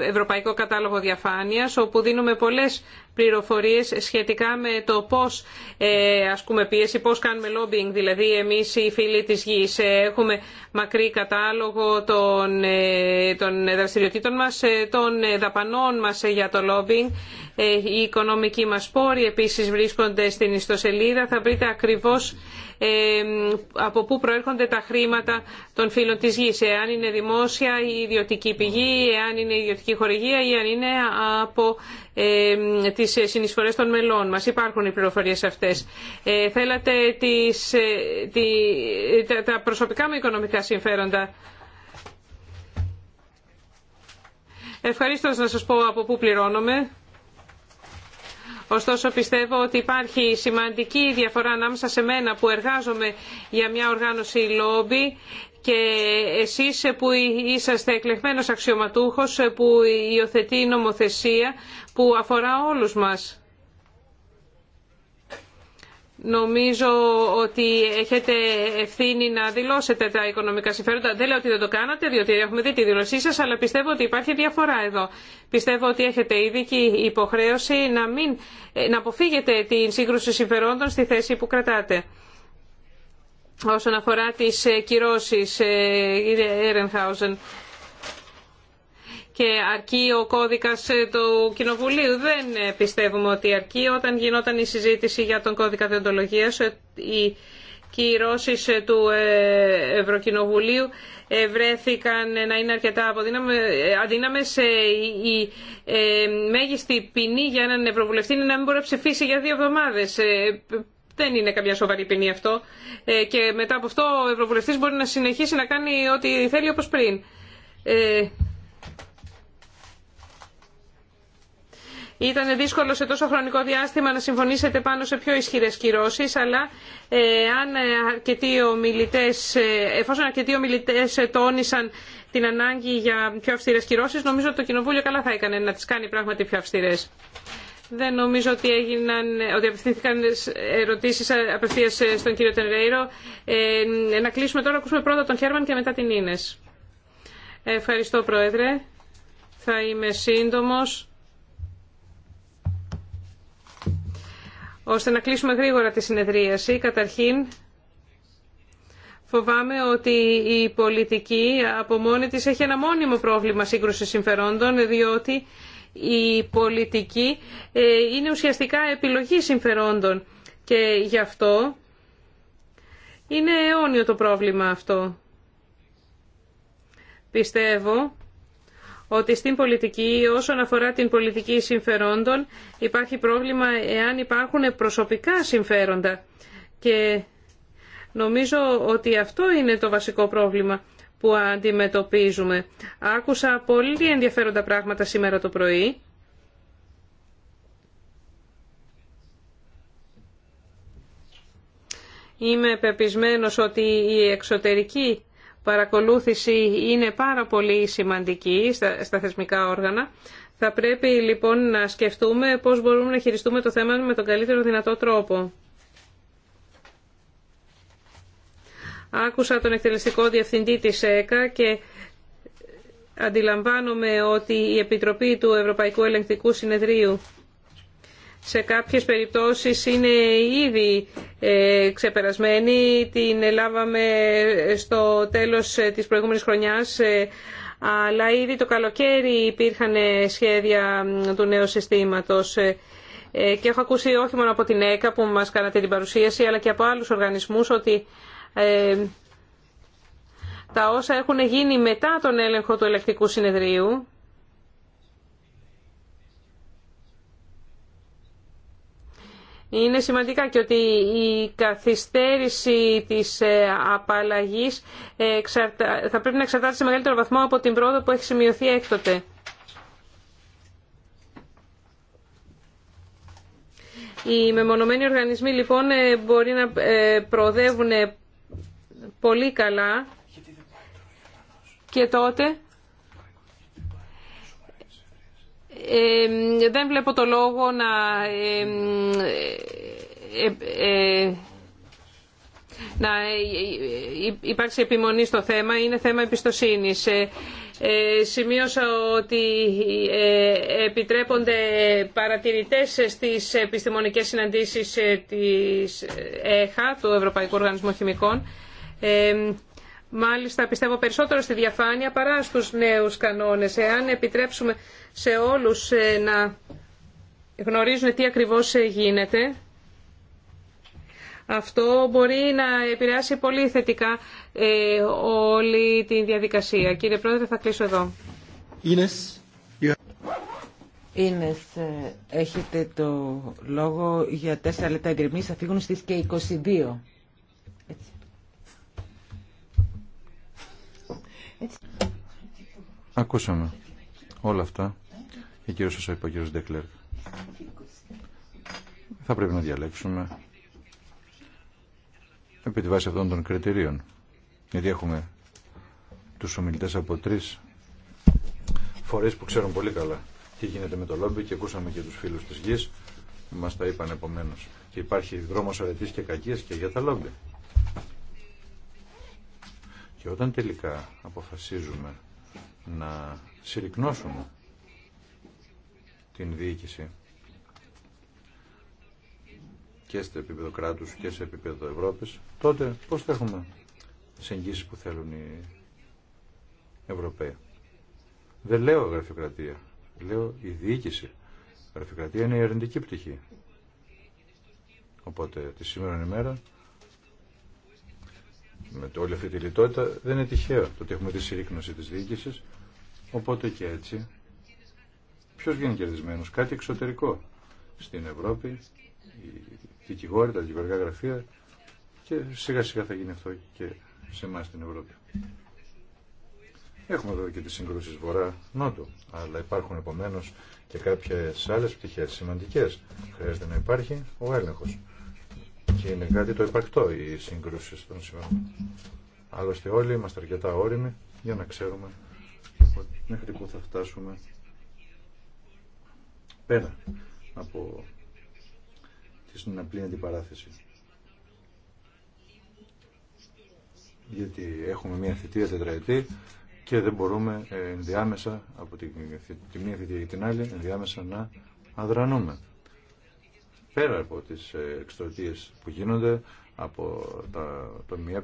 Ευρωπαϊκό Κατάλογο Διαφάνειας, όπου δίνουμε πολλές πληροφορίες σχετικά με το πώς ε, ασκούμε πίεση, πώς κάνουμε lobbying, δηλαδή εμείς οι φίλοι της γης. Ε, έχουμε μακρύ κατάλογο των, ε, των δραστηριοτήτων μας, ε, των δαπανών μας ε, για το lobbying. Οι οικονομικοί μας πόροι επίσης βρίσκονται στην ιστοσελίδα. Θα βρείτε ακριβώς από πού προέρχονται τα χρήματα των φίλων της γης. Εάν είναι δημόσια ή ιδιωτική πηγή, εάν είναι ιδιωτική χορηγία ή αν είναι από τη τις ε, συνεισφορές των μελών μας. Υπάρχουν οι πληροφορίες αυτές. Ε, θέλατε τις, ε, τη, τα, τα προσωπικά μου οικονομικά συμφέροντα. Ευχαριστώ να σας πω από πού πληρώνομαι. Ωστόσο πιστεύω ότι υπάρχει σημαντική διαφορά ανάμεσα σε μένα που εργάζομαι για μια οργάνωση λόμπι και εσείς που είσαστε εκλεγμένος αξιωματούχος που υιοθετεί νομοθεσία που αφορά όλους μας. Νομίζω ότι έχετε ευθύνη να δηλώσετε τα οικονομικά συμφέροντα. Δεν λέω ότι δεν το κάνατε, διότι έχουμε δει τη δήλωσή σας, αλλά πιστεύω ότι υπάρχει διαφορά εδώ. Πιστεύω ότι έχετε ειδική υποχρέωση να, μην, να αποφύγετε την σύγκρουση συμφερόντων στη θέση που κρατάτε όσον αφορά τις ε, κυρώσεις, κύριε Και αρκεί ο κώδικας ε, του Κοινοβουλίου. Δεν ε, πιστεύουμε ότι αρκεί. Όταν γινόταν η συζήτηση για τον κώδικα διοντολογίας, οι κυρώσεις του Ευρωκοινοβουλίου βρέθηκαν να είναι αρκετά αδύναμες. Η μέγιστη ποινή για έναν Ευρωβουλευτή είναι να μην μπορεί να ψηφίσει για δύο εβδομάδες δεν είναι καμιά σοβαρή ποινή αυτό ε, και μετά από αυτό ο Ευρωβουλευτή μπορεί να συνεχίσει να κάνει ό,τι θέλει όπω πριν. Ε, ήταν δύσκολο σε τόσο χρονικό διάστημα να συμφωνήσετε πάνω σε πιο ισχυρέ κυρώσει, αλλά ε, αν αρκετοί ομιλητές, ε, εφόσον αρκετοί ομιλητέ τόνισαν την ανάγκη για πιο αυστηρέ κυρώσει, νομίζω ότι το Κοινοβούλιο καλά θα έκανε να τι κάνει πράγματι πιο αυστηρέ. Δεν νομίζω ότι, έγιναν, ότι απευθύνθηκαν ερωτήσεις απευθείας ε, στον κύριο Τενρέιρο. Ε, ε, να κλείσουμε τώρα, ακούσουμε πρώτα τον Χέρμαν και μετά την Ίνες. Ευχαριστώ, Πρόεδρε. Θα είμαι σύντομος. Ώστε να κλείσουμε γρήγορα τη συνεδρίαση, καταρχήν φοβάμαι ότι η πολιτική από μόνη της έχει ένα μόνιμο πρόβλημα σύγκρουσης συμφερόντων, διότι η πολιτική ε, είναι ουσιαστικά επιλογή συμφερόντων και γι' αυτό είναι αιώνιο το πρόβλημα αυτό. Πιστεύω ότι στην πολιτική όσον αφορά την πολιτική συμφερόντων υπάρχει πρόβλημα εάν υπάρχουν προσωπικά συμφέροντα και νομίζω ότι αυτό είναι το βασικό πρόβλημα που αντιμετωπίζουμε. Άκουσα πολύ ενδιαφέροντα πράγματα σήμερα το πρωί. Είμαι πεπισμένος ότι η εξωτερική παρακολούθηση είναι πάρα πολύ σημαντική στα θεσμικά όργανα. Θα πρέπει λοιπόν να σκεφτούμε πώς μπορούμε να χειριστούμε το θέμα με τον καλύτερο δυνατό τρόπο. Άκουσα τον εκτελεστικό διευθυντή της ΕΚΑ και αντιλαμβάνομαι ότι η Επιτροπή του Ευρωπαϊκού Ελεγκτικού Συνεδρίου σε κάποιες περιπτώσεις είναι ήδη ε, ξεπερασμένη. Την έλαβαμε στο τέλος ε, της προηγούμενης χρονιάς, ε, αλλά ήδη το καλοκαίρι υπήρχαν σχέδια του νέου συστήματος. Και έχω ακούσει όχι μόνο από την ΕΚΑ που μας κάνατε την παρουσίαση, αλλά και από άλλους οργανισμούς ότι ε, τα όσα έχουν γίνει μετά τον έλεγχο του ελεκτικού συνεδρίου. Είναι σημαντικά και ότι η καθυστέρηση της ε, απαλλαγής ε, θα πρέπει να εξαρτάται σε μεγαλύτερο βαθμό από την πρόοδο που έχει σημειωθεί έκτοτε. Οι μεμονωμένοι οργανισμοί λοιπόν μπορεί να προοδεύουν πολύ καλά και τότε δεν βλέπω το λόγο να ε, ε, ε, ε, υπάρξει επιμονή στο θέμα. Είναι θέμα εμπιστοσύνης. Ε, σημείωσα ότι επιτρέπονται παρατηρητές στις επιστημονικές συναντήσεις της ΕΧΑ, του Ευρωπαϊκού Οργανισμού Χημικών. Ε, μάλιστα πιστεύω περισσότερο στη διαφάνεια παρά στους νέους κανόνες. Εάν επιτρέψουμε σε όλους ε, να γνωρίζουν τι ακριβώς ε, γίνεται, αυτό μπορεί να επηρεάσει πολύ θετικά όλη τη διαδικασία. Κύριε Πρόεδρε, θα κλείσω εδώ. Ίνες, Ίνες έχετε το λόγο για τέσσερα λεπτά εγκριμής. Θα φύγουν στις και 22. Ακούσαμε όλα αυτά και κύριο σας είπα, Θα πρέπει να διαλέξουμε επί τη βάση αυτών των κριτηρίων. Γιατί έχουμε τους ομιλητές από τρεις φορές που ξέρουν πολύ καλά τι γίνεται με το λόμπι και ακούσαμε και τους φίλους της γης μας τα είπαν επομένως. Και υπάρχει δρόμος αρετής και κακίας και για τα λόμπι. Και όταν τελικά αποφασίζουμε να συρρυκνώσουμε την διοίκηση και στο επίπεδο κράτους και σε επίπεδο Ευρώπης, τότε πώς θα έχουμε τις εγγύσεις που θέλουν οι Ευρωπαίοι. Δεν λέω γραφειοκρατία, λέω η διοίκηση. Η γραφειοκρατία είναι η αρνητική πτυχή. Οπότε τη σήμερα ημέρα με όλη αυτή τη λιτότητα δεν είναι τυχαίο το ότι έχουμε τη συρρήκνωση της διοίκησης οπότε και έτσι ποιος γίνει κερδισμένο, κάτι εξωτερικό στην Ευρώπη η δικηγόροι, τα δικηγορικά γραφεία και σιγά σιγά θα γίνει αυτό και σε εμά στην Ευρώπη. Έχουμε εδώ και τις συγκρούσεις βορρά-νότου, αλλά υπάρχουν επομένως και κάποιες άλλες πτυχές σημαντικές. Χρειάζεται να υπάρχει ο έλεγχος είναι κάτι το υπαρκτό η σύγκρουσεις των σημαντών. Άλλωστε όλοι είμαστε αρκετά όριμοι για να ξέρουμε μέχρι που θα φτάσουμε πέρα από την απλή αντιπαράθεση. Γιατί έχουμε μια θητεία τετραετή και δεν μπορούμε ε, ενδιάμεσα από τη μία θητεία ή την άλλη ενδιάμεσα να αδρανούμε πέρα από τις ε, εξτοτίες που γίνονται από το το ΜΕ,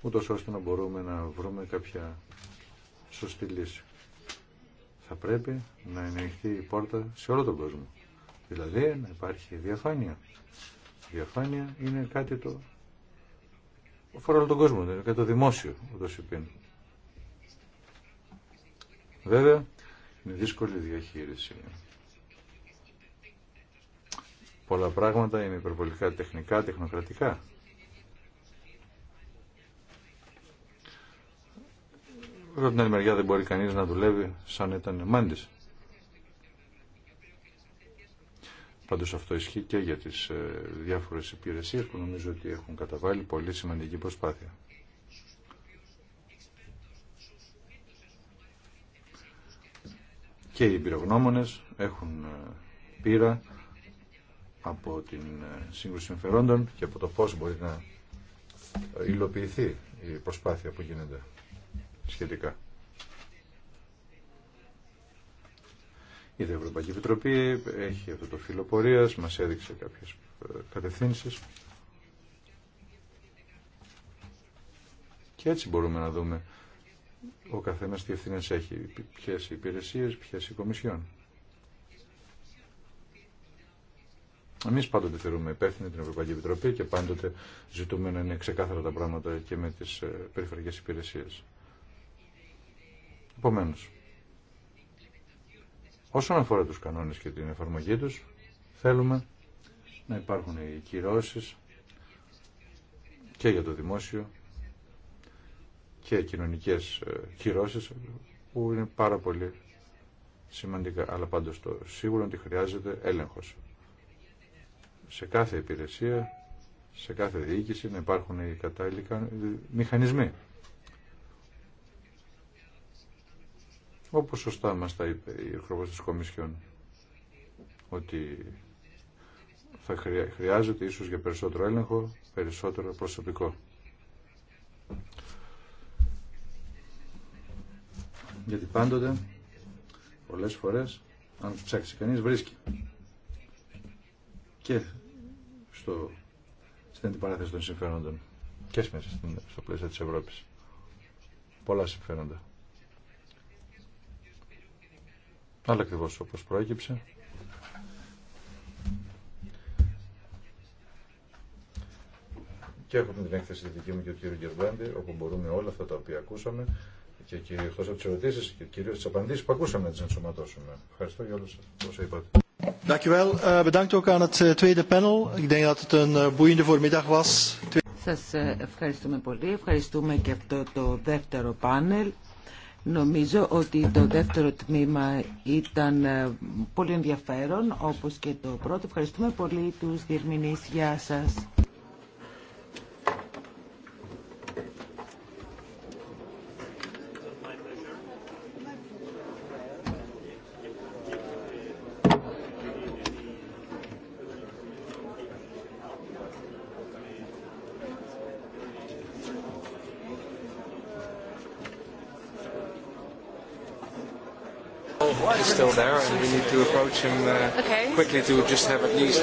ούτως ώστε να μπορούμε να βρούμε κάποια σωστή λύση. Θα πρέπει να ενεργηθεί η πόρτα σε όλο τον κόσμο. Δηλαδή να υπάρχει διαφάνεια. Η διαφάνεια είναι κάτι το... αφορά όλο τον κόσμο, είναι κάτι το δημόσιο, ούτως υπήν. Βέβαια, είναι δύσκολη διαχείριση πολλά πράγματα, είναι υπερβολικά τεχνικά, τεχνοκρατικά. Βέβαια από την άλλη μεριά δεν μπορεί κανείς να δουλεύει σαν ήταν μάντης. Πάντως αυτό ισχύει και για τις ε, διάφορες υπηρεσίες που νομίζω ότι έχουν καταβάλει πολύ σημαντική προσπάθεια. Και οι εμπειρογνώμονες έχουν ε, πείρα από την ε, σύγκρουση συμφερόντων και από το πώς μπορεί να ε, υλοποιηθεί η προσπάθεια που γίνεται σχετικά. Η Ευρωπαϊκή Επιτροπή έχει αυτό το φύλλο μας έδειξε κάποιες ε, κατευθύνσεις και έτσι μπορούμε να δούμε ο καθένας τι ευθύνες έχει, ποιες οι υπηρεσίες, ποιες οι κομισιόν. Εμεί πάντοτε θεωρούμε υπεύθυνη την Ευρωπαϊκή Επιτροπή και πάντοτε ζητούμε να είναι ξεκάθαρα τα πράγματα και με τι ε, περιφερειακέ υπηρεσίε. Επομένω, όσον αφορά του κανόνε και την εφαρμογή του, θέλουμε να υπάρχουν οι κυρώσει και για το δημόσιο και κοινωνικέ ε, κυρώσεις που είναι πάρα πολύ σημαντικά. Αλλά πάντως το σίγουρο ότι χρειάζεται έλεγχος σε κάθε υπηρεσία, σε κάθε διοίκηση να υπάρχουν οι κατάλληλοι μηχανισμοί. Όπως σωστά μας τα είπε η εκπρόσωπος της Κομισιόν, ότι θα χρειάζεται ίσως για περισσότερο έλεγχο, περισσότερο προσωπικό. Γιατί πάντοτε, πολλές φορές, αν ψάξει κανείς, βρίσκει. Και στο, στην αντιπαράθεση των συμφέροντων και μέσα στην, στο πλαίσιο της Ευρώπης. Πολλά συμφέροντα. Αλλά ακριβώ όπως προέκυψε, και έχουμε την έκθεση τη δική μου και του κύριου Γκερβάντη, όπου μπορούμε όλα αυτά τα οποία ακούσαμε και εκτό από τι ερωτήσει και κυρίω τι απαντήσει που ακούσαμε να τι ενσωματώσουμε. Ευχαριστώ για όλα όσα είπατε. Σας ευχαριστούμε πολύ. Ευχαριστούμε και αυτό το δεύτερο πάνελ. Νομίζω ότι το δεύτερο τμήμα ήταν ε, πολύ ενδιαφέρον, όπως και το πρώτο. Ευχαριστούμε πολύ τους διερμηνείς. Γεια σας. Okay. quickly to just have at least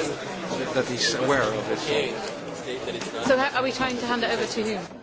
that he's aware of it. So how are we trying to hand it over to whom?